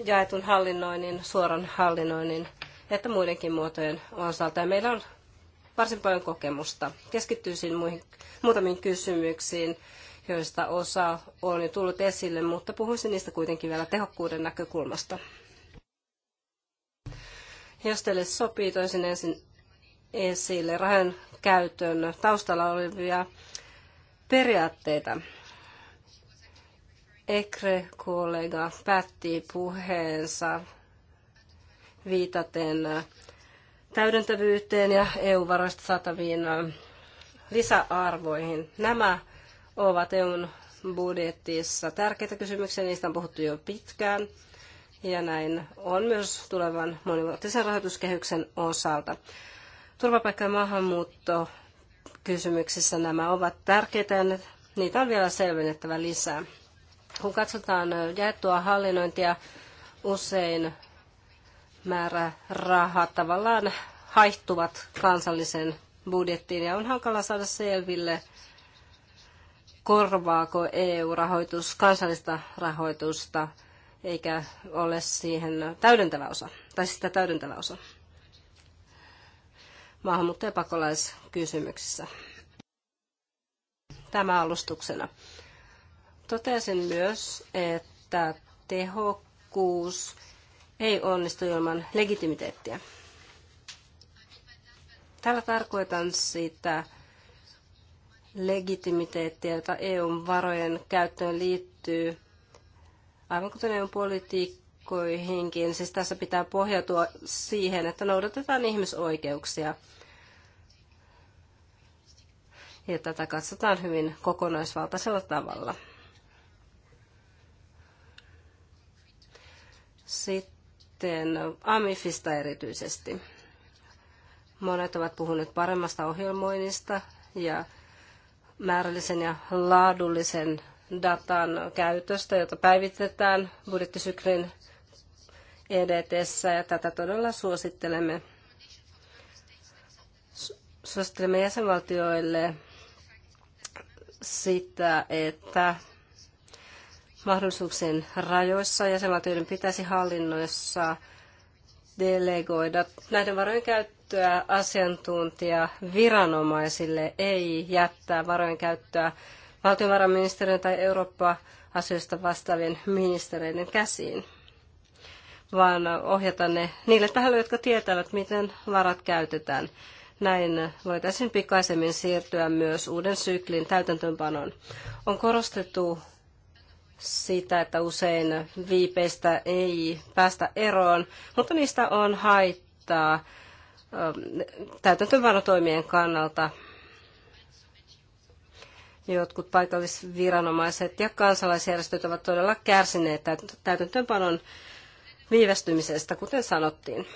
jaetun hallinnoinnin, suoran hallinnoinnin että muidenkin muotojen osalta. Ja meillä on varsin paljon kokemusta. Keskittyisin muihin, muutamiin kysymyksiin, joista osa on jo tullut esille, mutta puhuisin niistä kuitenkin vielä tehokkuuden näkökulmasta. Jos teille sopii, toisin ensin esille rahan käytön taustalla olevia periaatteita. Ekre-kollega päätti puheensa viitaten täydentävyyteen ja EU-varoista saataviin äh, lisäarvoihin. Nämä ovat EUn budjetissa tärkeitä kysymyksiä, niistä on puhuttu jo pitkään. Ja näin on myös tulevan monivuotisen rahoituskehyksen osalta. Turvapaikka- ja maahanmuuttokysymyksissä kysymyksissä nämä ovat tärkeitä ja niitä on vielä selvennettävä lisää. Kun katsotaan äh, jaettua hallinnointia, usein määrä rahaa tavallaan haihtuvat kansallisen budjettiin ja on hankala saada selville, korvaako EU-rahoitus kansallista rahoitusta, eikä ole siihen täydentävä osa, tai siis sitä täydentävä osa maahanmuutto- ja pakolaiskysymyksissä. Tämä alustuksena. Totesin myös, että tehokkuus ei onnistu ilman legitimiteettiä. Tällä tarkoitan sitä legitimiteettiä, jota EUn varojen käyttöön liittyy, aivan kuten EUn politiikkoihinkin. Siis tässä pitää pohjautua siihen, että noudatetaan ihmisoikeuksia. Ja tätä katsotaan hyvin kokonaisvaltaisella tavalla. Sitten sitten Amifista erityisesti. Monet ovat puhuneet paremmasta ohjelmoinnista ja määrällisen ja laadullisen datan käytöstä, jota päivitetään budjettisyklin edetessä ja tätä todella suosittelemme, suosittelemme jäsenvaltioille sitä, että mahdollisuuksien rajoissa ja jäsenvaltioiden pitäisi hallinnoissa delegoida näiden varojen käyttöä asiantuntija viranomaisille, ei jättää varojen käyttöä valtiovarainministeriön tai Eurooppa-asioista vastaavien ministereiden käsiin, vaan ohjata ne niille tahoille, jotka tietävät, miten varat käytetään. Näin voitaisiin pikaisemmin siirtyä myös uuden syklin täytäntöönpanoon. On korostettu sitä, että usein viipeistä ei päästä eroon, mutta niistä on haittaa täytäntöönpanotoimien kannalta. Jotkut paikallisviranomaiset ja kansalaisjärjestöt ovat todella kärsineet täytäntöönpanon viivästymisestä, kuten sanottiin.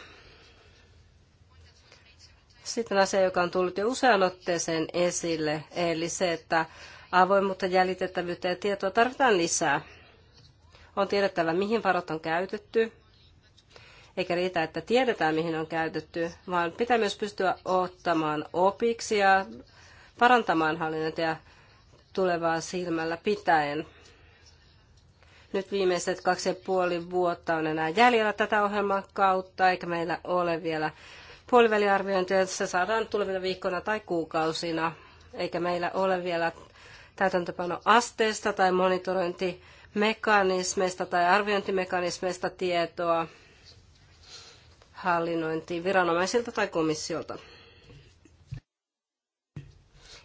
Sitten asia, joka on tullut jo usean otteeseen esille, eli se, että Avoimuutta, jäljitettävyyttä ja tietoa tarvitaan lisää. On tiedettävä, mihin varat on käytetty, eikä riitä, että tiedetään, mihin on käytetty, vaan pitää myös pystyä ottamaan opiksi ja parantamaan hallinnointia tulevaa silmällä pitäen. Nyt viimeiset kaksi ja puoli vuotta on enää jäljellä tätä ohjelmaa kautta, eikä meillä ole vielä puoliväliarviointia. Se saadaan tulevina viikkoina tai kuukausina, eikä meillä ole vielä täytäntöpanoasteesta tai monitorointimekanismeista tai arviointimekanismeista tietoa hallinnointiin viranomaisilta tai komissiolta.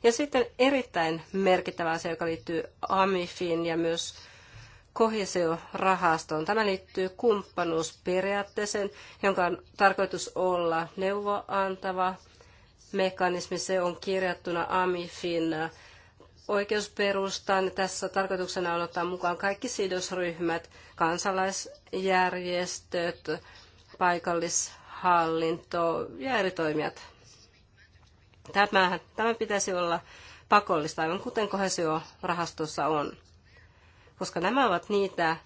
Ja sitten erittäin merkittävä asia, joka liittyy AMIFin ja myös kohesiorahastoon. Tämä liittyy kumppanuusperiaatteeseen, jonka on tarkoitus olla neuvoantava mekanismi. Se on kirjattuna AMIFin oikeusperustan. Tässä tarkoituksena on ottaa mukaan kaikki sidosryhmät, kansalaisjärjestöt, paikallishallinto ja eri toimijat. Tämä, tämä pitäisi olla pakollista, aivan kuten kohesiorahastossa on, koska nämä ovat niitä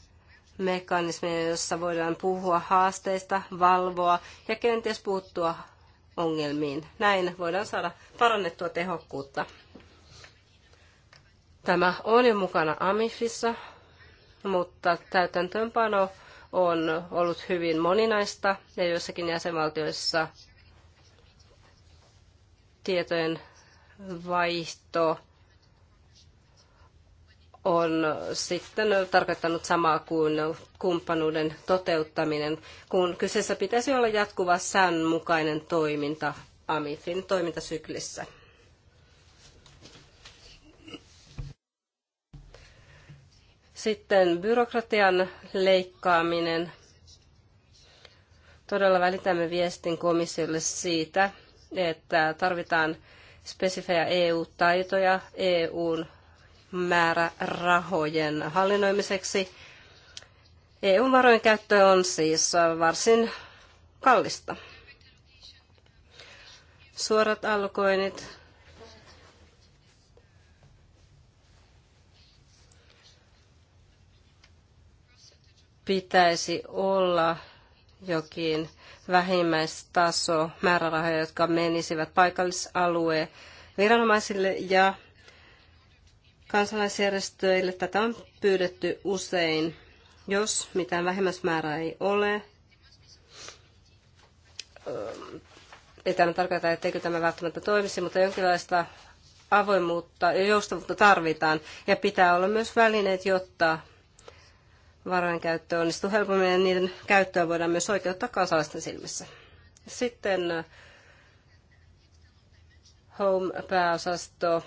mekanismeja, joissa voidaan puhua haasteista, valvoa ja kenties puuttua ongelmiin. Näin voidaan saada parannettua tehokkuutta. Tämä on jo mukana AMIFissa, mutta täytäntöönpano on ollut hyvin moninaista ja joissakin jäsenvaltioissa tietojen vaihto on sitten tarkoittanut samaa kuin kumppanuuden toteuttaminen, kun kyseessä pitäisi olla jatkuva säännönmukainen toiminta AMIFin toimintasyklissä. Sitten byrokratian leikkaaminen. Todella välitämme viestin komissiolle siitä, että tarvitaan spesifejä EU-taitoja EUn määrärahojen hallinnoimiseksi. EU-varojen käyttö on siis varsin kallista. Suorat alkoinit pitäisi olla jokin vähimmäistaso määrärahoja, jotka menisivät paikallisalue viranomaisille ja kansalaisjärjestöille. Tätä on pyydetty usein, jos mitään vähimmäismäärää ei ole. Öö, ei tämä tarkoita, etteikö tämä välttämättä toimisi, mutta jonkinlaista avoimuutta ja joustavuutta tarvitaan. Ja pitää olla myös välineet, jotta käyttö onnistuu helpommin ja niiden käyttöä voidaan myös oikeuttaa kansalaisten silmissä. Sitten äh, Home-pääosasto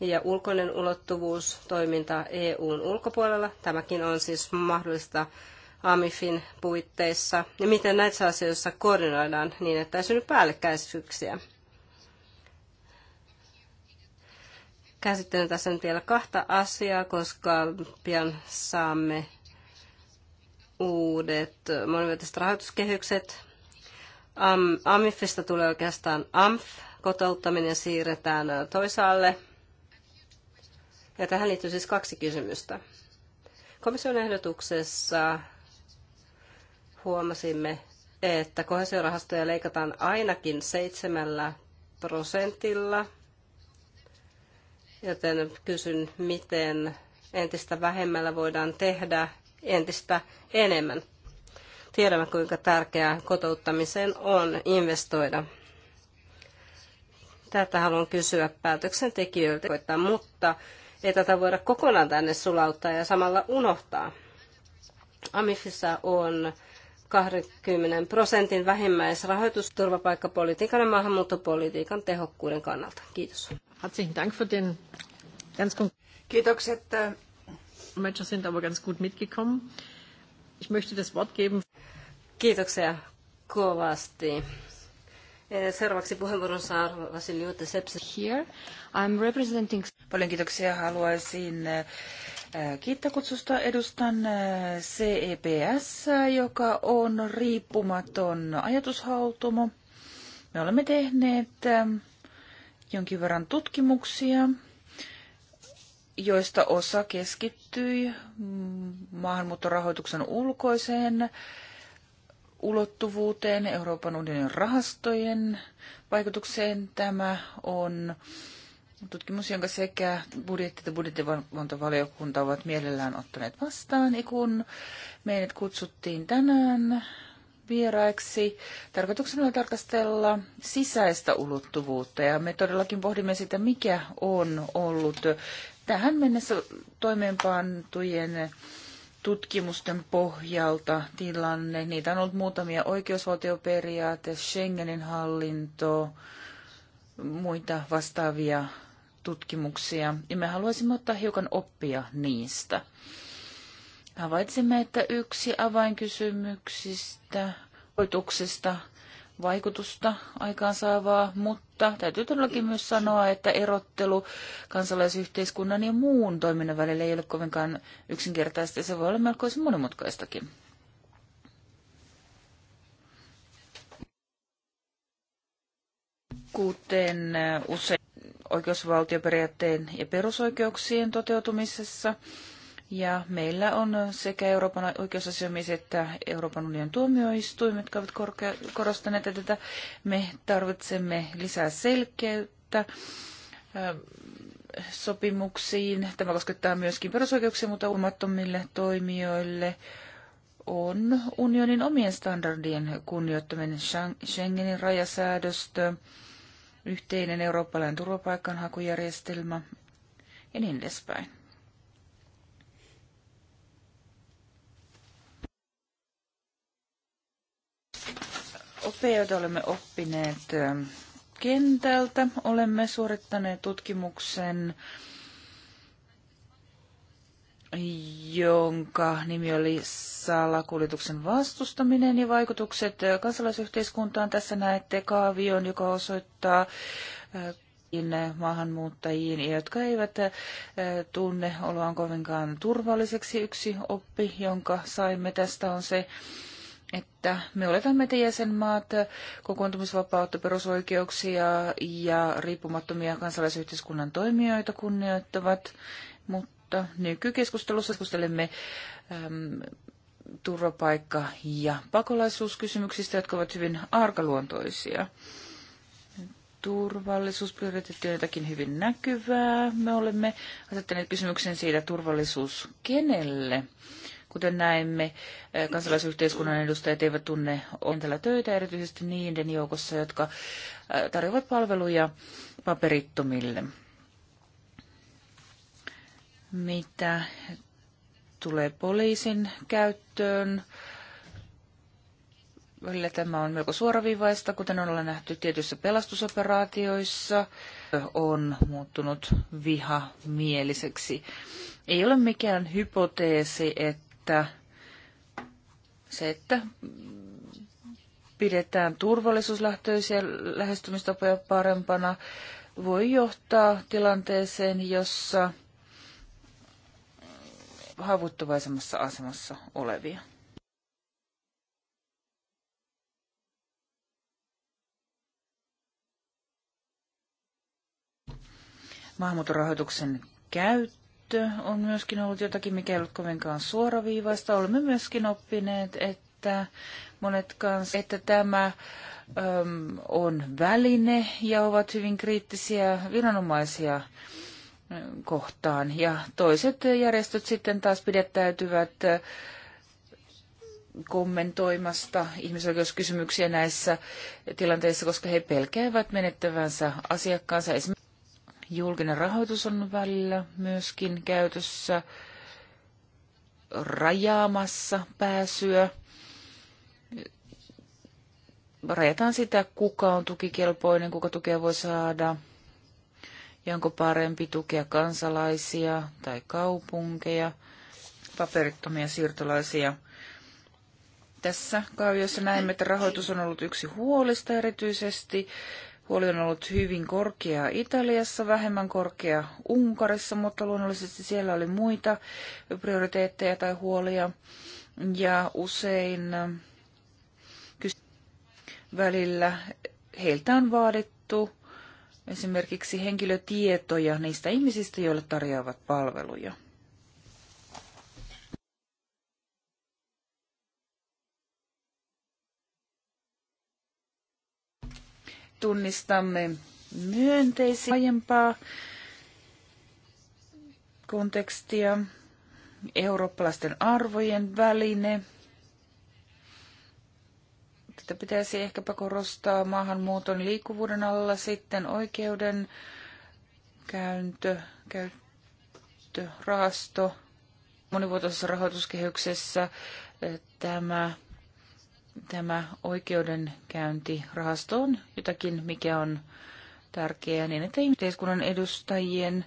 ja ulkoinen ulottuvuus toiminta EUn ulkopuolella. Tämäkin on siis mahdollista AMIFin puitteissa. Ja miten näissä asioissa koordinoidaan niin, että ei synny päällekkäisyyksiä. Käsittelen tässä nyt vielä kahta asiaa, koska pian saamme uudet monivuotiset rahoituskehykset. Am, AMIFista tulee oikeastaan AMF, kotouttaminen siirretään toisaalle. Ja tähän liittyy siis kaksi kysymystä. Komission ehdotuksessa huomasimme, että kohesiorahastoja leikataan ainakin seitsemällä prosentilla – joten kysyn, miten entistä vähemmällä voidaan tehdä entistä enemmän. Tiedämme, kuinka tärkeää kotouttamiseen on investoida. Tätä haluan kysyä päätöksentekijöiltä, mutta ei tätä voida kokonaan tänne sulauttaa ja samalla unohtaa. Amifissa on 20 prosentin vähimmäisrahoitus turvapaikkapolitiikan ja maahanmuuttopolitiikan tehokkuuden kannalta. Kiitos. Herzlichen Dank für den ganz Kiitokset. Manager sind aber ganz gut mitgekommen. Ich möchte das Wort geben. Kiitoksia kovasti. Seuraavaksi puheenvuoron saa Vasiliute Sepsi. Here. I'm representing... Paljon kiitoksia. Haluaisin äh, kiittää kutsusta. Edustan äh, CEPS, joka on riippumaton ajatushautomo. Me olemme tehneet ähm, jonkin verran tutkimuksia, joista osa keskittyi maahanmuuttorahoituksen ulkoiseen ulottuvuuteen, Euroopan unionin rahastojen vaikutukseen. Tämä on tutkimus, jonka sekä budjetti- että budjettivalvontavaliokunta ovat mielellään ottaneet vastaan. Ja kun meidät kutsuttiin tänään vieraiksi. Tarkoituksena on tarkastella sisäistä ulottuvuutta ja me todellakin pohdimme sitä, mikä on ollut tähän mennessä toimeenpantujen tutkimusten pohjalta tilanne. Niitä on ollut muutamia oikeusvaltioperiaate, Schengenin hallinto, muita vastaavia tutkimuksia. Ja me haluaisimme ottaa hiukan oppia niistä. Havaitsemme, että yksi avainkysymyksistä, hoituksesta, vaikutusta aikaansaavaa, mutta täytyy todellakin myös sanoa, että erottelu kansalaisyhteiskunnan ja muun toiminnan välillä ei ole kovinkaan yksinkertaista ja se voi olla melkoisen monimutkaistakin. Kuten usein oikeusvaltioperiaatteen ja perusoikeuksien toteutumisessa, ja meillä on sekä Euroopan oikeusasiamies että Euroopan unionin tuomioistuin, jotka ovat korkea, korostaneet tätä. Me tarvitsemme lisää selkeyttä ähm, sopimuksiin. Tämä koskettaa myöskin perusoikeuksia, mutta umattomille toimijoille on unionin omien standardien kunnioittaminen Schengenin rajasäädöstö, yhteinen eurooppalainen turvapaikanhakujärjestelmä ja niin edespäin. oppeja, olemme oppineet kentältä. Olemme suorittaneet tutkimuksen, jonka nimi oli salakuljetuksen vastustaminen ja vaikutukset kansalaisyhteiskuntaan. Tässä näette kaavion, joka osoittaa maahanmuuttajiin, jotka eivät tunne oloaan kovinkaan turvalliseksi. Yksi oppi, jonka saimme tästä on se, että me oletamme, että jäsenmaat kokoontumisvapautta, perusoikeuksia ja riippumattomia kansalaisyhteiskunnan toimijoita kunnioittavat, mutta nykykeskustelussa keskustelemme äm, turvapaikka- ja pakolaisuuskysymyksistä, jotka ovat hyvin arkaluontoisia. Turvallisuusprioriteetti on jotakin hyvin näkyvää. Me olemme asettaneet kysymyksen siitä turvallisuus kenelle. Kuten näemme, eh, kansalaisyhteiskunnan edustajat eivät tunne kentällä töitä, erityisesti niiden joukossa, jotka eh, tarjoavat palveluja paperittomille. Mitä tulee poliisin käyttöön? Välillä tämä on melko suoraviivaista, kuten ollaan nähty tietyissä pelastusoperaatioissa. On muuttunut vihamieliseksi. Ei ole mikään hypoteesi, että että se, että pidetään turvallisuuslähtöisiä lähestymistapoja parempana, voi johtaa tilanteeseen, jossa haavoittuvaisemmassa asemassa olevia. Maahanmuuttorahoituksen käyttö on myöskin ollut jotakin, mikä ei ollut kovinkaan suoraviivaista. Olemme myöskin oppineet, että monet kans, että tämä äm, on väline ja ovat hyvin kriittisiä viranomaisia kohtaan. Ja toiset järjestöt sitten taas pidettäytyvät kommentoimasta ihmisoikeuskysymyksiä näissä tilanteissa, koska he pelkäävät menettävänsä asiakkaansa. Esimerkiksi Julkinen rahoitus on välillä myöskin käytössä rajaamassa pääsyä. Rajataan sitä, kuka on tukikelpoinen, kuka tukea voi saada, ja onko parempi tukea kansalaisia tai kaupunkeja, paperittomia siirtolaisia. Tässä kaaviossa näemme, että rahoitus on ollut yksi huolista erityisesti. Huoli on ollut hyvin korkea Italiassa, vähemmän korkea Unkarissa, mutta luonnollisesti siellä oli muita prioriteetteja tai huolia. Ja usein äh, välillä heiltä on vaadittu esimerkiksi henkilötietoja niistä ihmisistä, joille tarjoavat palveluja. tunnistamme myönteisiä aiempaa kontekstia, eurooppalaisten arvojen väline. Tätä pitäisi ehkäpä korostaa maahanmuuton liikkuvuuden alla sitten oikeuden käyntö, käyttörahasto monivuotoisessa rahoituskehyksessä tämä tämä oikeudenkäynti rahastoon jotakin, mikä on tärkeää, niin että yhteiskunnan edustajien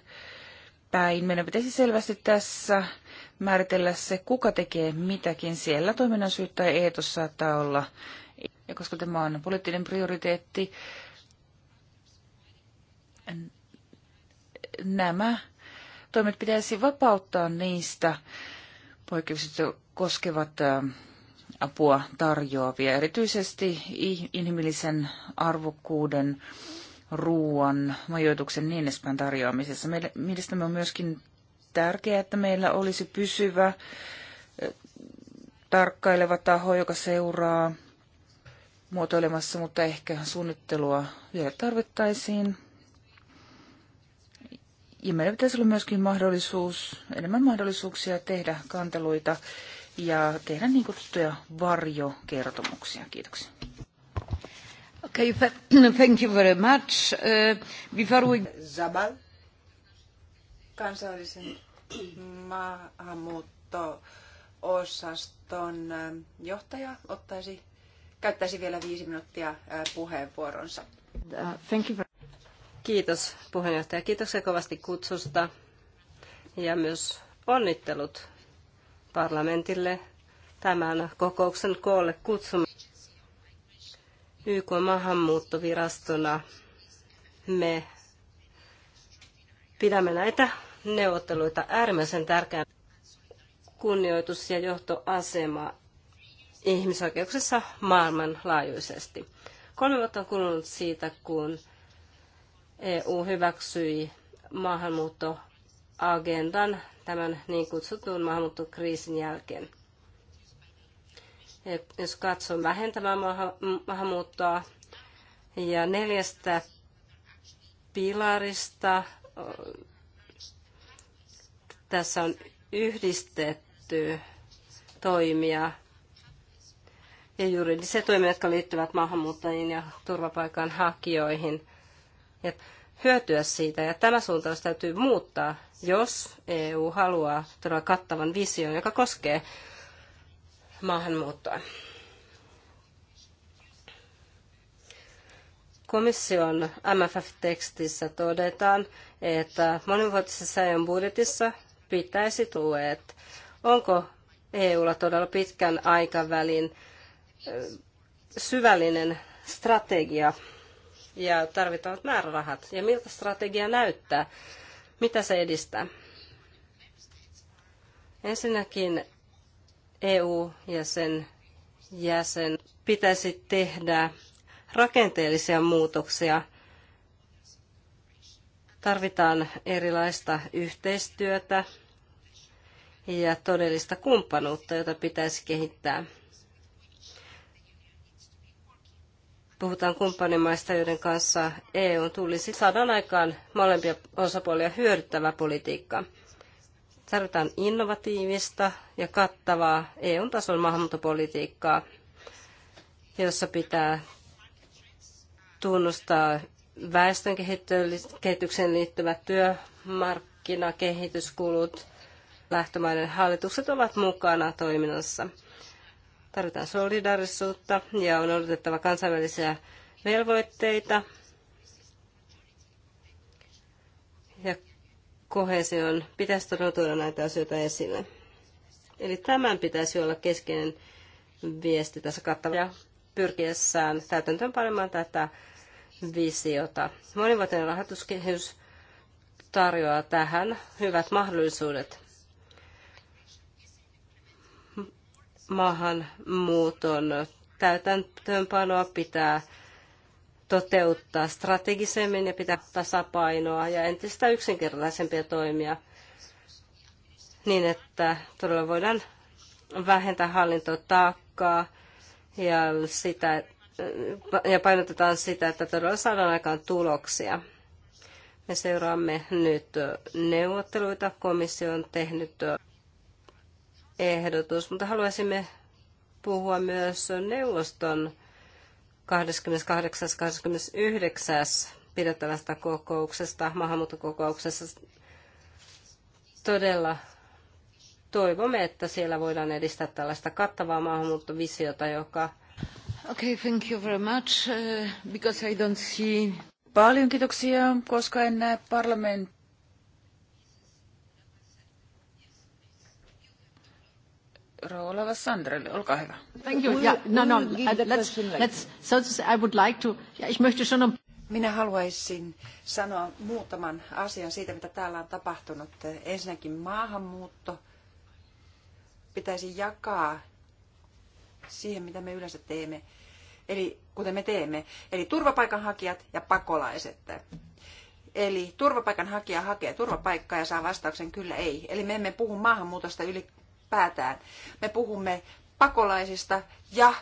päin. Meidän pitäisi selvästi tässä määritellä se, kuka tekee mitäkin. Siellä toiminnan syyttäjä eetos saattaa olla. Ja koska tämä on poliittinen prioriteetti, nämä toimet pitäisi vapauttaa niistä poikkeukset koskevat äh, apua tarjoavia, erityisesti inhimillisen arvokkuuden, ruoan, majoituksen niin edespäin tarjoamisessa. Mielestäni on myöskin tärkeää, että meillä olisi pysyvä tarkkaileva taho, joka seuraa muotoilemassa, mutta ehkä suunnittelua vielä tarvittaisiin. Ja meillä pitäisi olla myöskin mahdollisuus, enemmän mahdollisuuksia tehdä kanteluita ja tehdä niin kutsuttuja varjokertomuksia. Kiitoksia. Okay, thank you very much. Uh, before we... Zabal, kansallisen maahanmuutto-osaston uh, johtaja, ottaisi, käyttäisi vielä viisi minuuttia uh, puheenvuoronsa. Uh, thank you very... Kiitos puheenjohtaja. Kiitoksia kovasti kutsusta ja myös onnittelut parlamentille tämän kokouksen koolle kutsumaan. YK maahanmuuttovirastona me pidämme näitä neuvotteluita äärimmäisen tärkeänä kunnioitus- ja johtoasema ihmisoikeuksissa maailmanlaajuisesti. Kolme vuotta on kulunut siitä, kun EU hyväksyi maahanmuuttoagendan tämän niin kutsutun maahanmuuttokriisin jälkeen. Et jos katson vähentämään maahanmuuttoa ja neljästä pilarista tässä on yhdistetty toimia ja juridisia toimia, jotka liittyvät maahanmuuttajiin ja turvapaikanhakijoihin. Ja hyötyä siitä, ja tämä suuntaus täytyy muuttaa jos EU haluaa todella kattavan vision, joka koskee maahanmuuttoa. Komission MFF-tekstissä todetaan, että monivuotisessa EUn budjetissa pitäisi että Onko EUlla todella pitkän aikavälin syvällinen strategia ja tarvitaan määrärahat ja miltä strategia näyttää? Mitä se edistää? Ensinnäkin EU ja sen jäsen pitäisi tehdä rakenteellisia muutoksia. Tarvitaan erilaista yhteistyötä ja todellista kumppanuutta, jota pitäisi kehittää. puhutaan kumppanimaista, joiden kanssa EU tulisi saada aikaan molempia osapuolia hyödyttävä politiikka, Tarvitaan innovatiivista ja kattavaa EU-tason maahanmuuttopolitiikkaa, jossa pitää tunnustaa väestön kehitykseen liittyvät työmarkkinakehityskulut. Lähtömaiden hallitukset ovat mukana toiminnassa. Tarvitaan solidarisuutta ja on odotettava kansainvälisiä velvoitteita ja kohesion pitäisi todella tuoda näitä asioita esille. Eli tämän pitäisi olla keskeinen viesti tässä kattavassa pyrkiessään täytäntöön paremmin tätä visiota. Monivuotinen rahoituskehys tarjoaa tähän hyvät mahdollisuudet. maahanmuuton täytäntöönpanoa pitää toteuttaa strategisemmin ja pitää tasapainoa ja entistä yksinkertaisempia toimia niin, että todella voidaan vähentää hallintotaakkaa ja, sitä, ja painotetaan sitä, että todella saadaan aikaan tuloksia. Me seuraamme nyt neuvotteluita. Komissio on tehnyt ehdotus, mutta haluaisimme puhua myös neuvoston 28.29. pidettävästä kokouksesta, maahanmuuttokokouksessa. Todella toivomme, että siellä voidaan edistää tällaista kattavaa maahanmuuttovisiota, joka... Okay, thank you very much, uh, because I don't see... Paljon kiitoksia, koska en näe parlamentti. olkaa hyvä. Thank you. Yeah, no, no, let's, let's, so I would like to, yeah, ich möchte schon Minä haluaisin sanoa muutaman asian siitä, mitä täällä on tapahtunut. Ensinnäkin maahanmuutto pitäisi jakaa siihen, mitä me yleensä teemme. Eli kuten me teemme, eli turvapaikanhakijat ja pakolaiset. Eli turvapaikanhakija hakee turvapaikkaa ja saa vastauksen kyllä ei. Eli me emme puhu maahanmuutosta yli päätään. Me puhumme pakolaisista ja ö,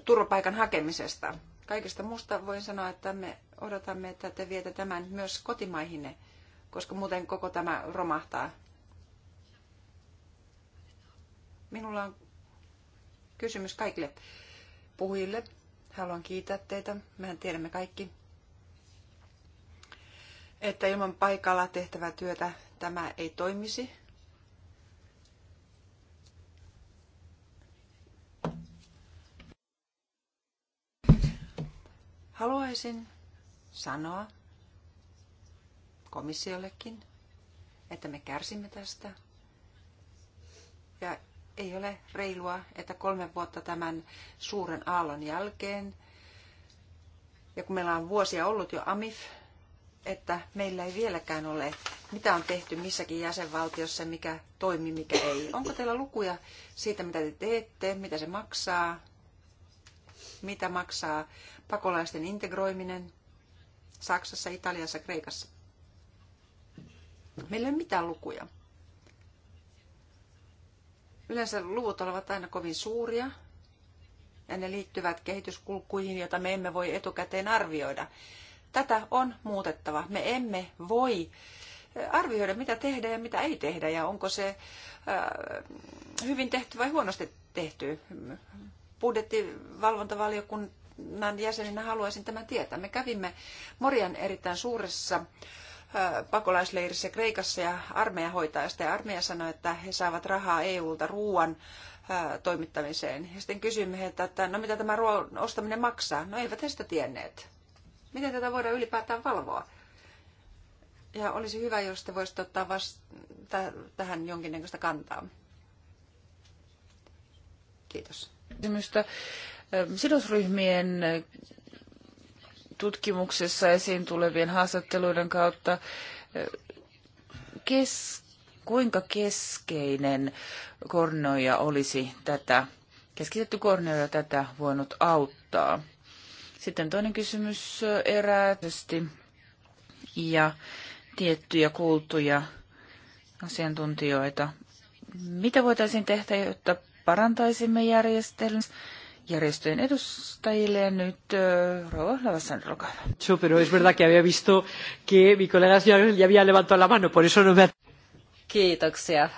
turvapaikan hakemisesta. Kaikesta muusta voin sanoa, että me odotamme, että te viette tämän myös kotimaihinne, koska muuten koko tämä romahtaa. Minulla on kysymys kaikille puhujille. Haluan kiittää teitä. Mehän tiedämme kaikki, että ilman paikalla tehtävää työtä tämä ei toimisi Haluaisin sanoa komissiollekin, että me kärsimme tästä. Ja ei ole reilua, että kolme vuotta tämän suuren aallon jälkeen, ja kun meillä on vuosia ollut jo AMIF, että meillä ei vieläkään ole, mitä on tehty missäkin jäsenvaltiossa, mikä toimii, mikä ei. Onko teillä lukuja siitä, mitä te teette, mitä se maksaa, mitä maksaa pakolaisten integroiminen Saksassa, Italiassa, Kreikassa. Meillä ei ole mitään lukuja. Yleensä luvut ovat aina kovin suuria ja ne liittyvät kehityskulkuihin, joita me emme voi etukäteen arvioida. Tätä on muutettava. Me emme voi eh, arvioida, mitä tehdä ja mitä ei tehdä ja onko se eh, hyvin tehty vai huonosti tehty. Budjettivalvontavaliokunta valiokunnan jäseninä haluaisin tämän tietää. Me kävimme Morian erittäin suuressa pakolaisleirissä Kreikassa ja armeija hoitaa sitä. Ja armeija sanoi, että he saavat rahaa EUlta ruoan toimittamiseen. Ja sitten kysyimme heiltä, että no mitä tämä ruoan ostaminen maksaa? No eivät he sitä tienneet. Miten tätä voidaan ylipäätään valvoa? Ja olisi hyvä, jos te voisitte ottaa vasta tähän jonkinnäköistä kantaa. Kiitos. Kysymystä sidosryhmien tutkimuksessa esiin tulevien haastatteluiden kautta, kes, kuinka keskeinen kornoja olisi tätä, keskitetty kornoja tätä voinut auttaa. Sitten toinen kysymys eräästi ja tiettyjä kuultuja asiantuntijoita. Mitä voitaisiin tehdä, jotta parantaisimme järjestelmää? järjestöjen edustajille. nyt Rova Lavasan, olkaa hyvä. Pero es verdad que había visto que mi colega ya había levantado la mano, por eso no me... Kiitoksia.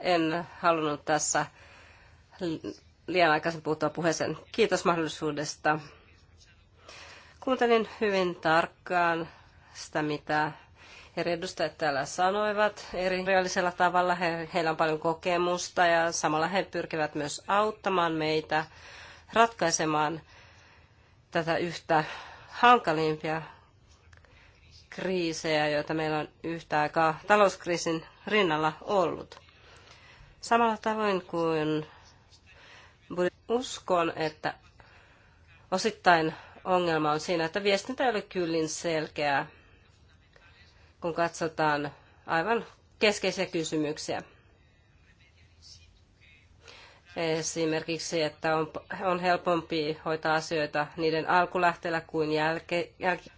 En halunnut tässä liian aikaisin puuttua puheeseen. Kiitos mahdollisuudesta. Kuuntelin hyvin tarkkaan sitä, mitä eri edustajat täällä sanoivat eri reaalisella tavalla. He, heillä on paljon kokemusta ja samalla he pyrkivät myös auttamaan meitä ratkaisemaan tätä yhtä hankalimpia kriisejä, joita meillä on yhtä aikaa talouskriisin rinnalla ollut. Samalla tavoin kuin uskon, että osittain ongelma on siinä, että viestintä ei ole kyllin selkeää, kun katsotaan aivan keskeisiä kysymyksiä. Esimerkiksi, että on, on helpompi hoitaa asioita niiden alkulähteellä kuin jälke, jälke.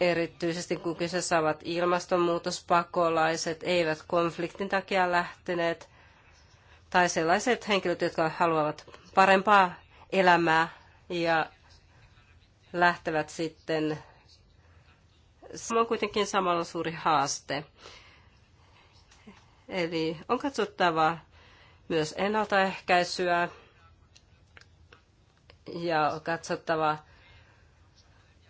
Erityisesti kun kyseessä ovat ilmastonmuutospakolaiset, eivät konfliktin takia lähteneet, tai sellaiset henkilöt, jotka haluavat parempaa elämää ja lähtevät sitten. Se on kuitenkin samalla suuri haaste. Eli on katsottava myös ennaltaehkäisyä ja katsottava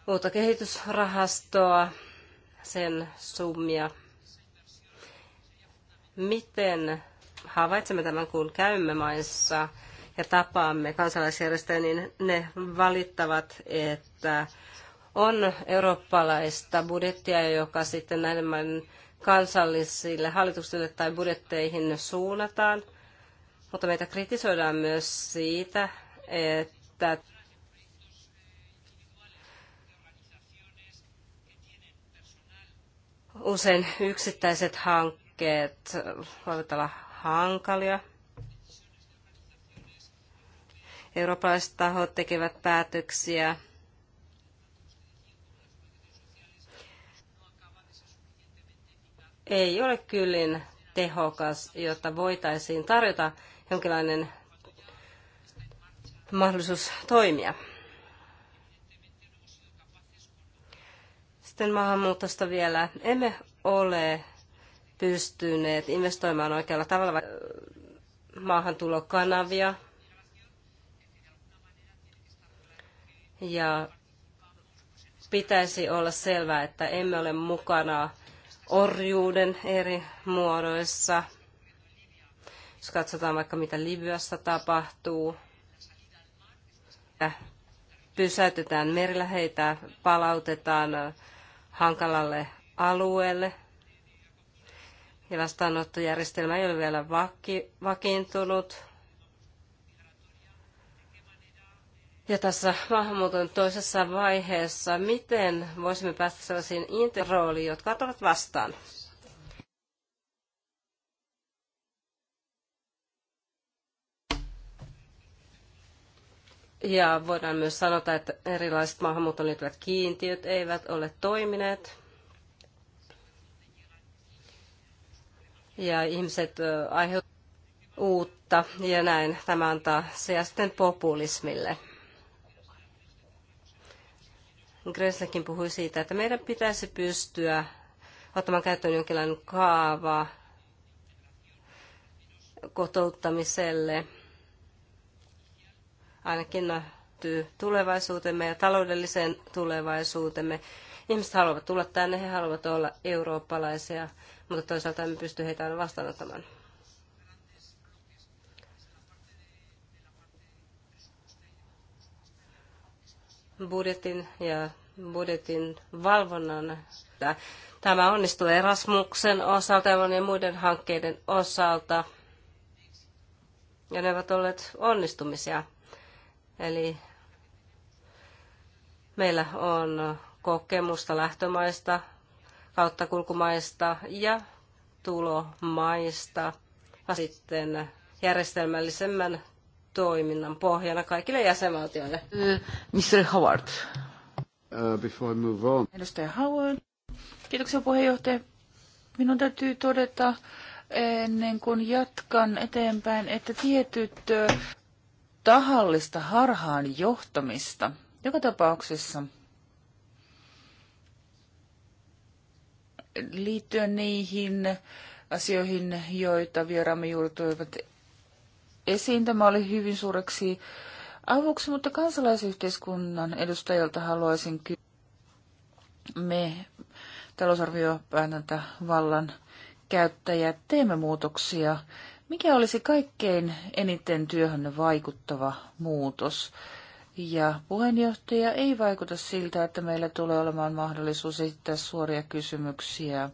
uutta kehitysrahastoa, sen summia. Miten havaitsemme tämän, kun käymme maissa ja tapaamme kansalaisjärjestöjä, niin ne valittavat, että on eurooppalaista budjettia, joka sitten näiden maiden kansallisille hallituksille tai budjetteihin suunnataan, mutta meitä kritisoidaan myös siitä, että usein yksittäiset hankkeet voivat olla hankalia. Eurooppalaiset tahot tekevät päätöksiä ei ole kyllin tehokas, jotta voitaisiin tarjota jonkinlainen mahdollisuus toimia. Sitten maahanmuutosta vielä. Emme ole pystyneet investoimaan oikealla tavalla maahantulokanavia. Ja pitäisi olla selvää, että emme ole mukana orjuuden eri muodoissa. Jos katsotaan vaikka mitä Libyassa tapahtuu, pysäytetään merillä, heitä palautetaan hankalalle alueelle. Ja vastaanottojärjestelmä ei ole vielä vakiintunut. Ja tässä maahanmuuton toisessa vaiheessa, miten voisimme päästä sellaisiin interrooliin, jotka ovat vastaan? Ja voidaan myös sanota, että erilaiset maahanmuuton liittyvät kiintiöt eivät ole toimineet. Ja ihmiset aiheuttavat uutta ja näin tämä antaa sijaa sitten populismille. Greslekin puhui siitä, että meidän pitäisi pystyä ottamaan käyttöön jonkinlainen kaava kotouttamiselle. Ainakin liittyy tulevaisuutemme ja taloudelliseen tulevaisuutemme. Ihmiset haluavat tulla tänne, he haluavat olla eurooppalaisia, mutta toisaalta emme pysty heitä aina vastaanottamaan. budjetin ja budjetin valvonnan. Tämä onnistuu Erasmuksen osalta ja muiden hankkeiden osalta. Ja ne ovat olleet onnistumisia. Eli meillä on kokemusta lähtömaista, kauttakulkumaista ja tulomaista, sitten järjestelmällisemmän toiminnan pohjana kaikille jäsenvaltioille. Mr. Howard. Uh, before I move on. Edustaja Howard. Kiitoksia puheenjohtaja. Minun täytyy todeta ennen kuin jatkan eteenpäin, että tietyt tahallista harhaan johtamista joka tapauksessa liittyen niihin asioihin, joita vieraamme juuri toivat esiin. Tämä oli hyvin suureksi avuksi, mutta kansalaisyhteiskunnan edustajilta haluaisin kysyä. Me vallan käyttäjät teemme muutoksia. Mikä olisi kaikkein eniten työhön vaikuttava muutos? Ja puheenjohtaja ei vaikuta siltä, että meillä tulee olemaan mahdollisuus esittää suoria kysymyksiä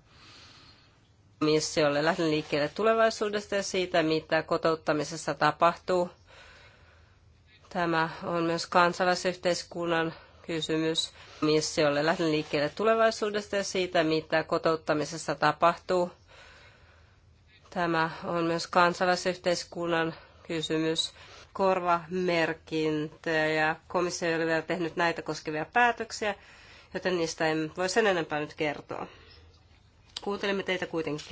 komissiolle. Lähden liikkeelle tulevaisuudesta ja siitä, mitä kotouttamisessa tapahtuu. Tämä on myös kansalaisyhteiskunnan kysymys komissiolle. Lähden liikkeelle tulevaisuudesta ja siitä, mitä kotouttamisessa tapahtuu. Tämä on myös kansalaisyhteiskunnan kysymys. Korvamerkintöjä ja komissio ei ole vielä tehnyt näitä koskevia päätöksiä, joten niistä en voi sen enempää nyt kertoa. Kuuntelemme teitä kuitenkin